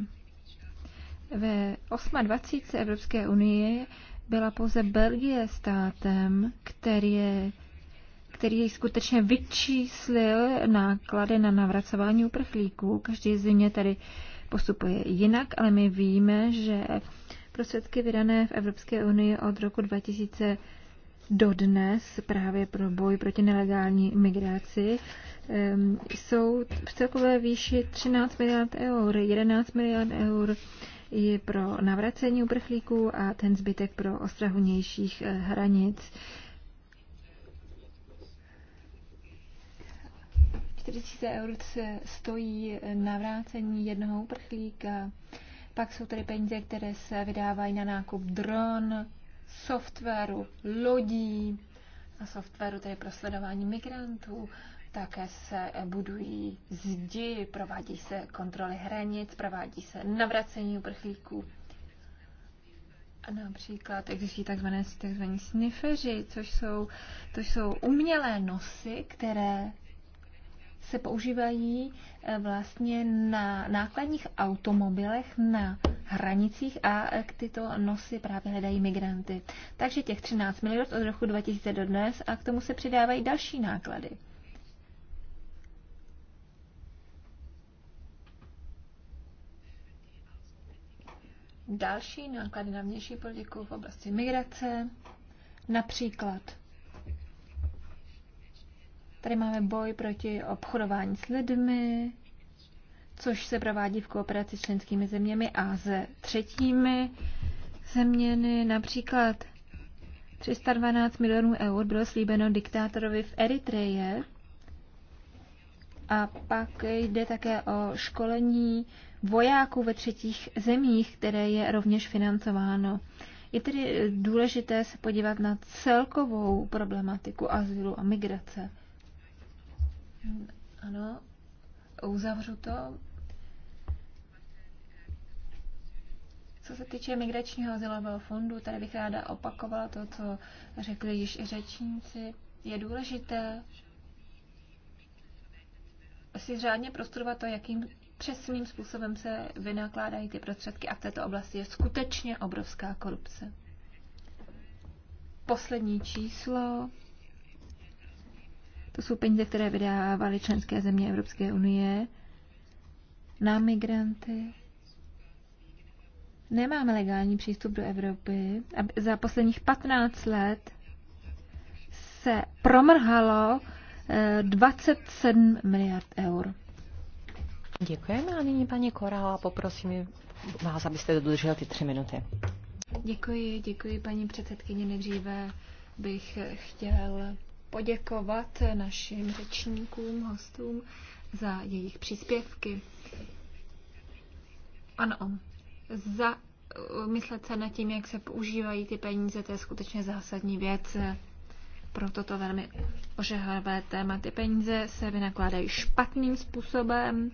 Ve 28. Evropské unie byla pouze Belgie státem, který, je, který skutečně vyčíslil náklady na navracování uprchlíků. Každý země tady postupuje jinak, ale my víme, že prostředky vydané v Evropské unii od roku 2000 dodnes právě pro boj proti nelegální migraci ehm, jsou v celkové výši 13 miliard eur, 11 miliard eur je pro navracení uprchlíků a ten zbytek pro ostrahu eh, hranic. 40 eur stojí eh, navrácení jednoho uprchlíka. Pak jsou tady peníze, které se vydávají na nákup dron, softwaru, lodí a softwaru tedy pro sledování migrantů. Také se budují zdi, provádí se kontroly hranic, provádí se navracení uprchlíků. A například existují takzvané, takzvaní snifeři, což jsou, to jsou umělé nosy, které se používají eh, vlastně na nákladních automobilech na hranicích a eh, tyto nosy právě hledají migranty. Takže těch 13 miliard od roku 2000 do dnes a k tomu se přidávají další náklady. Další náklady na vnější politiku v oblasti migrace, například Tady máme boj proti obchodování s lidmi, což se provádí v kooperaci s členskými zeměmi a se třetími zeměny. Například 312 milionů eur bylo slíbeno diktátorovi v Eritreje. A pak jde také o školení vojáků ve třetích zemích, které je rovněž financováno. Je tedy důležité se podívat na celkovou problematiku azylu a migrace. Ano, uzavřu to. Co se týče migračního azylového fondu, tady bych ráda opakovala to, co řekli již i řečníci. Je důležité si řádně prostudovat to, jakým přesným způsobem se vynakládají ty prostředky a v této oblasti je skutečně obrovská korupce. Poslední číslo to jsou peníze, které vydávaly členské země Evropské unie na migranty. Nemáme legální přístup do Evropy. Za posledních 15 let se promrhalo 27 eh, miliard eur. Děkujeme a nyní paní Korála, poprosím vás, abyste dodržel ty tři minuty. Děkuji, děkuji paní předsedkyně. Nejdříve bych chtěl poděkovat našim řečníkům, hostům za jejich příspěvky. Ano, za eh, myslet se nad tím, jak se používají ty peníze, to je skutečně zásadní věc pro toto velmi ožehavé téma. Ty peníze se vynakládají špatným způsobem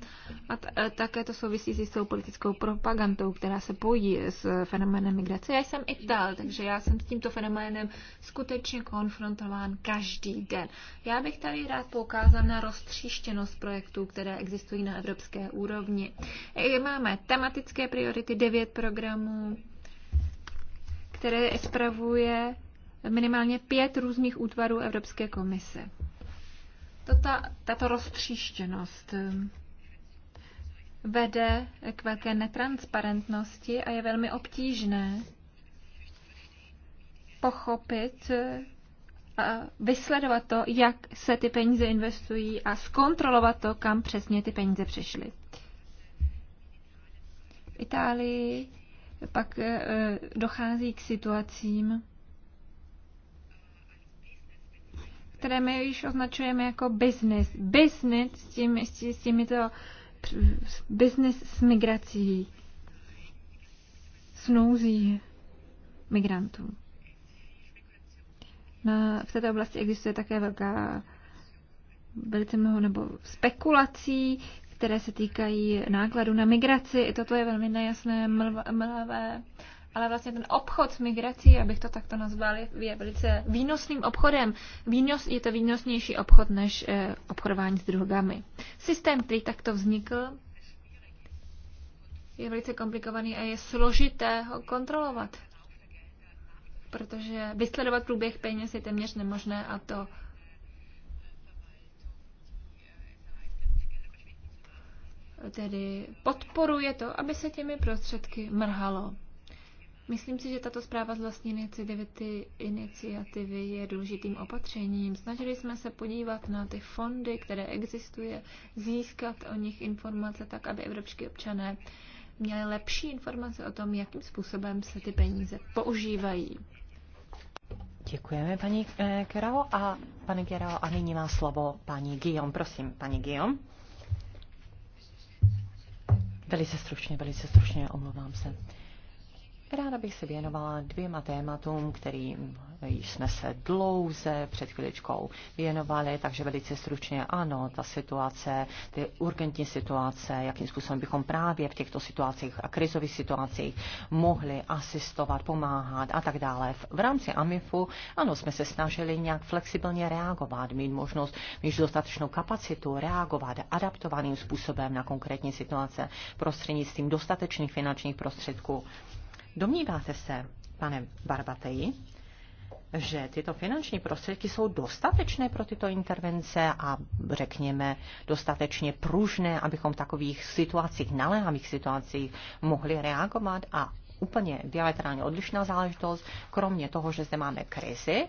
a e, také to souvisí s jistou politickou propagandou, která se pojí s fenoménem migrace. Já jsem Ital, takže já jsem s tímto fenoménem skutečně konfrontován každý den. Já bych tady rád poukázal na roztříštěnost projektů, které existují na evropské úrovni. E, máme tematické priority, devět programů, které spravuje minimálně pět různých útvarů Evropské komise. Tata, tato roztříštěnost ehm, vede k velké netransparentnosti a je velmi obtížné pochopit eh, a vysledovat to, jak se ty peníze investují a zkontrolovat to, kam přesně ty peníze přišly. V Itálii pak eh, dochází k situacím, které my již označujeme jako business. Business s, tím, s, tím, s těmito business s migrací, s nouzí migrantů. Na, v této oblasti existuje také velká, velice mnoho nebo spekulací, které se týkají nákladů na migraci. I toto je velmi nejasné, mlv, ale vlastně ten obchod s migrací, abych to takto nazval, je velice výnosným obchodem. Výnos, je to výnosnější obchod než eh, obchodování s drogami. Systém, který takto vznikl, je velice komplikovaný a je složité ho kontrolovat. Protože vysledovat průběh peněz je téměř nemožné a to tedy podporuje to, aby se těmi prostředky mrhalo. Myslím si, že tato zpráva z vlastní iniciativy, iniciativy je důležitým opatřením. Snažili jsme se podívat na ty fondy, které existuje, získat o nich informace tak, aby evropští občané měli lepší informace o tom, jakým způsobem se ty peníze používají. Děkujeme, paní eh, Kerao. A pane Kerao, a nyní má slovo paní Guillaume. Prosím, paní Guillaume. Velice stručně, velice stručně, omlouvám se. Ráda bych se věnovala dvěma tématům, kterým jsme se dlouze před chviličkou věnovali, takže velice stručně ano, ta situace, ty urgentní situace, jakým způsobem bychom právě v těchto situacích a krizových situacích mohli asistovat, pomáhat a tak dále. V rámci AMIFu, ano, jsme se snažili nějak flexibilně reagovat, mít možnost, mít dostatečnou kapacitu reagovat adaptovaným způsobem na konkrétní situace prostřednictvím dostatečných finančních prostředků Domníváte se, pane Barbateji, že tyto finanční prostředky jsou dostatečné pro tyto intervence a řekněme dostatečně pružné, abychom v takových situacích, naléhavých situacích mohli reagovat a úplně diametrálně odlišná záležitost, kromě toho, že zde máme krizi,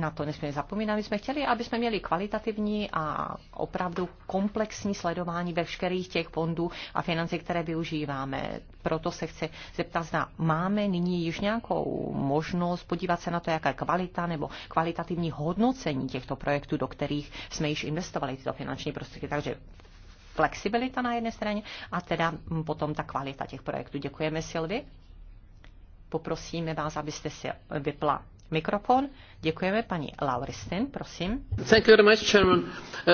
na to nesmíme zapomínat. My jsme chtěli, aby jsme měli kvalitativní a opravdu komplexní sledování veškerých těch fondů a financí, které využíváme. Proto se chci zeptat, zda máme nyní již nějakou možnost podívat se na to, jaká je kvalita nebo kvalitativní hodnocení těchto projektů, do kterých jsme již investovali tyto finanční prostředky. Takže flexibilita na jedné straně a teda potom ta kvalita těch projektů. Děkujeme Silvi. Poprosíme vás, abyste si vypla mikrofon. Děkujeme paní Lauristin, prosím. Thank you very much, Chairman.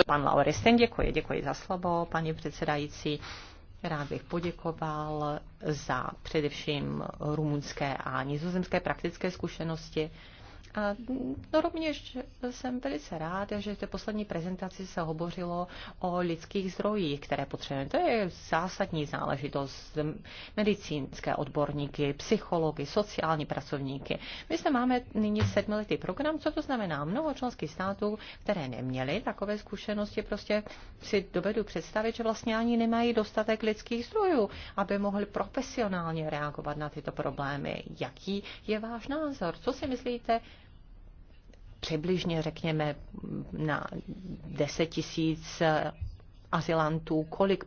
Pan Lauristin, děkuji, děkuji za slovo, paní předsedající. Rád bych poděkoval za především rumunské a nizozemské praktické zkušenosti a no, rovněž jsem velice rád, že v té poslední prezentaci se hovořilo o lidských zdrojích, které potřebujeme. To je zásadní záležitost medicínské odborníky, psychologi, sociální pracovníky. My se máme nyní sedmiletý program, co to znamená? Mnoho členských států, které neměly takové zkušenosti, prostě si dovedu představit, že vlastně ani nemají dostatek lidských zdrojů, aby mohli profesionálně reagovat na tyto problémy. Jaký je váš názor? Co si myslíte, přibližně, řekněme, na 10 tisíc azylantů, kolik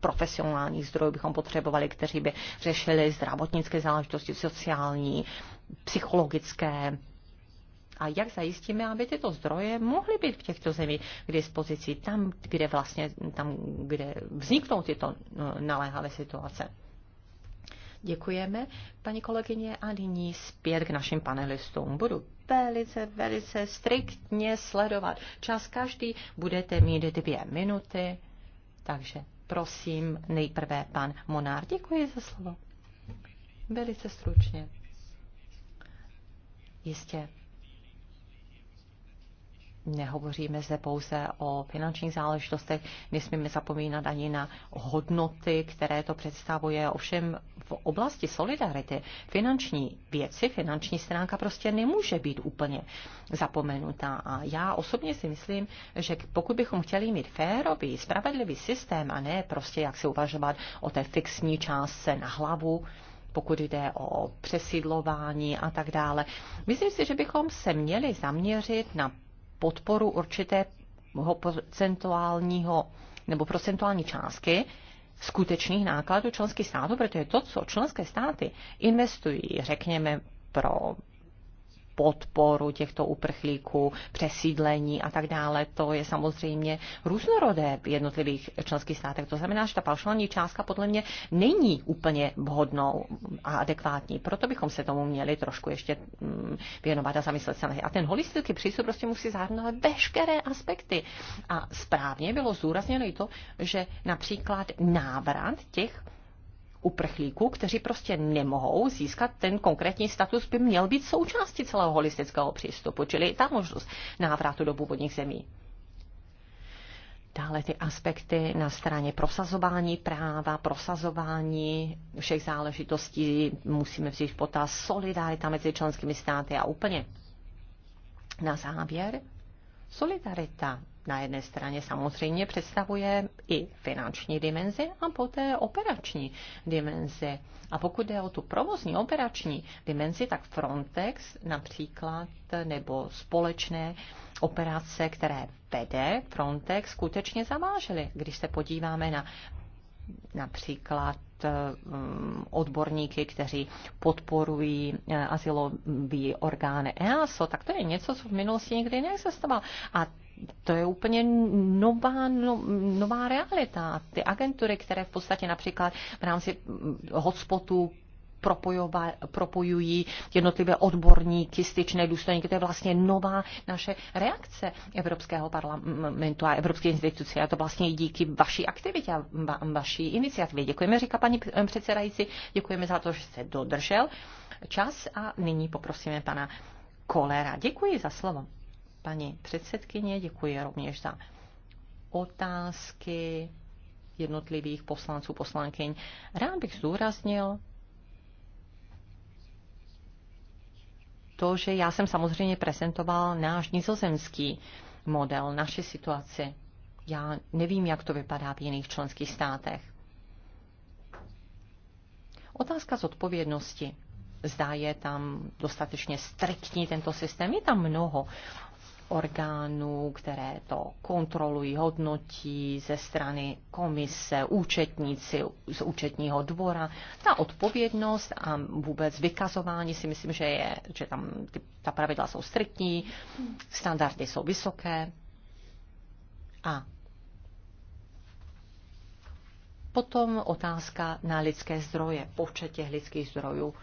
profesionálních zdrojů bychom potřebovali, kteří by řešili zdravotnické záležitosti, sociální, psychologické. A jak zajistíme, aby tyto zdroje mohly být v těchto zemích k dispozici, tam, kde vlastně, tam, kde vzniknou tyto no, naléhavé situace. Děkujeme, paní kolegyně, a nyní zpět k našim panelistům. Budu velice, velice striktně sledovat čas. Každý budete mít dvě minuty, takže prosím nejprve pan Monár. Děkuji za slovo. Velice stručně. Jistě, nehovoříme zde pouze o finančních záležitostech, nesmíme zapomínat ani na hodnoty, které to představuje. Ovšem v oblasti solidarity finanční věci, finanční stránka prostě nemůže být úplně zapomenutá. A já osobně si myslím, že pokud bychom chtěli mít férový, spravedlivý systém a ne prostě jak si uvažovat o té fixní částce na hlavu, pokud jde o přesídlování a tak dále. Myslím si, že bychom se měli zaměřit na podporu určitého procentuálního nebo procentuální částky skutečných nákladů členských států, protože to, co členské státy investují, řekněme, pro podporu těchto uprchlíků, přesídlení a tak dále. To je samozřejmě různorodé v jednotlivých členských státech. To znamená, že ta paušální částka podle mě není úplně vhodnou a adekvátní. Proto bychom se tomu měli trošku ještě mm, věnovat a zamyslet se na A ten holistický přístup prostě musí zahrnovat veškeré aspekty. A správně bylo zúrazněno i to, že například návrat těch uprchlíků, kteří prostě nemohou získat ten konkrétní status, by měl být součástí celého holistického přístupu, čili ta možnost návratu do původních zemí. Dále ty aspekty na straně prosazování práva, prosazování všech záležitostí musíme vzít v potaz solidarita mezi členskými státy a úplně. Na závěr, solidarita na jedné straně samozřejmě představuje i finanční dimenzi a poté operační dimenzi. A pokud jde o tu provozní operační dimenzi, tak Frontex například nebo společné operace, které vede Frontex, skutečně zavážely. Když se podíváme na například mm, odborníky, kteří podporují eh, asilový orgán EASO, tak to je něco, co v minulosti nikdy neexistovalo. A to je úplně nová, no, nová realita. Ty agentury, které v podstatě například v rámci mm, hotspotu propojují jednotlivé odborníky, styčné důstojníky. To je vlastně nová naše reakce Evropského parlamentu a Evropské instituce. A to vlastně i díky vaší aktivitě a va- vaší iniciativě. Děkujeme, říká paní předsedající, děkujeme za to, že jste dodržel čas a nyní poprosíme pana Kolera. Děkuji za slovo paní předsedkyně, děkuji rovněž za otázky jednotlivých poslanců, poslankyň. Rád bych zdůraznil to, že já jsem samozřejmě prezentoval náš nizozemský model, naši situaci. Já nevím, jak to vypadá v jiných členských státech. Otázka z odpovědnosti. Zdá je tam dostatečně striktní tento systém. Je tam mnoho orgánů, které to kontrolují, hodnotí ze strany komise, účetníci z účetního dvora. Ta odpovědnost a vůbec vykazování si myslím, že, je, že tam ty, ta pravidla jsou striktní, standardy jsou vysoké a Potom otázka na lidské zdroje, počet těch lidských zdrojů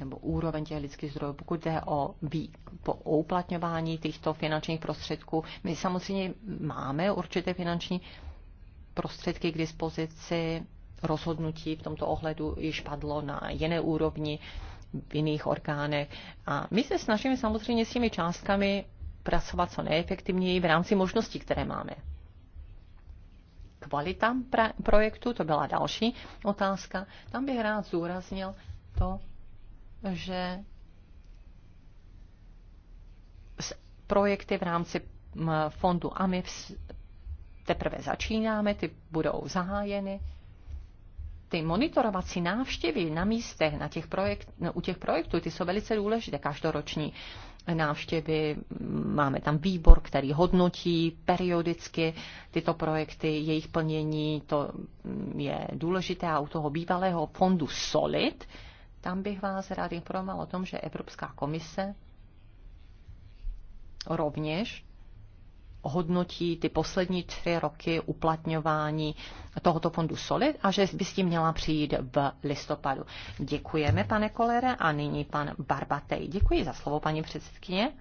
nebo úroveň těch lidských zdrojů, pokud jde o, vý, po, o uplatňování těchto finančních prostředků. My samozřejmě máme určité finanční prostředky k dispozici, rozhodnutí v tomto ohledu již padlo na jiné úrovni, v jiných orgánech. A my se snažíme samozřejmě s těmi částkami pracovat co nejefektivněji v rámci možností, které máme. Kvalita projektu, to byla další otázka. Tam bych rád zúraznil to, že projekty v rámci fondu AMIF teprve začínáme, ty budou zahájeny. Ty monitorovací návštěvy na místech na těch projekt, no, u těch projektů, ty jsou velice důležité, každoroční návštěvy. Máme tam výbor, který hodnotí periodicky tyto projekty, jejich plnění, to je důležité a u toho bývalého fondu SOLID, tam bych vás rád informoval o tom, že Evropská komise rovněž hodnotí ty poslední tři roky uplatňování tohoto fondu Solid a že by s tím měla přijít v listopadu. Děkujeme, pane Kolere, a nyní pan Barbatej. Děkuji za slovo, paní předsedkyně.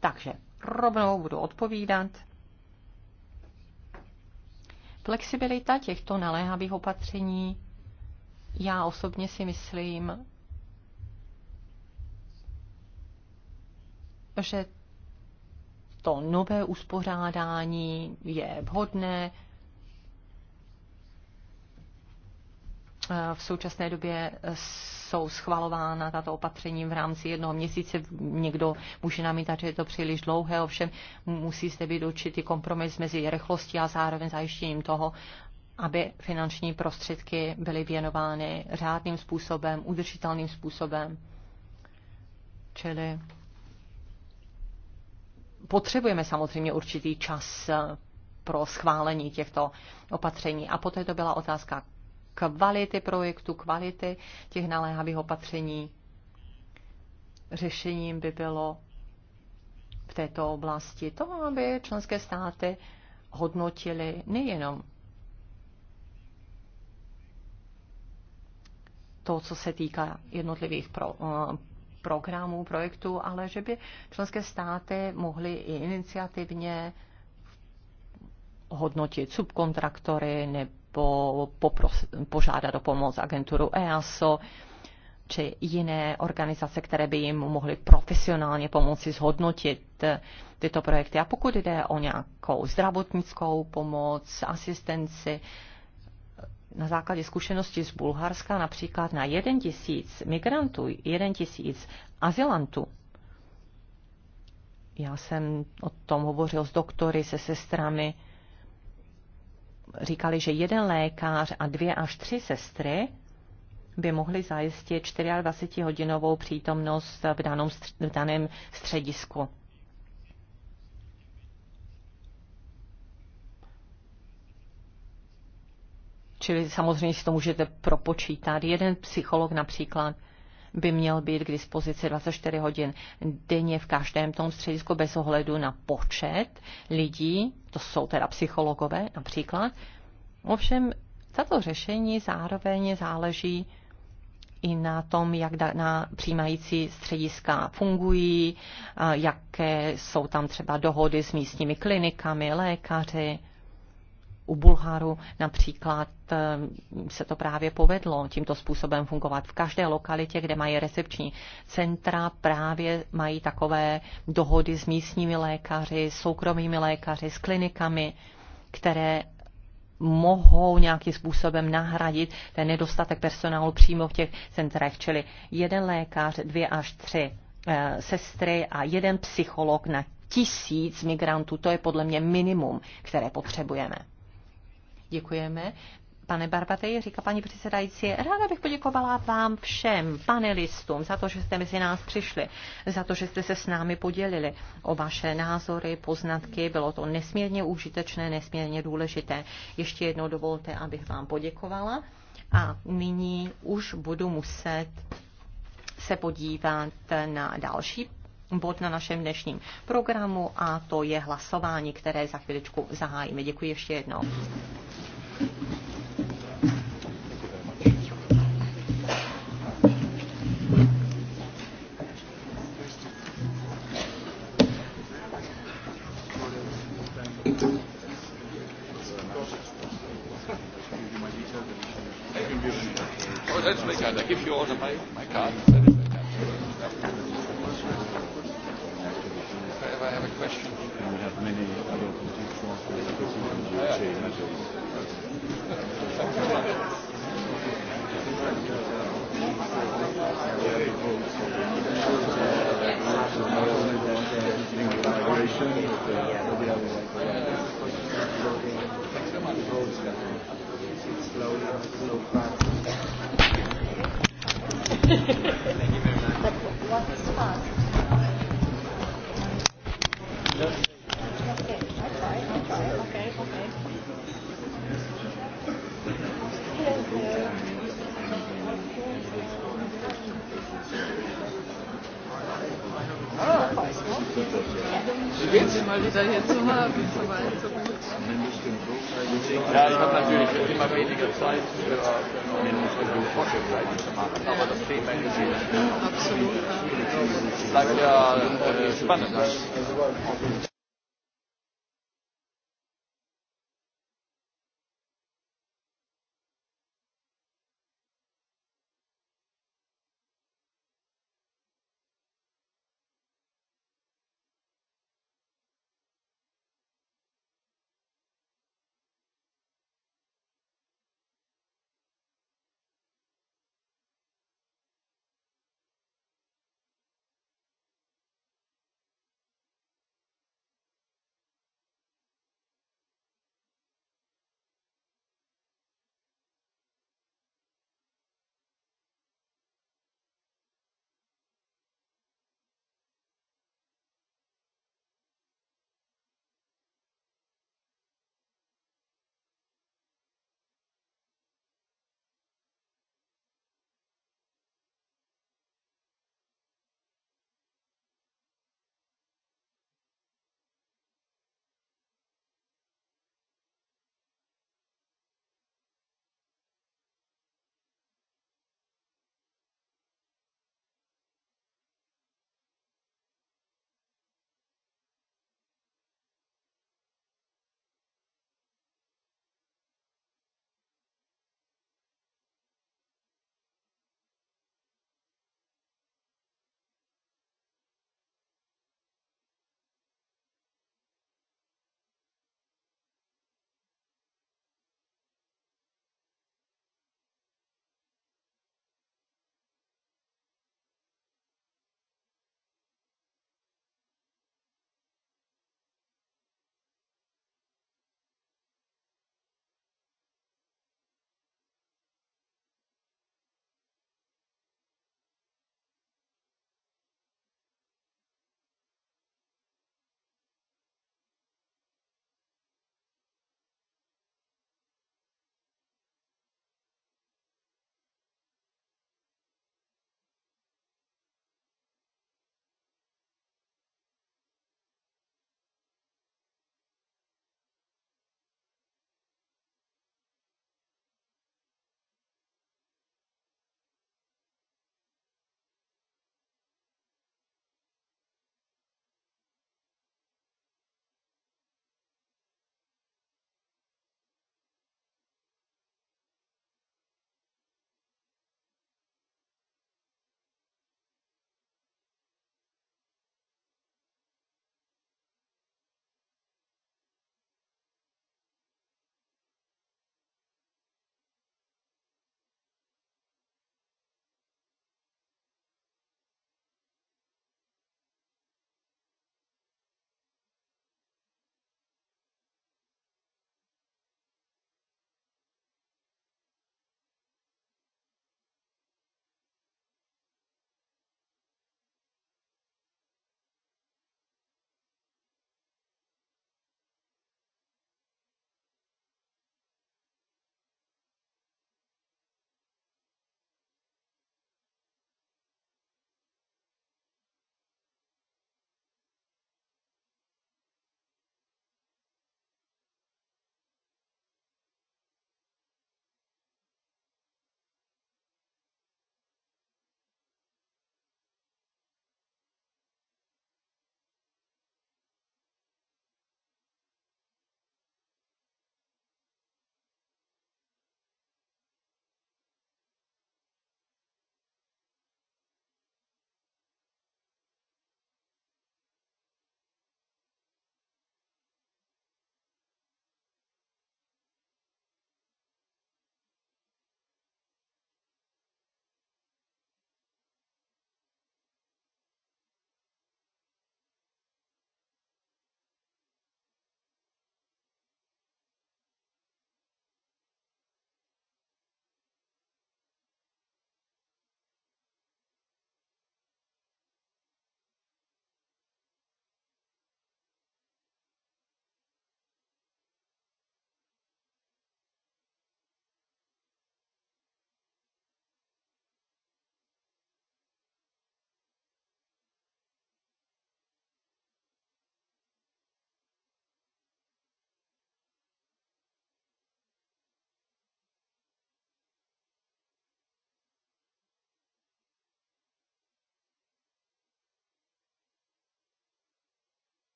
Takže rovnou budu odpovídat. Flexibilita těchto naléhavých opatření já osobně si myslím, že to nové uspořádání je vhodné. Eh, v současné době jsou schvalována tato opatření v rámci jednoho měsíce. Někdo může namítat, že je to příliš dlouhé, ovšem musí zde být určitý kompromis mezi rychlostí a zároveň zajištěním toho, aby finanční prostředky byly věnovány řádným způsobem, udržitelným způsobem. Čili potřebujeme samozřejmě určitý čas pro schválení těchto opatření. A poté to byla otázka kvality projektu, kvality těch naléhavých opatření. Řešením by bylo v této oblasti to, aby členské státy hodnotili nejenom to, co se týká jednotlivých pro, eh, programů, projektů, ale že by členské státy mohly i iniciativně hodnotit subkontraktory nebo popros, požádat o pomoc agenturu EASO či jiné organizace, které by jim mohly profesionálně pomoci zhodnotit eh, tyto projekty. A pokud jde o nějakou zdravotnickou pomoc, asistenci, na základě zkušenosti z Bulharska například na 1 tisíc migrantů, 1 tisíc azylantů. Já jsem o tom hovořil s doktory, se sestrami. Říkali, že jeden lékař a dvě až tři sestry by mohli zajistit 24-hodinovou přítomnost v, danom, v daném středisku. Čili samozřejmě si to můžete propočítat. Jeden psycholog například by měl být k dispozici 24 hodin denně v každém tom středisku bez ohledu na počet lidí, to jsou teda psychologové například. Ovšem, tato řešení zároveň záleží i na tom, jak na přijímající střediska fungují, jaké jsou tam třeba dohody s místními klinikami, lékaři, u Bulharu například eh, se to právě povedlo tímto způsobem fungovat. V každé lokalitě, kde mají recepční centra, právě mají takové dohody s místními lékaři, soukromými lékaři, s klinikami, které mohou nějakým způsobem nahradit ten nedostatek personálu přímo v těch centrech, čili jeden lékař, dvě až tři eh, sestry a jeden psycholog na tisíc migrantů, to je podle mě minimum, které potřebujeme. Děkujeme. Pane Barbatej, říká paní předsedající, ráda bych poděkovala vám všem panelistům za to, že jste mezi nás přišli, za to, že jste se s námi podělili o vaše názory, poznatky. Bylo to nesmírně užitečné, nesmírně důležité. Ještě jednou dovolte, abych vám poděkovala. A nyní už budu muset se podívat na další bod na našem dnešním programu a to je hlasování, které za chviličku zahájíme. Děkuji ještě jednou. Let's make a, I give you all the, my, my card. That is my card. I have a question. And we have many other politicians who in the UK nowadays. Thank you very much. Thank you very much. Schön, Sie mal wieder hier zu haben, soweit so gut. Ja, ich habe natürlich immer weniger Zeit für, für Forschungsseiten zu machen, aber das Thema in sich Absolut. bleibt ja äh, spannend.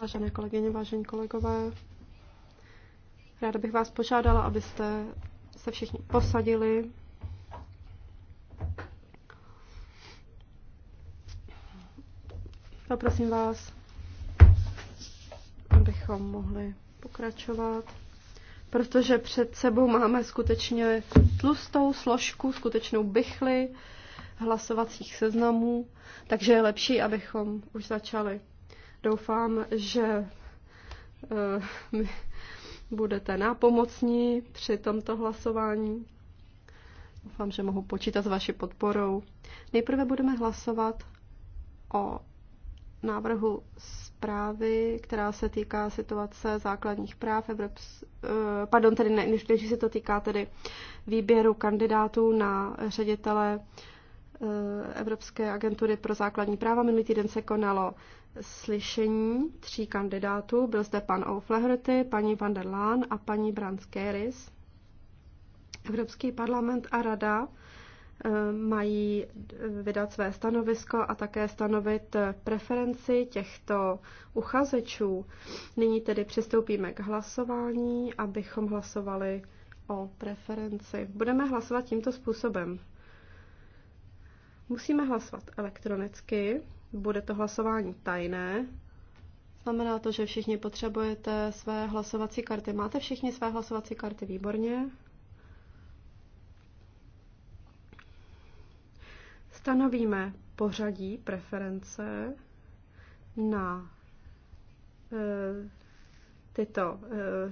Vážené kolegyně, vážení kolegové, ráda bych vás požádala, abyste se všichni posadili. Poprosím vás, abychom mohli pokračovat, protože před sebou máme skutečně tlustou složku, skutečnou bychli hlasovacích seznamů, takže je lepší, abychom už začali. Doufám, že eh, mi budete nápomocní při tomto hlasování. Doufám, že mohu počítat s vaší podporou. Nejprve budeme hlasovat o návrhu zprávy, která se týká situace základních práv Evrops... Eh, pardon, tedy ne, než se to týká tedy výběru kandidátů na ředitele eh, Evropské agentury pro základní práva. Minulý týden se konalo slyšení tří kandidátů. Byl zde pan O'Flaherty, paní van der Laan a paní Branskeris. Evropský parlament a rada eh, mají eh, vydat své stanovisko a také stanovit eh, preferenci těchto uchazečů. Nyní tedy přistoupíme k hlasování, abychom hlasovali o preferenci. Budeme hlasovat tímto způsobem. Musíme hlasovat elektronicky. Bude to hlasování tajné. Znamená to, že všichni potřebujete své hlasovací karty. Máte všichni své hlasovací karty výborně. Stanovíme pořadí preference na eh, tyto,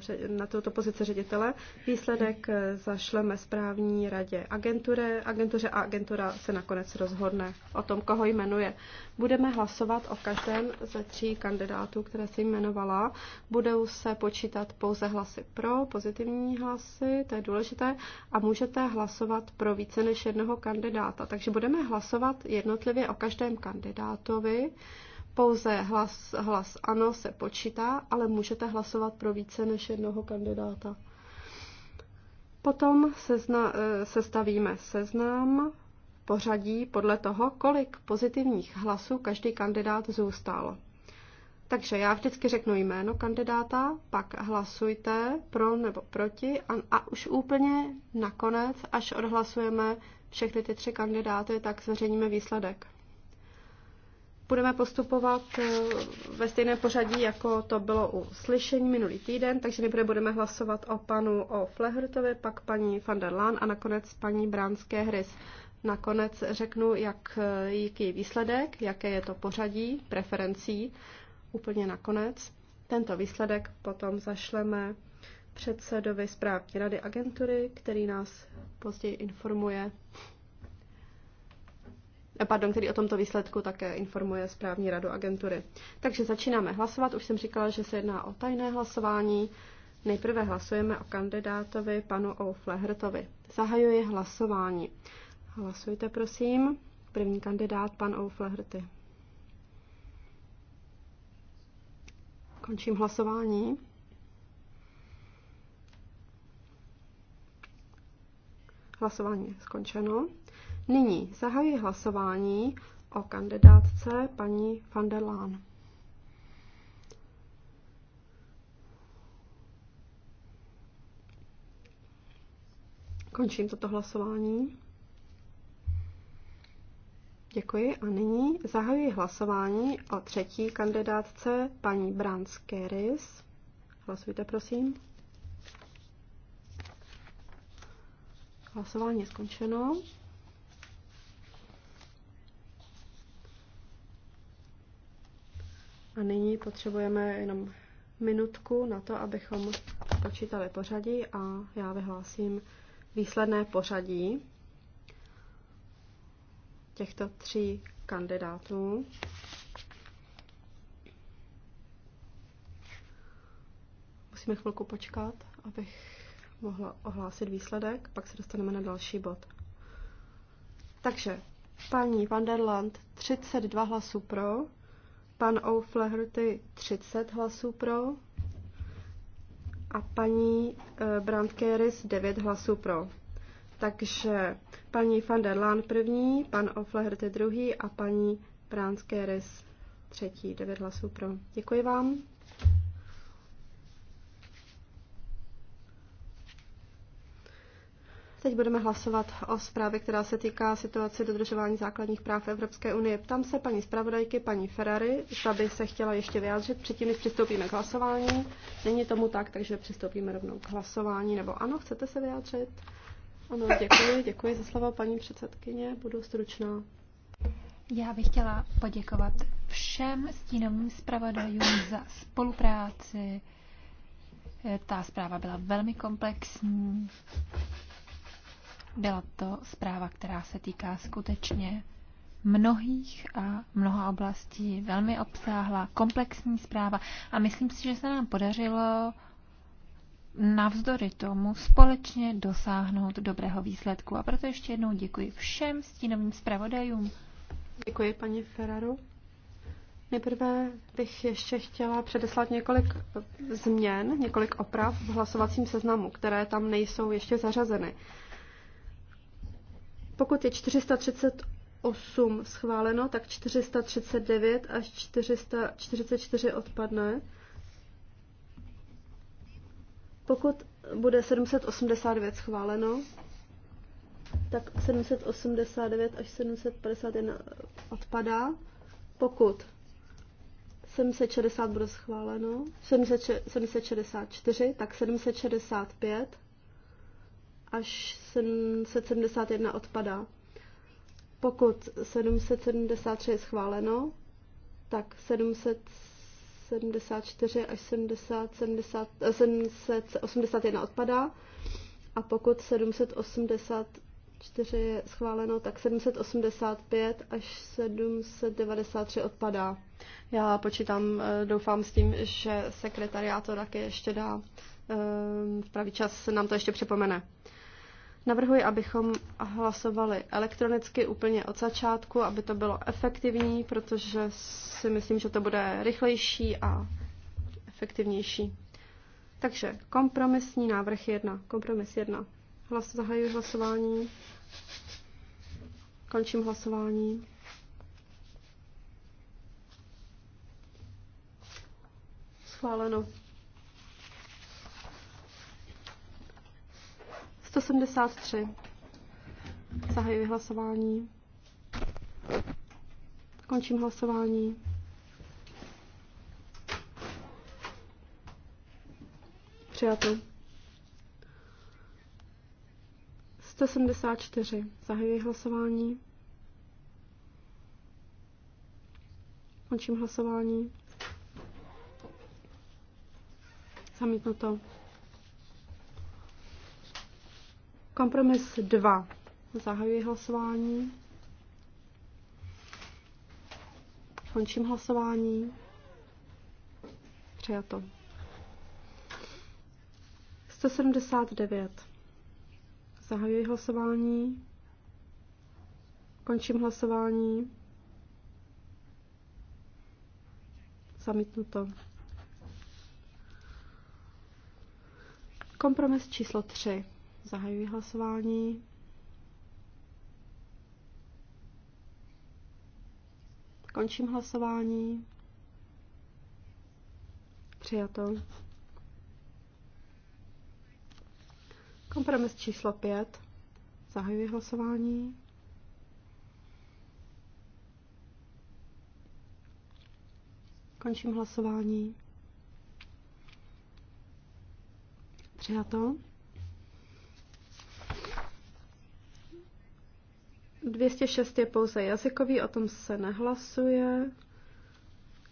eh, na tuto pozici ředitele. Výsledek eh, zašleme správní radě agentury, agentuře a agentura se nakonec rozhodne o tom, koho jmenuje. Budeme hlasovat o každém ze tří kandidátů, které se jmenovala. Budou se počítat pouze hlasy pro, pozitivní hlasy, to je důležité, a můžete hlasovat pro více než jednoho kandidáta. Takže budeme hlasovat jednotlivě o každém kandidátovi pouze hlas, hlas ano se počítá, ale můžete hlasovat pro více než jednoho kandidáta. Potom sezna, eh, sestavíme seznam pořadí podle toho, kolik pozitivních hlasů každý kandidát zůstal. Takže já vždycky řeknu jméno kandidáta, pak hlasujte pro nebo proti a, a už úplně nakonec, až odhlasujeme všechny ty tři kandidáty, tak zveřejníme výsledek budeme postupovat eh, ve stejném pořadí, jako to bylo u slyšení minulý týden, takže nejprve budeme hlasovat o panu o Flehrtovi, pak paní van der Laan a nakonec paní Bránské Hrys. Nakonec řeknu, jak, eh, jaký je výsledek, jaké je to pořadí preferencí, úplně nakonec. Tento výsledek potom zašleme předsedovi správní rady agentury, který nás později informuje pardon, který o tomto výsledku také informuje správní radu agentury. Takže začínáme hlasovat. Už jsem říkala, že se jedná o tajné hlasování. Nejprve hlasujeme o kandidátovi panu Flehrtovi. Zahajuji hlasování. Hlasujte, prosím. První kandidát, pan Flehrty. Končím hlasování. Hlasování je skončeno. Nyní zahajuji hlasování o kandidátce paní van der Laan. Končím toto hlasování. Děkuji a nyní zahajuji hlasování o třetí kandidátce paní Brans Keris. Hlasujte, prosím. Hlasování je skončeno. A nyní potřebujeme jenom minutku na to, abychom počítali pořadí a já vyhlásím výsledné pořadí těchto tří kandidátů. Musíme chvilku počkat, abych mohla ohlásit výsledek, pak se dostaneme na další bod. Takže paní Vanderland 32 hlasů pro, pan O'Flaherty 30 hlasů pro a paní eh, Brand Keris 9 hlasů pro. Takže paní van der Laan první, pan O'Flaherty druhý a paní Brand Keris třetí, 9 hlasů pro. Děkuji vám. Teď budeme hlasovat o zprávě, která se týká situace dodržování základních práv Evropské unie. Ptám se paní zpravodajky, paní Ferrari, zda by se chtěla ještě vyjádřit předtím, než přistoupíme k hlasování. Není tomu tak, takže přistoupíme rovnou k hlasování. Nebo ano, chcete se vyjádřit? Ano, děkuji, děkuji za slovo, paní předsedkyně, budu stručná. Já bych chtěla poděkovat všem stínovým zpravodajům za spolupráci. E, ta zpráva byla velmi komplexní. Byla to zpráva, která se týká skutečně mnohých a mnoha oblastí, velmi obsáhla, komplexní zpráva a myslím si, že se nám podařilo navzdory tomu společně dosáhnout dobrého výsledku. A proto ještě jednou děkuji všem stínovým zpravodajům. Děkuji, paní Ferraru. Nejprve bych ještě chtěla předeslat několik změn, několik oprav v hlasovacím seznamu, které tam nejsou ještě zařazeny. Pokud je 438 schváleno, tak 439 až 444 odpadne. Pokud bude 789 schváleno, tak 789 až 751 odpadá. Pokud 760 bude schváleno, 764, tak 765 až 771 odpadá. Pokud 773 je schváleno, tak 774 až 70, 70, 781 odpadá. A pokud 784 je schváleno, tak 785 až 793 odpadá. Já počítám, eh, doufám s tím, že sekretariát to taky ještě dá eh, v pravý čas, nám to ještě připomene. Navrhuji, abychom hlasovali elektronicky úplně od začátku, aby to bylo efektivní, protože si myslím, že to bude rychlejší a efektivnější. Takže kompromisní návrh 1. Kompromis 1. Hlas, zahajuji hlasování. Končím hlasování. Schváleno. 173. Zahajuji hlasování. Končím hlasování. Přijato. 174. Zahajuji hlasování. Končím hlasování. Zamítnuto. Kompromis 2. Zahajuji hlasování. Končím hlasování. Přijato. 179. Zahajuji hlasování. Končím hlasování. Zamítnuto. Kompromis číslo 3. Zahajuji hlasování. Končím hlasování. Přijato. Kompromis číslo 5. Zahajuji hlasování. Končím hlasování. Přijato. 206 je pouze jazykový, o tom se nehlasuje.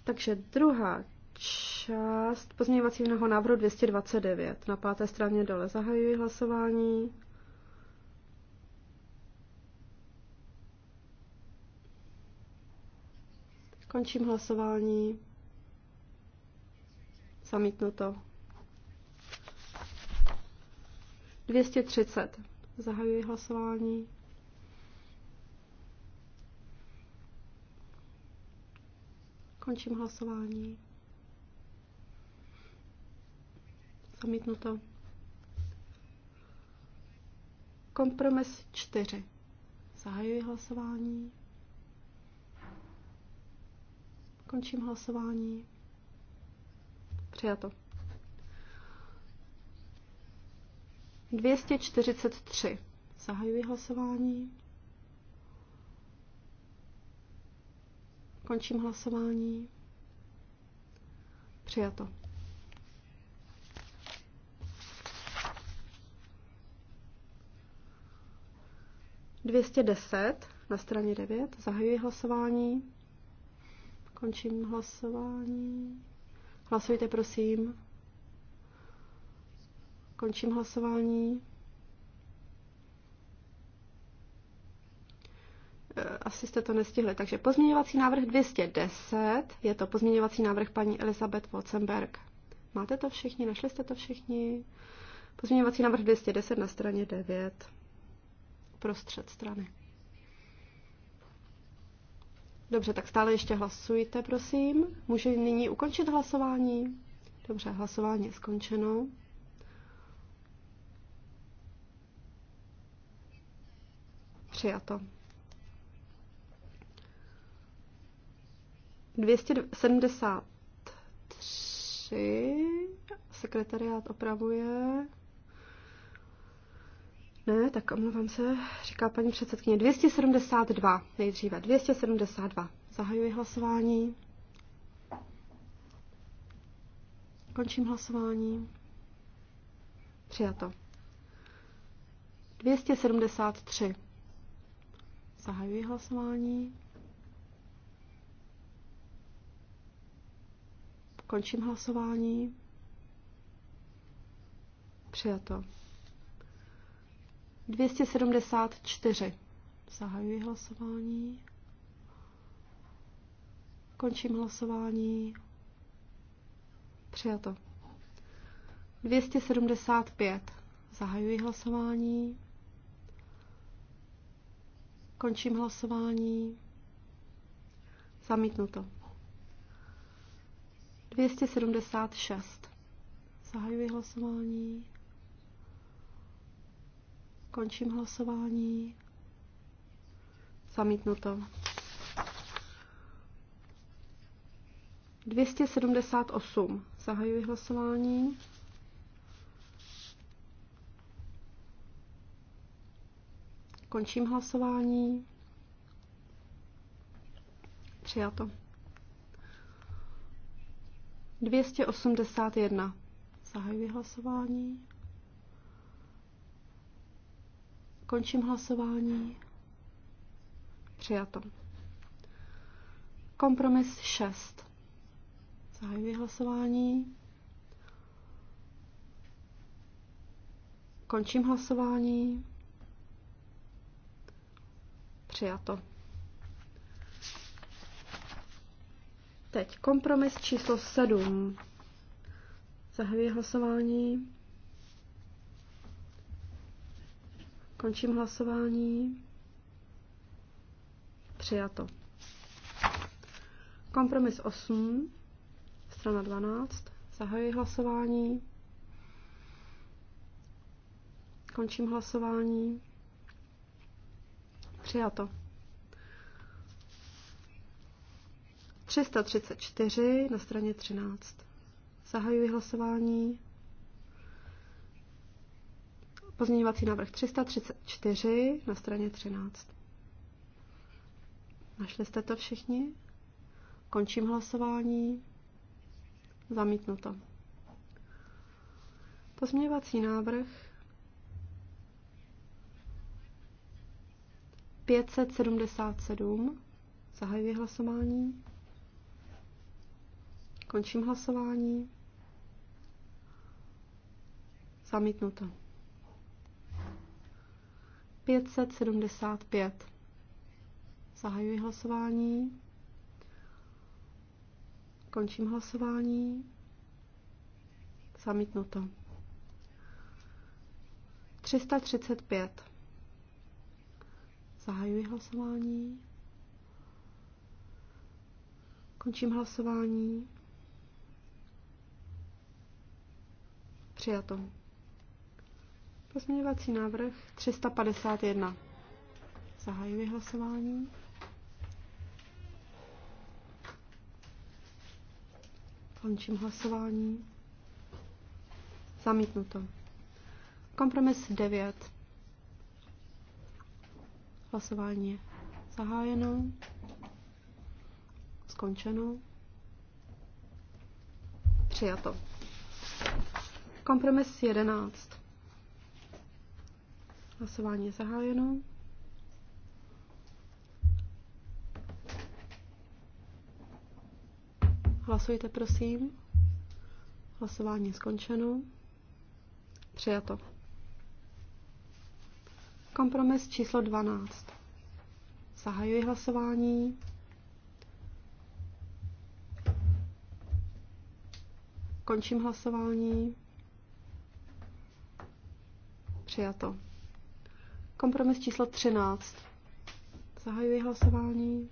Takže druhá část pozměňovacího návrhu 229. Na páté straně dole zahajuji hlasování. Končím hlasování. Zamítnuto. 230. Zahajuji hlasování. Končím hlasování. Zamítnuto. Kompromis 4. Zahajuji hlasování. Končím hlasování. Přijato. 243. Zahajuji hlasování. Končím hlasování. Přijato. Dvěstě deset na straně 9. Zahajuji hlasování. Končím hlasování. Hlasujte, prosím. Končím hlasování. Eh, asi jste to nestihli. Takže pozměňovací návrh 210, je to pozměňovací návrh paní Elizabeth Watzenberg. Máte to všichni? Našli jste to všichni? Pozměňovací návrh 210 na straně 9, prostřed strany. Dobře, tak stále ještě hlasujte, prosím. Může nyní ukončit hlasování? Dobře, hlasování je skončeno. Přijato. 273 sekretariát opravuje. Ne, tak omlouvám se, říká paní předsedkyně. 272 nejdříve. 272. Zahajuji hlasování. Končím hlasování. Přijato. 273. Zahajuji hlasování. Končím hlasování. Přijato. 274. Zahajuji hlasování. Končím hlasování. Přijato. 275. Zahajuji hlasování. Končím hlasování. Zamítnuto. 276. Zahajuji hlasování. Končím hlasování. Zamítnuto. 278. Zahajuji hlasování. Končím hlasování. Přijato. 281. Zahajuji hlasování. Končím hlasování. Přijato. Kompromis 6. Zahajuji hlasování. Končím hlasování. Přijato. Teď kompromis číslo 7. Zahajuji hlasování. Končím hlasování. Přijato. Kompromis 8, strana 12. Zahajuji hlasování. Končím hlasování. Přijato. 334 na straně 13. Zahajuji hlasování. Pozměňovací návrh 334 na straně 13. Našli jste to všichni? Končím hlasování. Zamítnuto. Pozměňovací návrh 577. Zahajuji hlasování. Končím hlasování. Zamítnuto. 575. Zahajuji hlasování. Končím hlasování. Zamítnuto. 335. Zahajuji hlasování. Končím hlasování. Přijato. Pozměňovací návrh 351. Zahajuji hlasování. Končím hlasování. Zamítnuto. Kompromis 9. Hlasování je zahájeno. Skončeno. Přijato. Kompromis 11. Hlasování je zahájeno. Hlasujte, prosím. Hlasování je skončeno. Přijato. Kompromis číslo 12. Zahajuji hlasování. Končím hlasování. Přijato. Kompromis číslo 13. Zahajuji hlasování.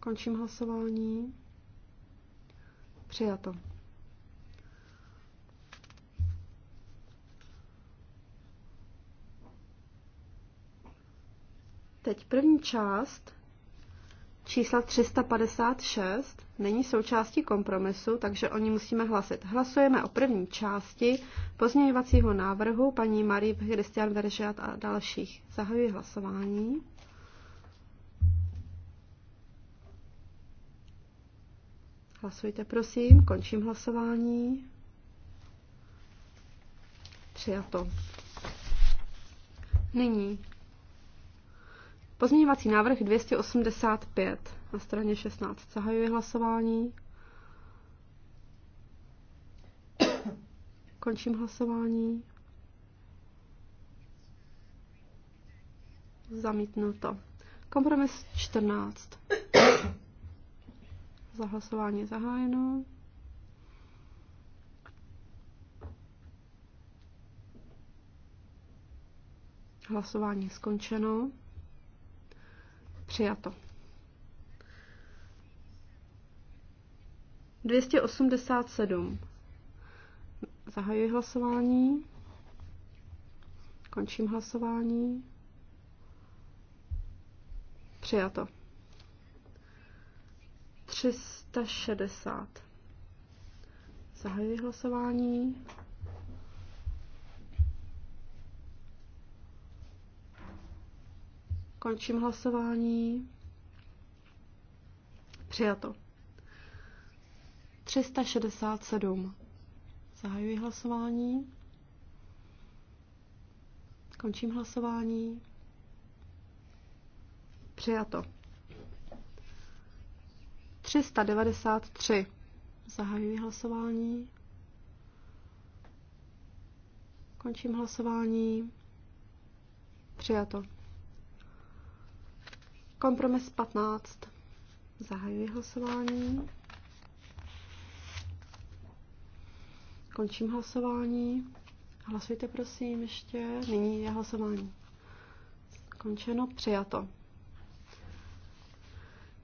Končím hlasování. Přijato. Teď první část čísla 356 není součástí kompromisu, takže o ní musíme hlasit. Hlasujeme o první části pozměňovacího návrhu paní Marie Christian Veržiat a dalších. Zahajuji hlasování. Hlasujte, prosím. Končím hlasování. Přijato. Nyní Pozměňovací návrh 285 na straně 16. Zahajuji hlasování. Končím hlasování. Zamítnuto. Kompromis 14. Zahlasování je zahájeno. Hlasování je skončeno. Přijato. 287. Zahajuji hlasování. Končím hlasování. Přijato. 360. Zahajuji hlasování. Končím hlasování. Přijato. 367. Zahajuji hlasování. Končím hlasování. Přijato. 393. Zahajuji hlasování. Končím hlasování. Přijato. Kompromis 15. Zahajuji hlasování. Končím hlasování. Hlasujte prosím ještě. Nyní je hlasování. Končeno, přijato.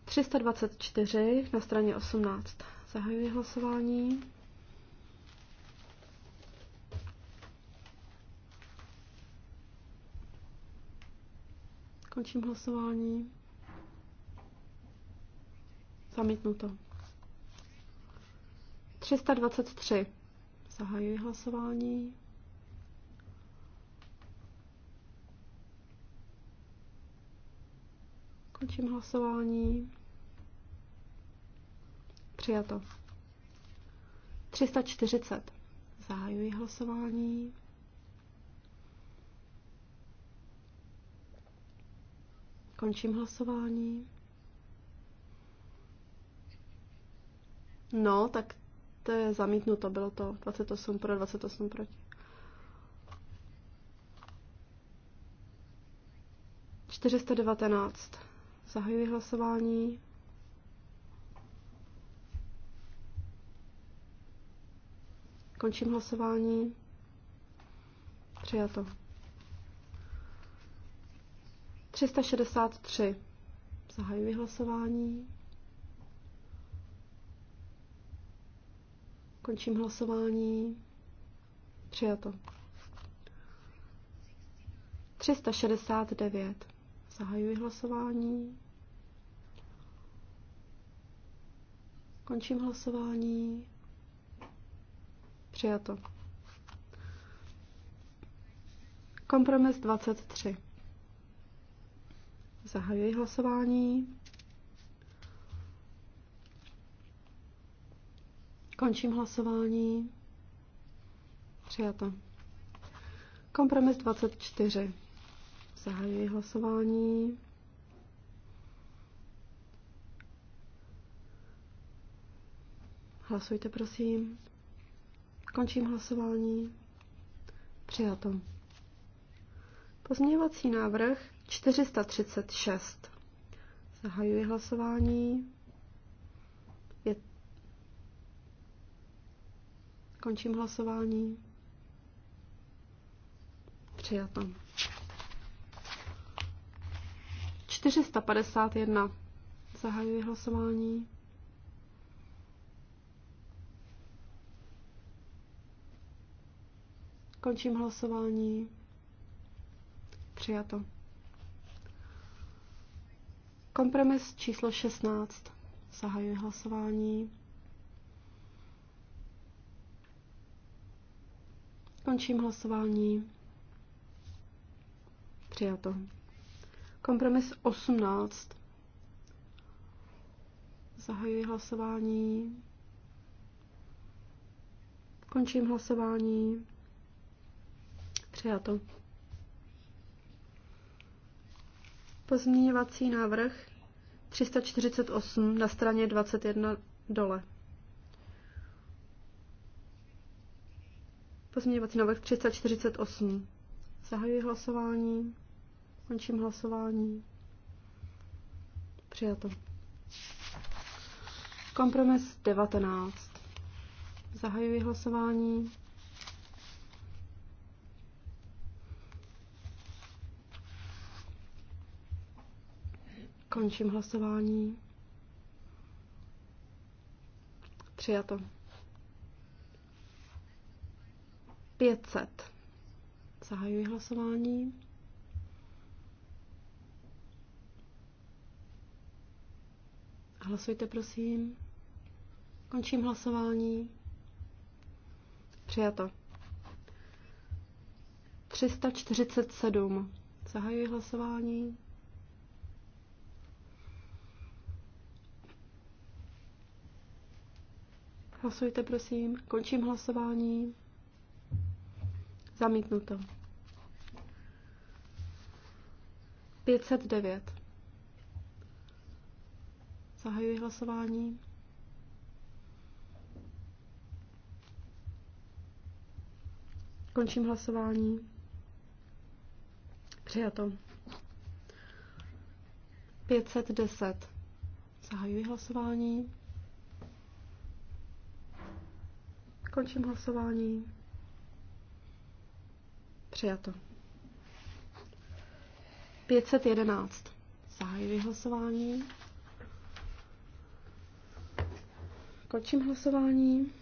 324 na straně 18. Zahajuji hlasování. Končím hlasování. Zamítnuto. 323. Zahajuji hlasování. Končím hlasování. Přijato. 340. Zahajuji hlasování. Končím hlasování. No, tak to je zamítnuto, bylo to 28 pro, 28 proti. 419. Zahajuji hlasování. Končím hlasování. Přijato. 363. Zahajuji hlasování. Končím hlasování. Přijato. 369. Zahajuji hlasování. Končím hlasování. Přijato. Kompromis 23. Zahajuji hlasování. Končím hlasování. Přijato. Kompromis 24. Zahajuji hlasování. Hlasujte, prosím. Končím hlasování. Přijato. Pozměňovací návrh 436. Zahajuji hlasování. Končím hlasování. Přijato. 451. Zahajuji hlasování. Končím hlasování. Přijato. Kompromis číslo 16. Zahajuji hlasování. Končím hlasování. Přijato. Kompromis 18. Zahajuji hlasování. Končím hlasování. Přijato. Pozměňovací návrh 348 na straně 21 dole. Pozměňovací návrh 348. Zahajuji hlasování. Končím hlasování. Přijato. Kompromis 19. Zahajuji hlasování. Končím hlasování. Přijato. 500. Zahajuji hlasování. Hlasujte, prosím. Končím hlasování. Přijato. 347. Zahajuji hlasování. Hlasujte, prosím. Končím hlasování. Zamítnuto. 509. Zahajuji hlasování. Končím hlasování. Přijato. 510. Zahajuji hlasování. Končím hlasování. Přijato. 511. Zahajuji hlasování. Končím hlasování.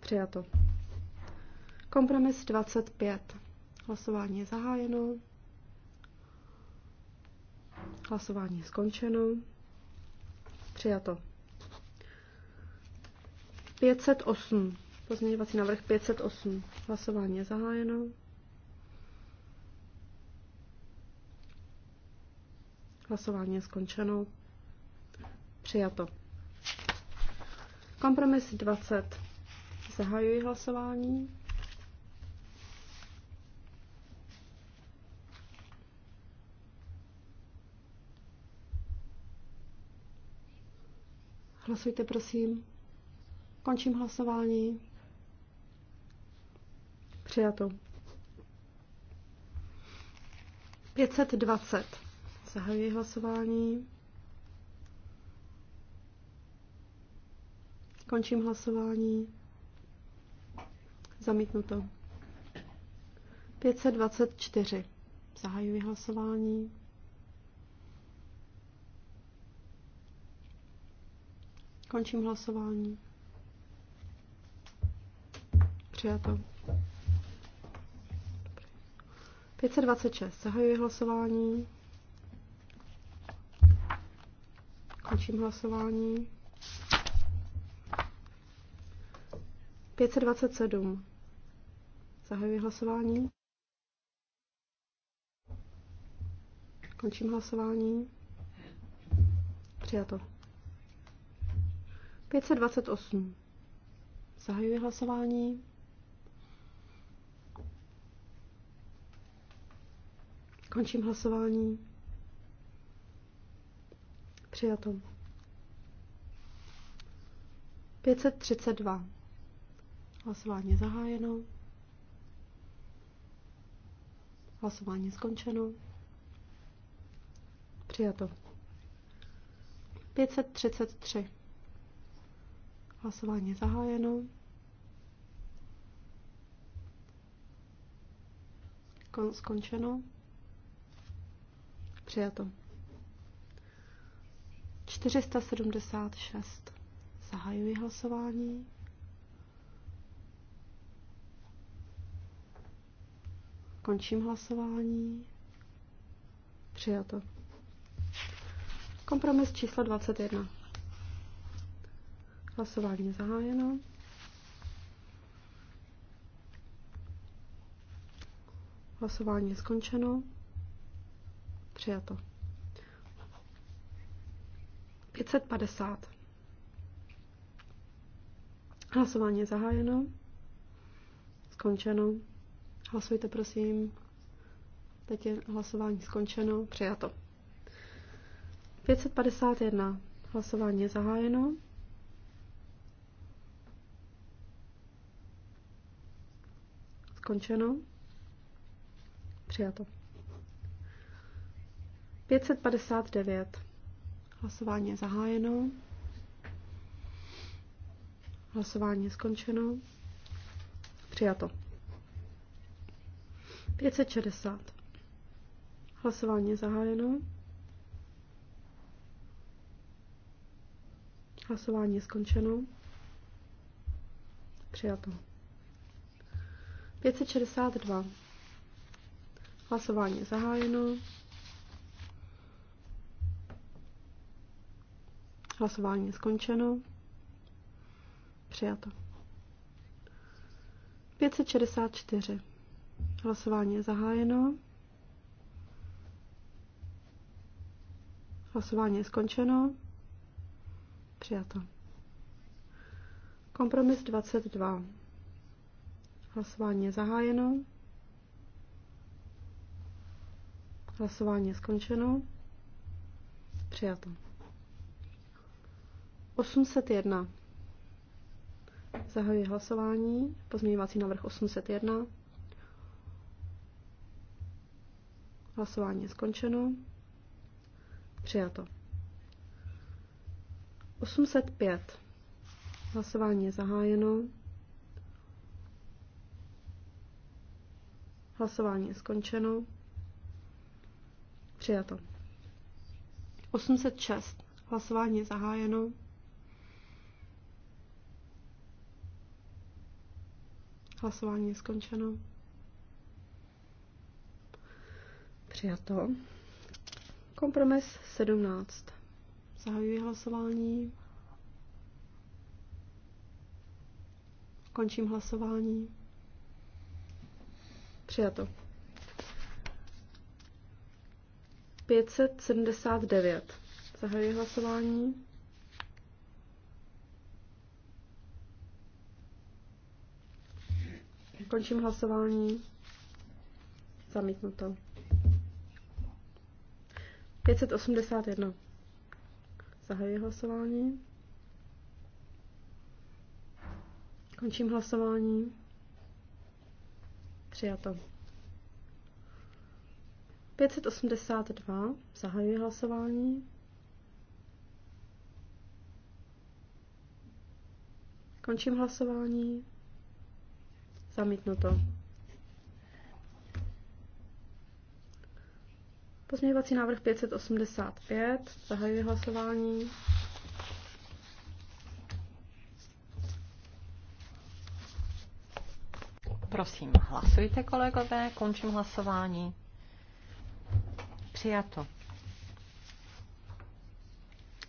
Přijato. Kompromis 25. Hlasování je zahájeno. Hlasování je skončeno. Přijato. 508. Pozměňovací návrh 508. Hlasování je zahájeno. Hlasování je skončeno. Přijato. Kompromis 20. Zahajuji hlasování. Hlasujte, prosím. Končím hlasování. Přijato. 520. Zahajuji hlasování. Končím hlasování. Zamítnuto. 524. Zahajuji hlasování. Končím hlasování. Přijato. 526. Zahajuji hlasování. Končím hlasování. 527. Zahajuji hlasování. Končím hlasování. Přijato. 528. Zahajuji hlasování. Končím hlasování. Přijato. 532. Hlasování zahájeno. Hlasování skončeno. Přijato. 533. Hlasování zahájeno. Kon- skončeno. Přijato. 476. Zahajuji hlasování. Končím hlasování. Přijato. Kompromis číslo 21. Hlasování je zahájeno. Hlasování je skončeno. Přijato. 550. Hlasování je zahájeno. Skončeno. Hlasujte, prosím. Teď je hlasování skončeno. Přijato. 551. Hlasování je zahájeno. Skončeno. Přijato. 559. Hlasování je zahájeno. Hlasování je skončeno. Přijato. 560. Hlasování je zahájeno. Hlasování je skončeno. Přijato. 562. Hlasování je zahájeno. Hlasování je skončeno. Přijato. 564. Hlasování je zahájeno. Hlasování je skončeno. Přijato. Kompromis 22. Hlasování je zahájeno. Hlasování je skončeno. Přijato. 801. Zahajuji hlasování. Pozměňovací návrh 801. Hlasování je skončeno. Přijato. 805. Hlasování je zahájeno. Hlasování je skončeno. Přijato. 806. Hlasování je zahájeno. Hlasování je skončeno. Přijato. Kompromis 17. Zahajuji hlasování. Končím hlasování. Přijato. 579. Zahajuji hlasování. Končím hlasování. Zamítnuto. 581. Zahajuji hlasování. Končím hlasování. Přijato. 582. Zahajuji hlasování. Končím hlasování. Zamítnuto. Pozměňovací návrh 585. Zahajuji hlasování. Prosím, hlasujte, kolegové. Končím hlasování. Přijato.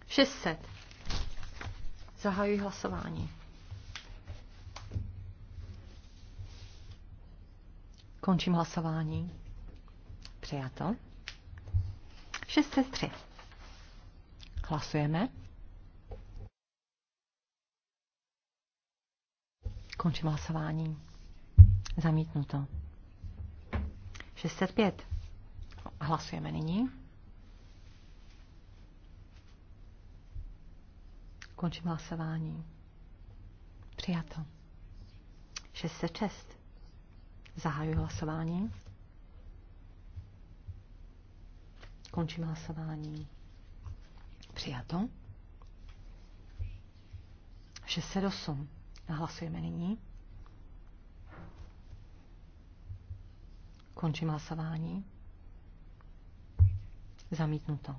600. Zahajuji hlasování. Končím hlasování. Přijato. 603. Hlasujeme. Končím hlasování. Zamítnuto. 605. Hlasujeme nyní. Končím hlasování. Přijato. 606. Zahajuji hlasování. Končím hlasování. Přijato. 608. Hlasujeme nyní. Končím hlasování. Zamítnuto.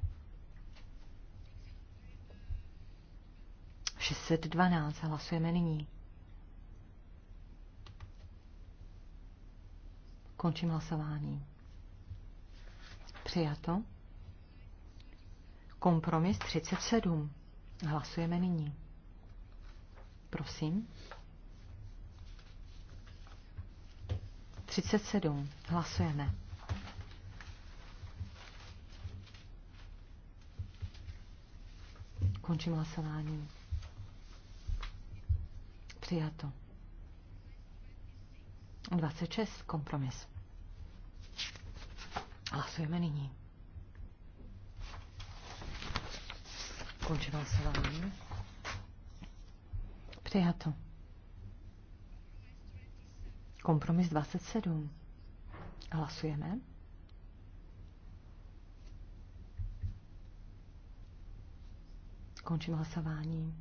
612. Hlasujeme nyní. Končím hlasování. Přijato. Kompromis 37. Hlasujeme nyní. Prosím. 37. Hlasujeme. Končím hlasování. Přijato. 26. Kompromis. Hlasujeme nyní. Končím hlasování. Přijato. Kompromis 27. Hlasujeme. Končím hlasování.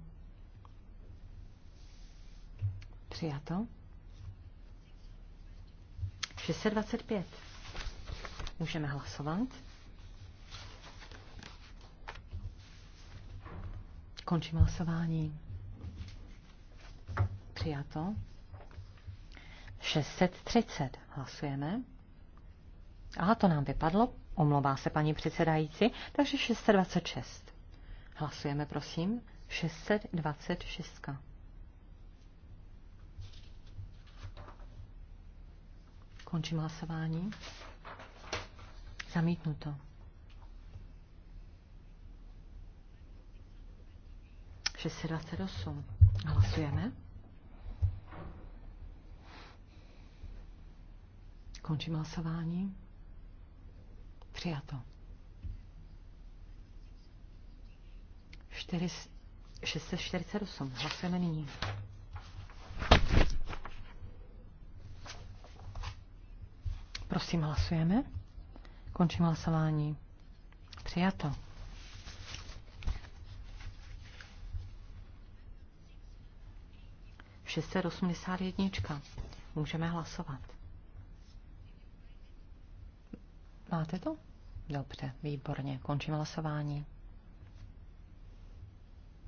Přijato. 625. Můžeme hlasovat. Končím hlasování. Přijato. 630 hlasujeme. Aha, to nám vypadlo. Omlouvá se paní předsedající. Takže 626. Hlasujeme, prosím. 626. Končím hlasování. Zamítnuto. osm. Hlasujeme. Končím hlasování. Přijato. 4, 648. Hlasujeme nyní. Prosím, hlasujeme. Končím hlasování. Přijato. jednička. Můžeme hlasovat. Máte to? Dobře, výborně. Končím hlasování.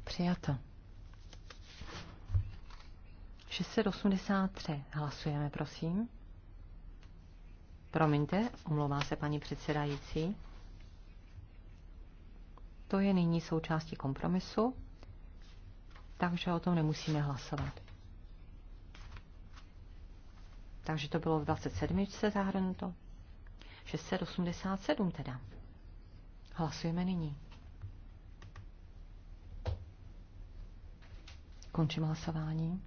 Přijato. 683. Hlasujeme, prosím. Promiňte, omlouvá se paní předsedající. To je nyní součástí kompromisu, takže o tom nemusíme hlasovat. Takže to bylo v 27. zahrnuto. 687 teda. Hlasujeme nyní. Končím hlasování.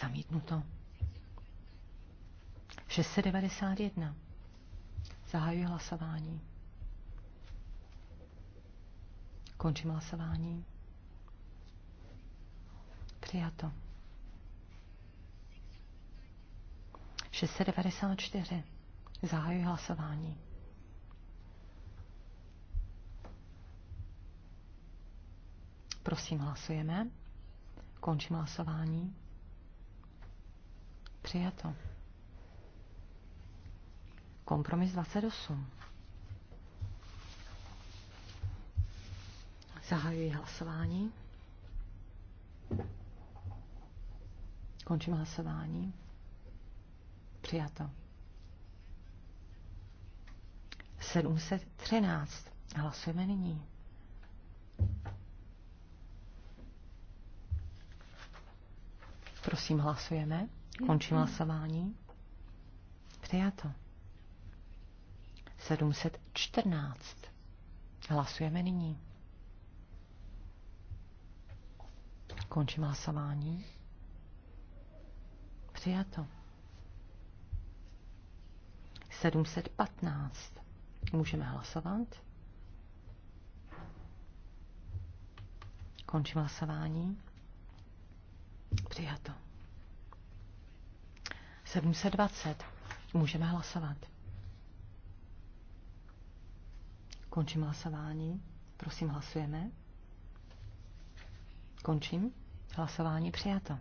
Zamítnuto. 691. Zahajuji hlasování. Končím hlasování. Přijato. 694. Zahajuji hlasování. Prosím, hlasujeme. Končím hlasování. Přijato. Kompromis 28. Zahajuji hlasování. Končím hlasování. Přijato. 713. Hlasujeme nyní. Prosím, hlasujeme. Končím hlasování. Přijato. 714. Hlasujeme nyní. Končím hlasování. Přijato. 715. Můžeme hlasovat. Končím hlasování. Přijato. 720. Můžeme hlasovat. Končím hlasování. Prosím, hlasujeme. Končím. Hlasování přijato.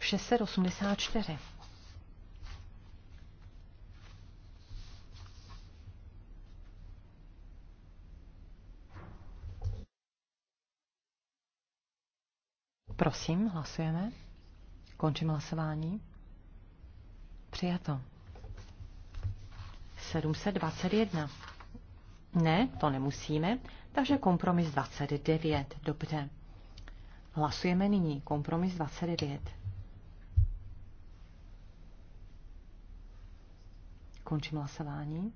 684. Prosím, hlasujeme. Končím hlasování. Přijato. 721. Ne, to nemusíme, takže kompromis 29. Dobře. Hlasujeme nyní. Kompromis 29. Končím hlasování.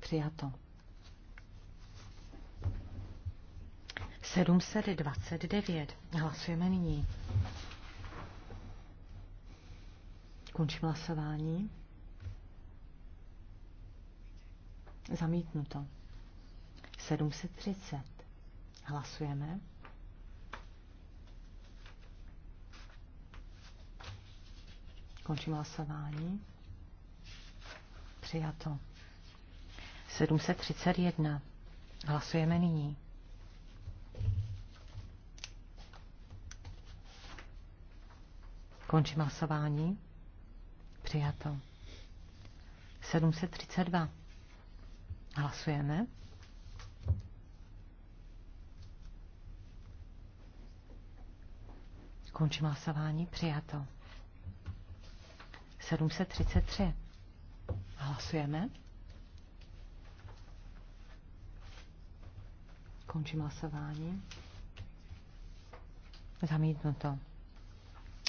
Přijato. 729. Hlasujeme nyní. Končím hlasování. Zamítnuto. 730. Hlasujeme. Končím hlasování. Přijato. 731. Hlasujeme nyní. Končím hlasování. Přijato. 732. Hlasujeme. Končím hlasování. Přijato. 733. Hlasujeme. Končím hlasování. Zamítnuto.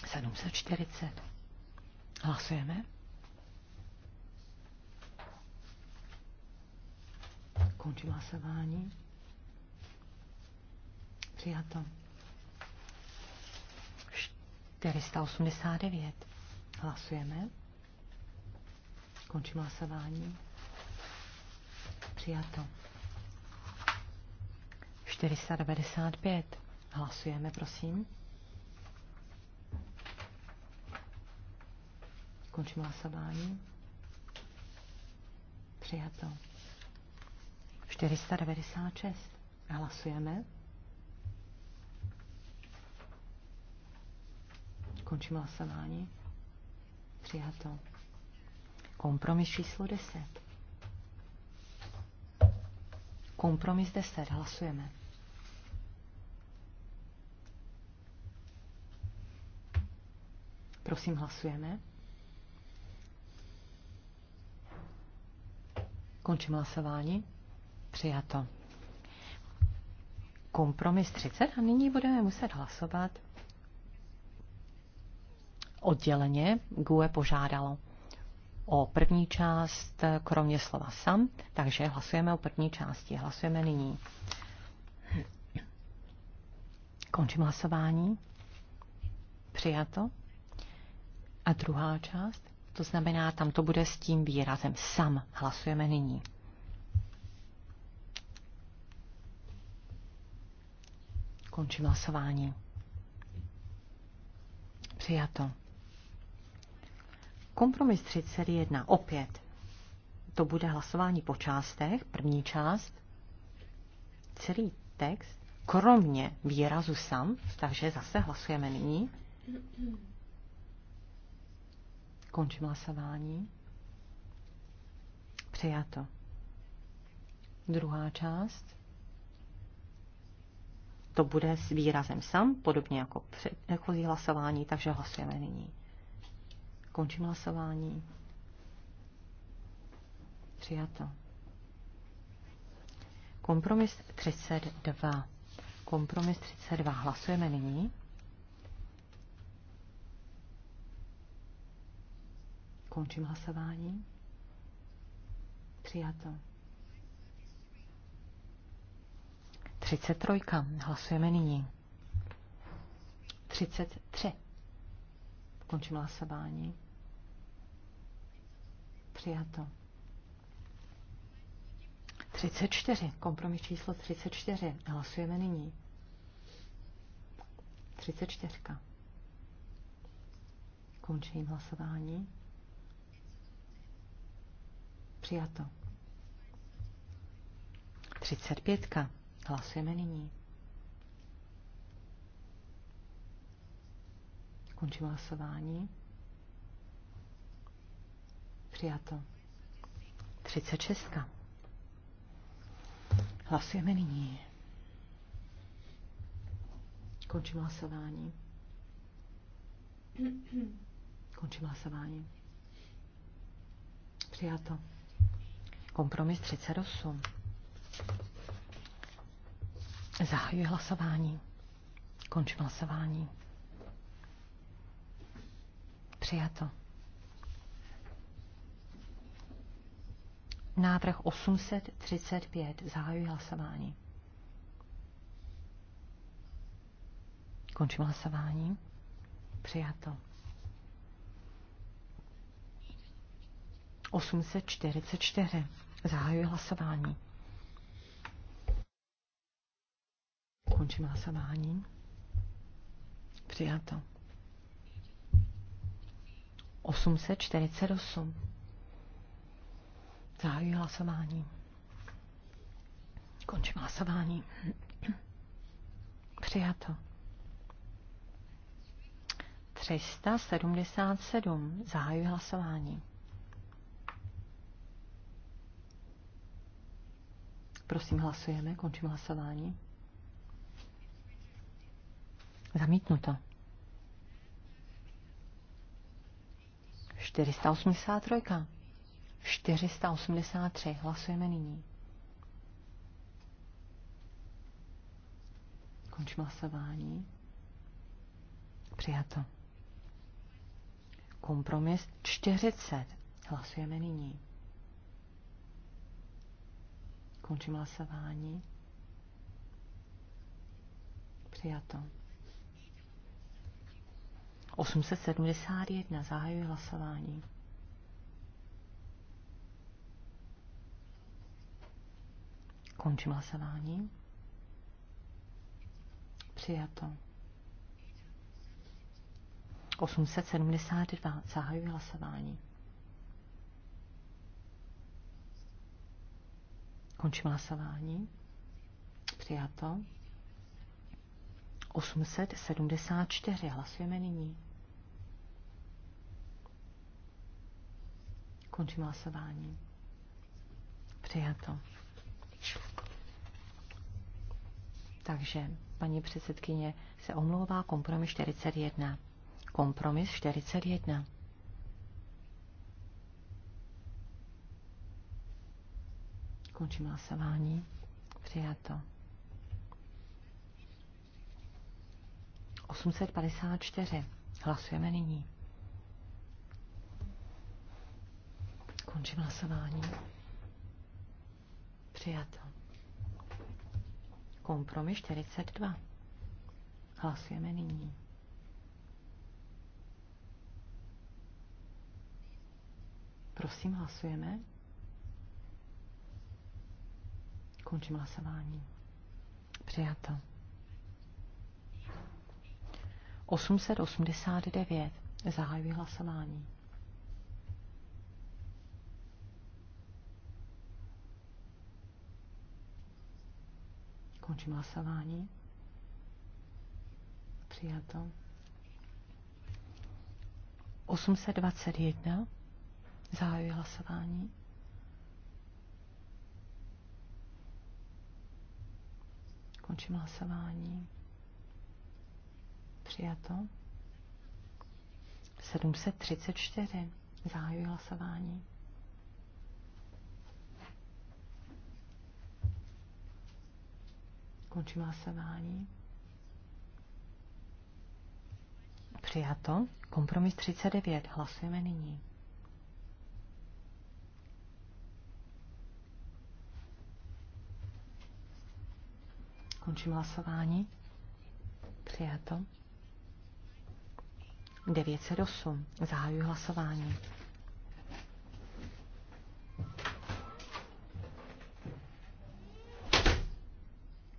740. Hlasujeme. Končí hlasování. Přijato. 489. Hlasujeme. Končí hlasování. Přijato. 495. Hlasujeme, prosím. Končím hlasování. Přijato. 496. Hlasujeme. Končím hlasování. Přijato. Kompromis číslo 10. Kompromis 10. Hlasujeme. Prosím, hlasujeme. Končím hlasování. Přijato. Kompromis 30 a nyní budeme muset hlasovat odděleně. GUE požádalo o první část, kromě slova sam, takže hlasujeme o první části. Hlasujeme nyní. Končím hlasování. Přijato. A druhá část. To znamená, tam to bude s tím výrazem sam. Hlasujeme nyní. Končím hlasování. Přijato. Kompromis 31. Opět. To bude hlasování po částech. První část. Celý text. Kromě výrazu sam. Takže zase hlasujeme nyní. Končím hlasování. Přijato. Druhá část. To bude s výrazem sam, podobně jako předchozí hlasování, takže hlasujeme nyní. Končím hlasování. Přijato. Kompromis 32. Kompromis 32. Hlasujeme nyní. Končím hlasování. Přijato. 33. Hlasujeme nyní. 33. Končím hlasování. Přijato. 34. Kompromis číslo 34. Hlasujeme nyní. 34. Končím hlasování. Přijato. 35. Hlasujeme nyní. Končím hlasování. Přijato. 36. Hlasujeme nyní. Končím hlasování. Končím hlasování. Přijato. Kompromis 38. Zahajuji hlasování. Končím hlasování. Přijato. Návrh 835. Zahajuji hlasování. Končím hlasování. Přijato. 844. Zahajuji hlasování. Končím hlasování. Přijato. 848. Zahajuji hlasování. Končím hlasování. Přijato. 377. Zahajuji hlasování. Prosím, hlasujeme. Končím hlasování. Zamítnuto. 483. 483. Hlasujeme nyní. Končím hlasování. Přijato. Kompromis 40. Hlasujeme nyní. Končím hlasování. Přijato. 871. Zahajuji hlasování. Končím hlasování. Přijato. 872. Zahajuji hlasování. Končím hlasování. Přijato. 874. Hlasujeme nyní. Končím hlasování. Přijato. Takže paní předsedkyně se omlouvá kompromis 41. Kompromis 41. Končím hlasování. Přijato. 854. Hlasujeme nyní. Končím hlasování. Přijato. Kompromis 42. Hlasujeme nyní. Prosím, hlasujeme. Končím hlasování. Přijato. 889. Zahajuji hlasování. Končím hlasování. Přijato. 821. Zahajuji hlasování. Končím hlasování. Přijato. 734. Zahajuji hlasování. Končím hlasování. Přijato. Kompromis 39. Hlasujeme nyní. Končím hlasování. Přijato. 908. Zahajuji hlasování.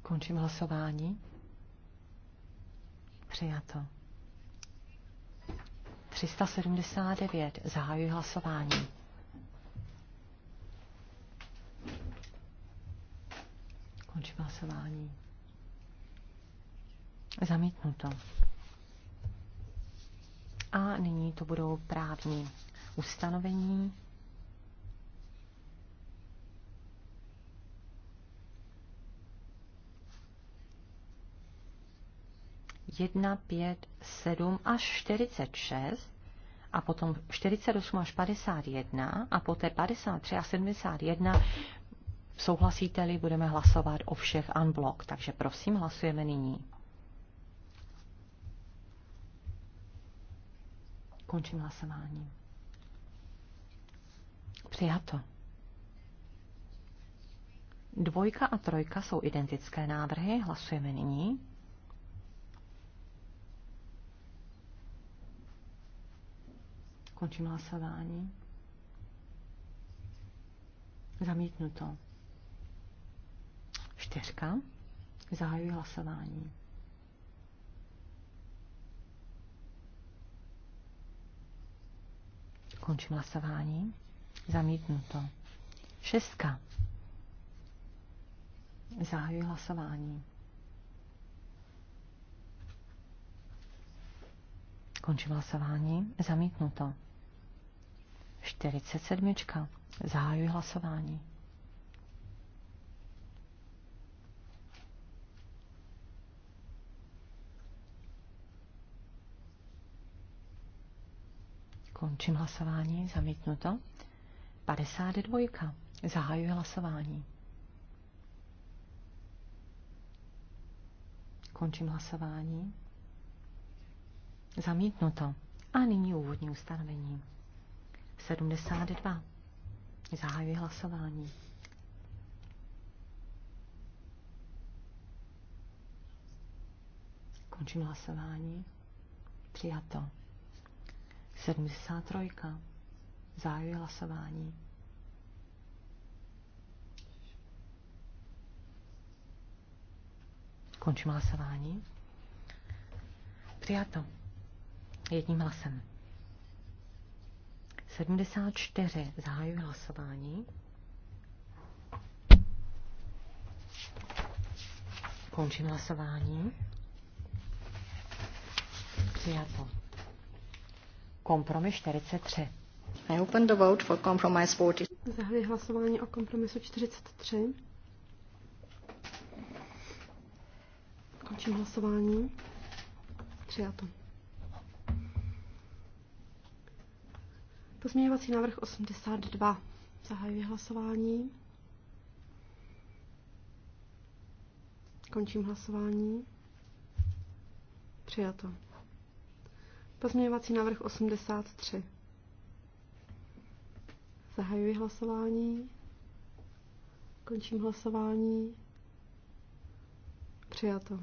Končím hlasování. Přijato. 379. Zahajuji hlasování. Končím hlasování. Zamítnuto. A nyní to budou právní ustanovení. Jedna, pět, sedm až šest a potom 48 až 51 a poté 53 a 71 souhlasíte-li, budeme hlasovat o všech unblock. Takže prosím, hlasujeme nyní. Končím hlasování. Přijato. Dvojka a trojka jsou identické návrhy. Hlasujeme nyní. Končím hlasování. Zamítnuto. Čtyřka. Zahajuji hlasování. Končím hlasování. Zamítnuto. Šestka. Zahajuji hlasování. Končím hlasování. Zamítnuto. 47. Zahajuji hlasování. Končím hlasování. Zamítnuto. 52. Zahajuji hlasování. Končím hlasování. Zamítnuto. A nyní úvodní ustanovení. 72. Zahajuji hlasování. Končím hlasování. Přijato. 73. Zájuje hlasování. Končím hlasování. Přijato. Jedním hlasem. 74. Zahajuji hlasování. Končím hlasování. Přijato kompromis 43. I open the vote for compromise 40. Zahajuji hlasování o kompromisu 43. Končím hlasování. Přijato. Pozměňovací návrh 82. Zahajuji hlasování. Končím hlasování. Přijato. Pozměňovací návrh 83. Zahajuji hlasování. Končím hlasování. Přijato.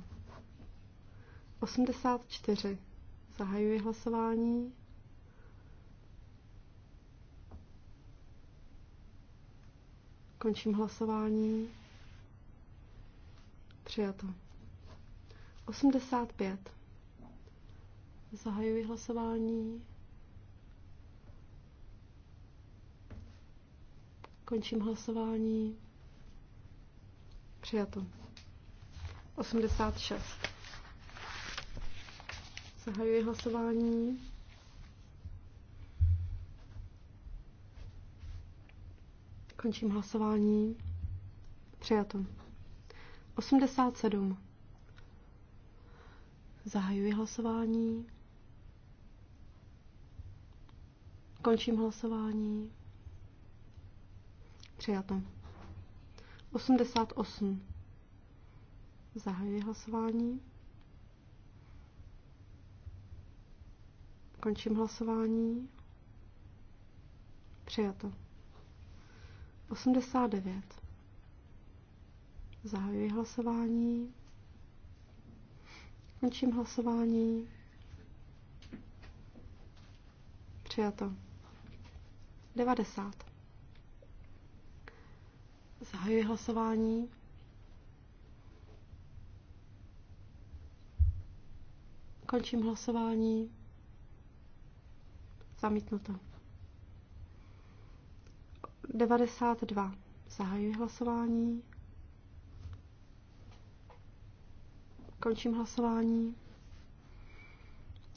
84. Zahajuji hlasování. Končím hlasování. Přijato. 85. Zahajuji hlasování. Končím hlasování. Přijato. 86. Zahajuji hlasování. Končím hlasování. Přijato. 87. Zahajuji hlasování. Končím hlasování. Přijato. 88. Zahajuji hlasování. Končím hlasování. Přijato. 89. Zahajuji hlasování. Končím hlasování. Přijato. 90. Zahajuji hlasování. Končím hlasování. Zamítnuto. 92. Zahajuji hlasování. Končím hlasování.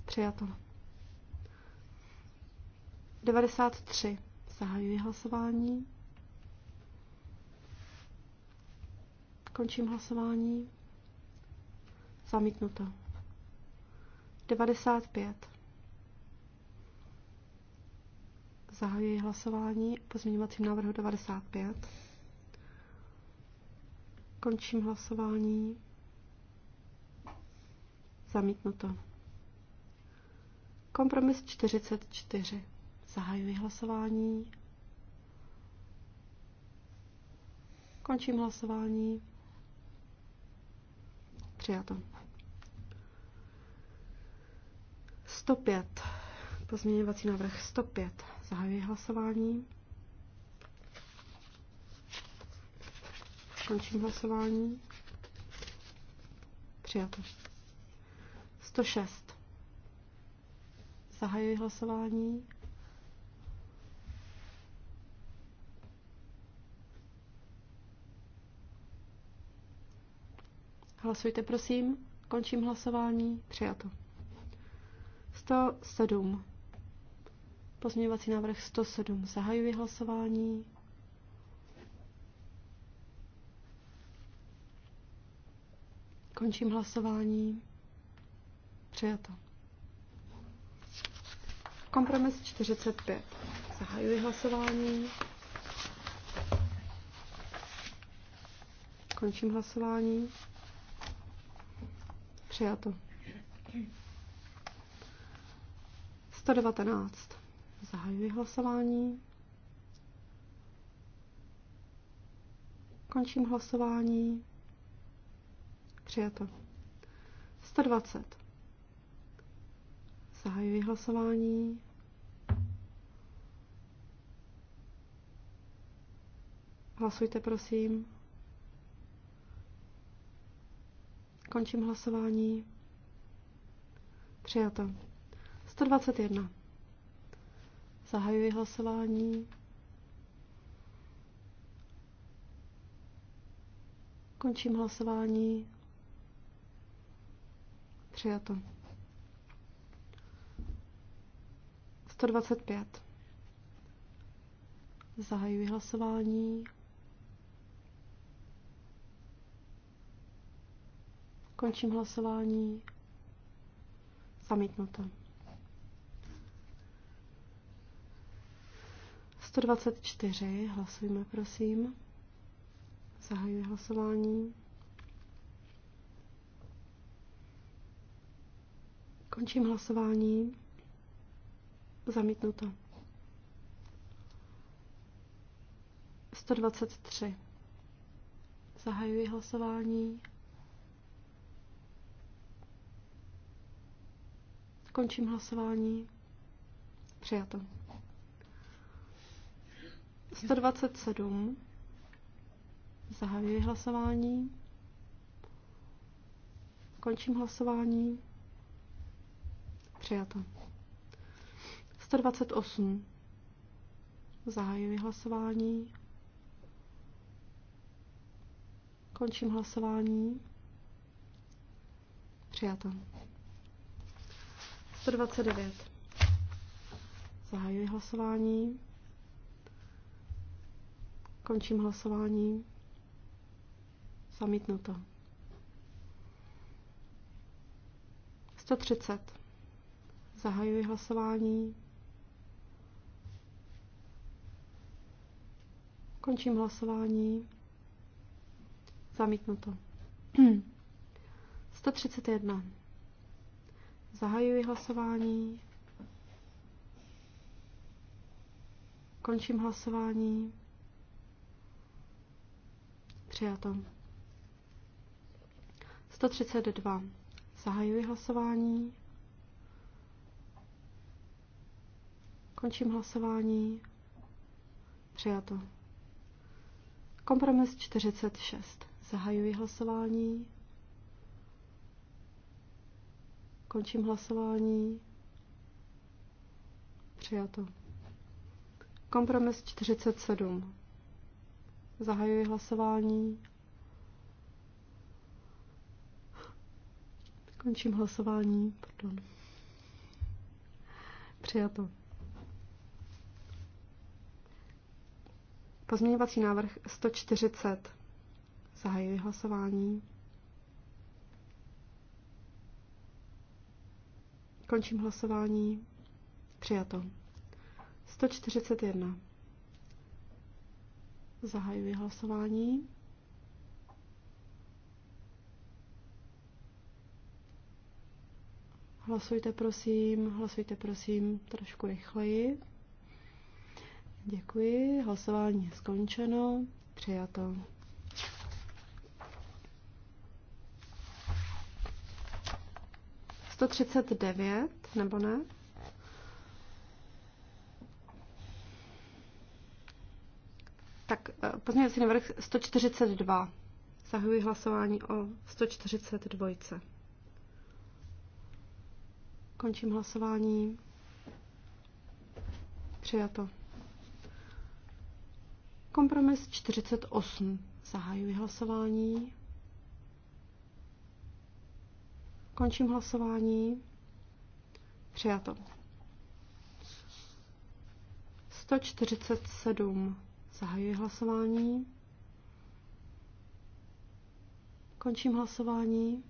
Přijato. 93. Zahajuji hlasování. Končím hlasování. Zamítnuto. 95. Zahajuji hlasování o pozměňovacím návrhu 95. Končím hlasování. Zamítnuto. Kompromis 44. Zahajuji hlasování. Končím hlasování. Přijato. 105. Pozměňovací návrh 105. Zahajuji hlasování. Končím hlasování. Přijato. 106. Zahajuji hlasování. Hlasujte, prosím. Končím hlasování. Přijato. 107. Pozměňovací návrh 107. Zahajuji hlasování. Končím hlasování. Přijato. Kompromis 45. Zahajuji hlasování. Končím hlasování. Přijato. 119. Zahajuji hlasování. Končím hlasování. Přijato. 120. Zahajuji hlasování. Hlasujte, prosím. Končím hlasování. Přijato. 121. Zahajuji hlasování. Končím hlasování. Přijato. 125. Zahajuji hlasování. Končím hlasování. Zamítnuto. 124. Hlasujeme, prosím. Zahajuji hlasování. Končím hlasování. Zamítnuto. 123. Zahajuji hlasování. Končím hlasování. Přijato. 127. Zahajuji hlasování. Končím hlasování. Přijato. 128. Zahajuji hlasování. Končím hlasování. Přijato. 129. Zahajuji hlasování. Končím hlasování. Zamítnuto. 130. Zahajuji hlasování. Končím hlasování. Zamítnuto. 131. Zahajuji hlasování. Končím hlasování. Přijato. 132. Zahajuji hlasování. Končím hlasování. Přijato. Kompromis 46. Zahajuji hlasování. Končím hlasování. Přijato. Kompromis 47. Zahajuji hlasování. Končím hlasování. Pardon. Přijato. Pozměňovací návrh 140. Zahajuji hlasování. Končím hlasování. Přijato. 141. Zahajuji hlasování. Hlasujte prosím, hlasujte prosím trošku rychleji. Děkuji, hlasování je skončeno, přijato. 139, nebo ne? Tak eh, pozměňovací návrh 142. Zahajuji hlasování o 142. Končím hlasování. Přijato. Kompromis 48. Zahajuji hlasování. Končím hlasování. Přijato. 147. Zahajuji hlasování. Končím hlasování.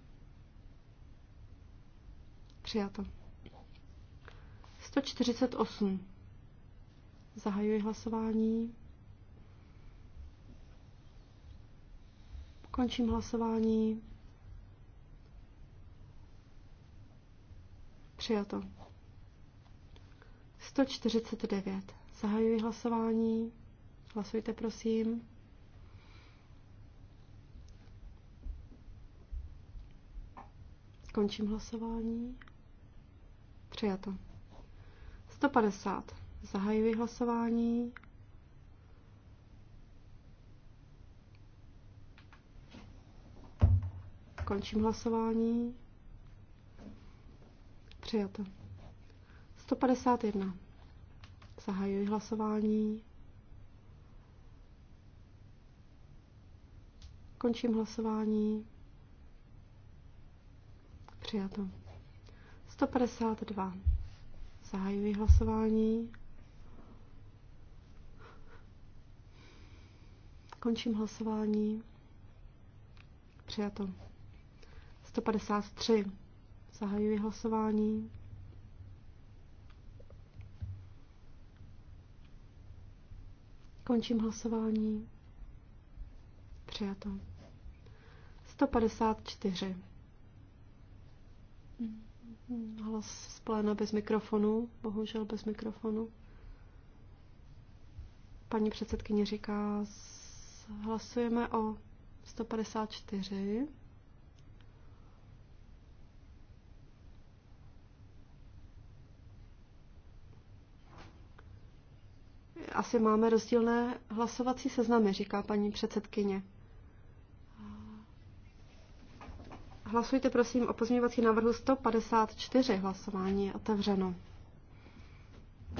Přijato. 148. Zahajuji hlasování. Končím hlasování. Přijato. 149. Zahajuji hlasování. Hlasujte, prosím. Končím hlasování. Přijato. 150. Zahajuji hlasování. Končím hlasování. Přijato. 151. Zahajuji hlasování. Končím hlasování. Přijato. 152. Zahajuji hlasování. Končím hlasování. Přijato. 153. Zahajuji hlasování. Končím hlasování. Přijato. 154. Hlas z pléna bez mikrofonu, bohužel bez mikrofonu. Paní předsedkyně říká, hlasujeme o 154. asi máme rozdílné hlasovací seznamy, říká paní předsedkyně. Hlasujte prosím o pozměňovací návrhu 154. Hlasování je otevřeno.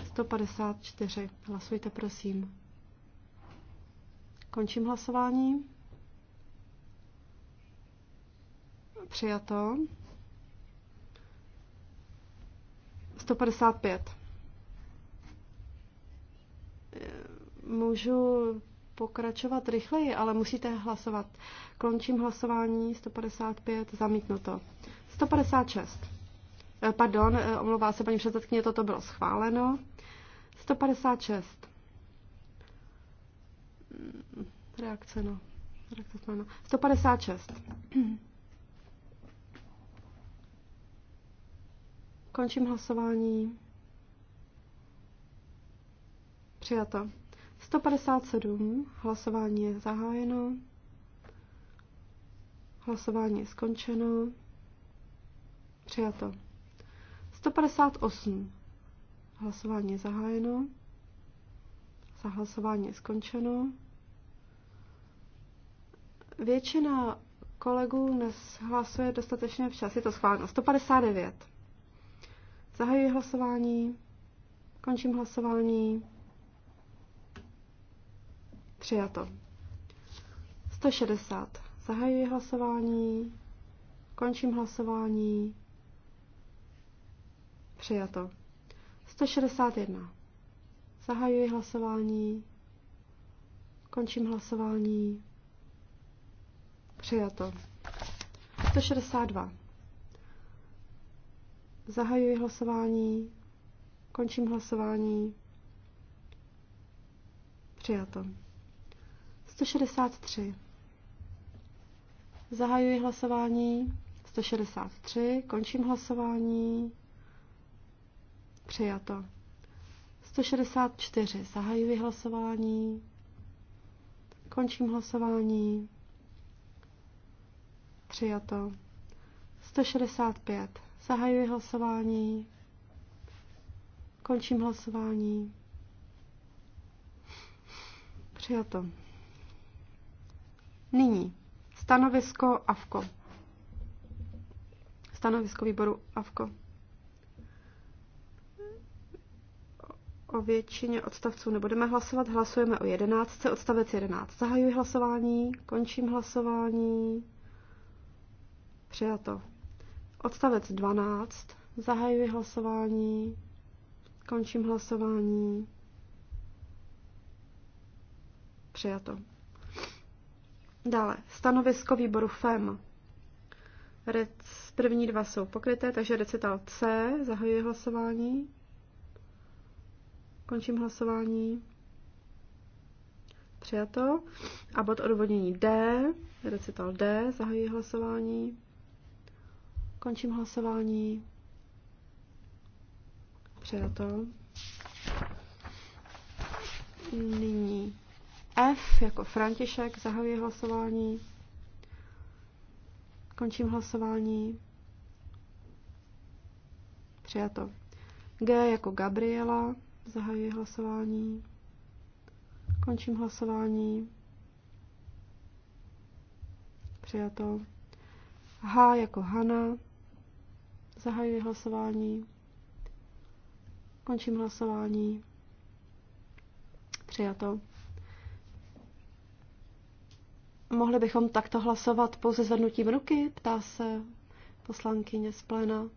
154. Hlasujte prosím. Končím hlasování. Přijato. 155 můžu pokračovat rychleji, ale musíte hlasovat. Končím hlasování 155, zamítnuto. 156. Eh, pardon, eh, omlouvá se paní předsedkyně, toto bylo schváleno. 156. Mm, reakce, no. Reakce schváleno. 156. Končím hlasování. Přijato. 157. Hlasování je zahájeno. Hlasování je skončeno. Přijato. 158. Hlasování je zahájeno. Zahlasování je skončeno. Většina kolegů neshlasuje dostatečně včas. Je to schváleno. 159. Zahajuji hlasování. Končím hlasování. Přijato. 160. Zahajuji hlasování. Končím hlasování. Přijato. 161. Zahajuji hlasování. Končím hlasování. Přijato. 162. Zahajuji hlasování. Končím hlasování. Přijato. 163. Zahajuji hlasování. 163. Končím hlasování. Přijato. 164. Zahajuji hlasování. Končím hlasování. Přijato. 165. Zahajuji hlasování. Končím hlasování. Přijato. Nyní stanovisko AVKO. Stanovisko výboru AVKO. O většině odstavců nebudeme hlasovat. Hlasujeme o jedenáctce. Odstavec jedenáct. Zahajuji hlasování. Končím hlasování. Přijato. Odstavec dvanáct. Zahajuji hlasování. Končím hlasování. Přijato. Dále, stanovisko výboru FEM. Rec, první dva jsou pokryté, takže recital C, zahajuji hlasování. Končím hlasování. Přijato. A bod odvodnění D, recital D, zahajuji hlasování. Končím hlasování. Přijato. Nyní F jako František, zahajuji hlasování. Končím hlasování. Přijato. G jako Gabriela, zahajuji hlasování. Končím hlasování. Přijato. H jako Hana, zahajuji hlasování. Končím hlasování. Přijato. Mohli bychom takto hlasovat pouze zvednutím ruky, ptá se poslankyně z pléna.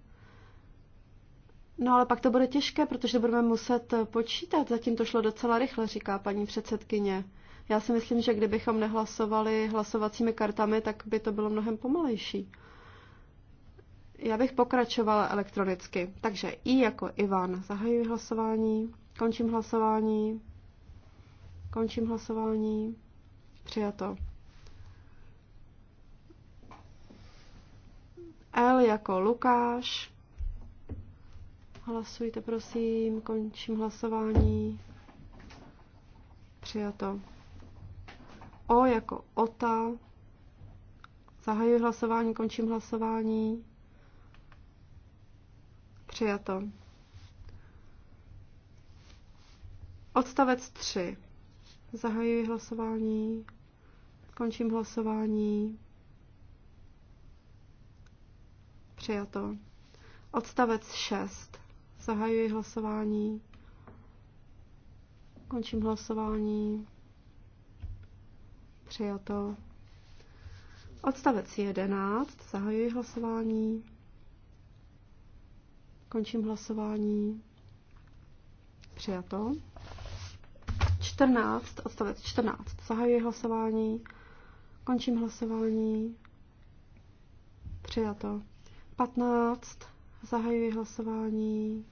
No ale pak to bude těžké, protože budeme muset počítat. Zatím to šlo docela rychle, říká paní předsedkyně. Já si myslím, že kdybychom nehlasovali hlasovacími kartami, tak by to bylo mnohem pomalejší. Já bych pokračovala elektronicky. Takže I jako Ivan. Zahajuji hlasování, končím hlasování, končím hlasování. Přijato. L jako Lukáš. Hlasujte, prosím. Končím hlasování. Přijato. O jako Ota. Zahajuji hlasování, končím hlasování. Přijato. Odstavec 3. Zahajuji hlasování, končím hlasování. Přijato. Odstavec 6. Zahajuji hlasování. Končím hlasování. Přijato. Odstavec 11. Zahajuji hlasování. Končím hlasování. Přijato. 14. Odstavec 14. Zahajuji hlasování. Končím hlasování. Přijato. 15. Zahajuji hlasování.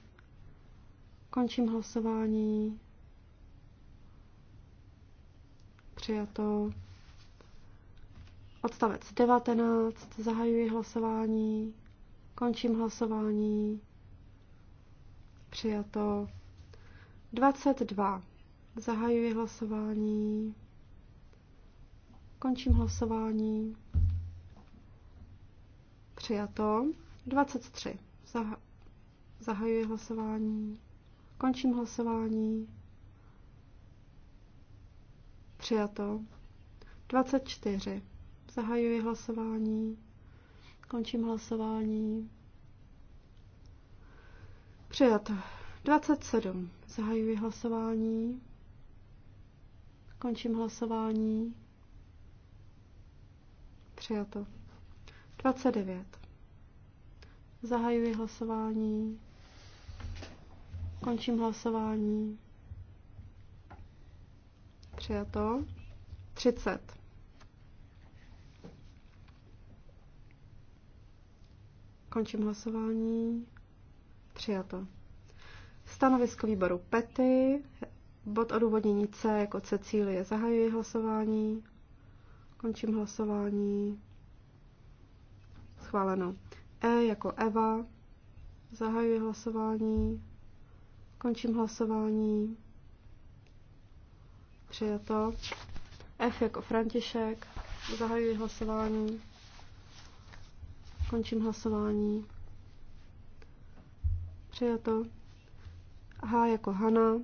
Končím hlasování. Přijato. Odstavec 19. Zahajuji hlasování. Končím hlasování. Přijato. 22. Zahajuji hlasování. Končím hlasování. Přijato. 23. Zah- zahajuji hlasování. Končím hlasování. Přijato. 24. Zahajuji hlasování. Končím hlasování. Přijato. 27. Zahajuji hlasování. Končím hlasování. Přijato. 29. Zahajuji hlasování. Končím hlasování. Přijato. 30. Končím hlasování. Přijato. Stanovisko výboru PETY, bod odůvodnění C jako Cecílie. Zahajuji hlasování. Končím hlasování. Schváleno. E jako Eva. Zahajuji hlasování. Končím hlasování. Přijato. F jako František. Zahajuji hlasování. Končím hlasování. Přijato. H jako Hana.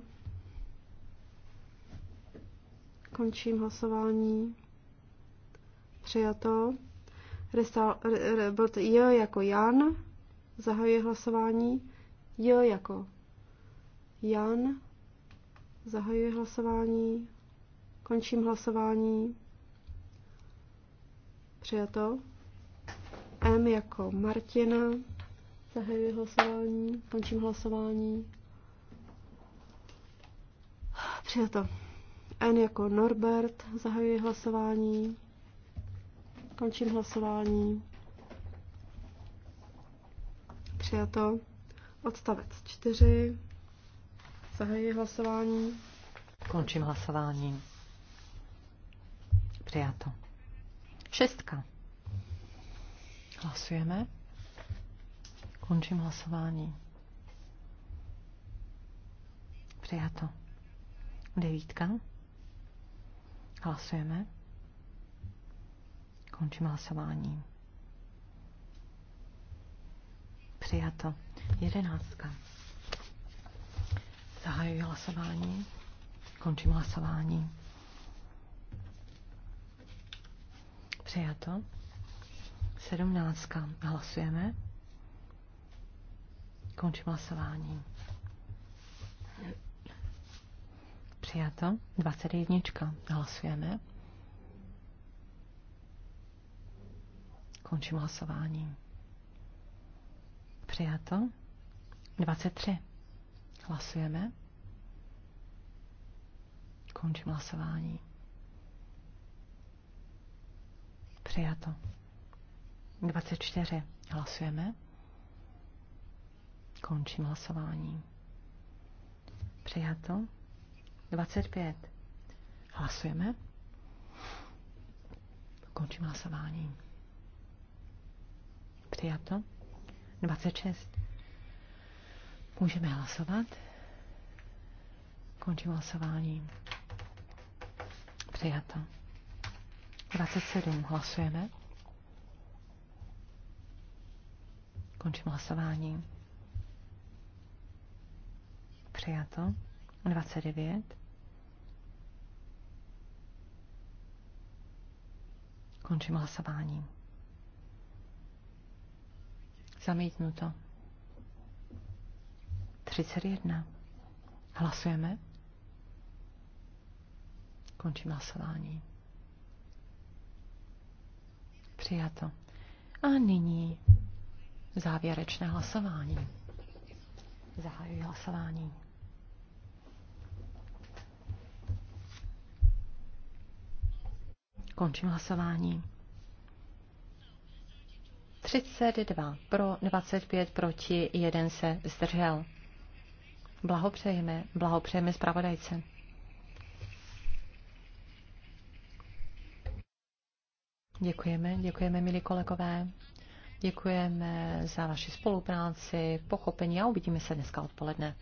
Končím hlasování. Přijato. Resal, byl to J jako Jan, zahajuje hlasování. J jako Jan, zahajuje hlasování. Končím hlasování. Přijato. M jako Martina. zahajuje hlasování. Končím hlasování. Přijato. N jako Norbert. zahajuje hlasování. Končím hlasování. Přijato. Odstavec 4. Zahajuji hlasování. Končím hlasování. Přijato. Šestka. Hlasujeme. Končím hlasování. Přijato. Devítka. Hlasujeme. Končím hlasování. Přijato. Jedenáctka. Zahajuji hlasování. Končím hlasování. Přijato. Sedmnáctka. Hlasujeme. Končím hlasování. Přijato. dvacet jednička Hlasujeme. Končím hlasování. Přijato. 23. Hlasujeme. Končím hlasování. Přijato. 24. Hlasujeme. Končím hlasování. Přijato. 25. Hlasujeme. Končím hlasování. Přijato. 26. Můžeme hlasovat. Končím hlasování. Přijato. 27. Hlasujeme. Končím hlasování. Přijato. 29. Končím hlasování. Zamítnuto. 31. Hlasujeme. Končím hlasování. Přijato. A nyní závěrečné hlasování. Zahajuji hlasování. Končím hlasování. 32 pro, 25 proti, 1 se zdržel. Blahopřejeme, blahopřejeme zpravodajce. Děkujeme, děkujeme, milí kolegové. Děkujeme za vaši spolupráci, pochopení a uvidíme se dneska odpoledne.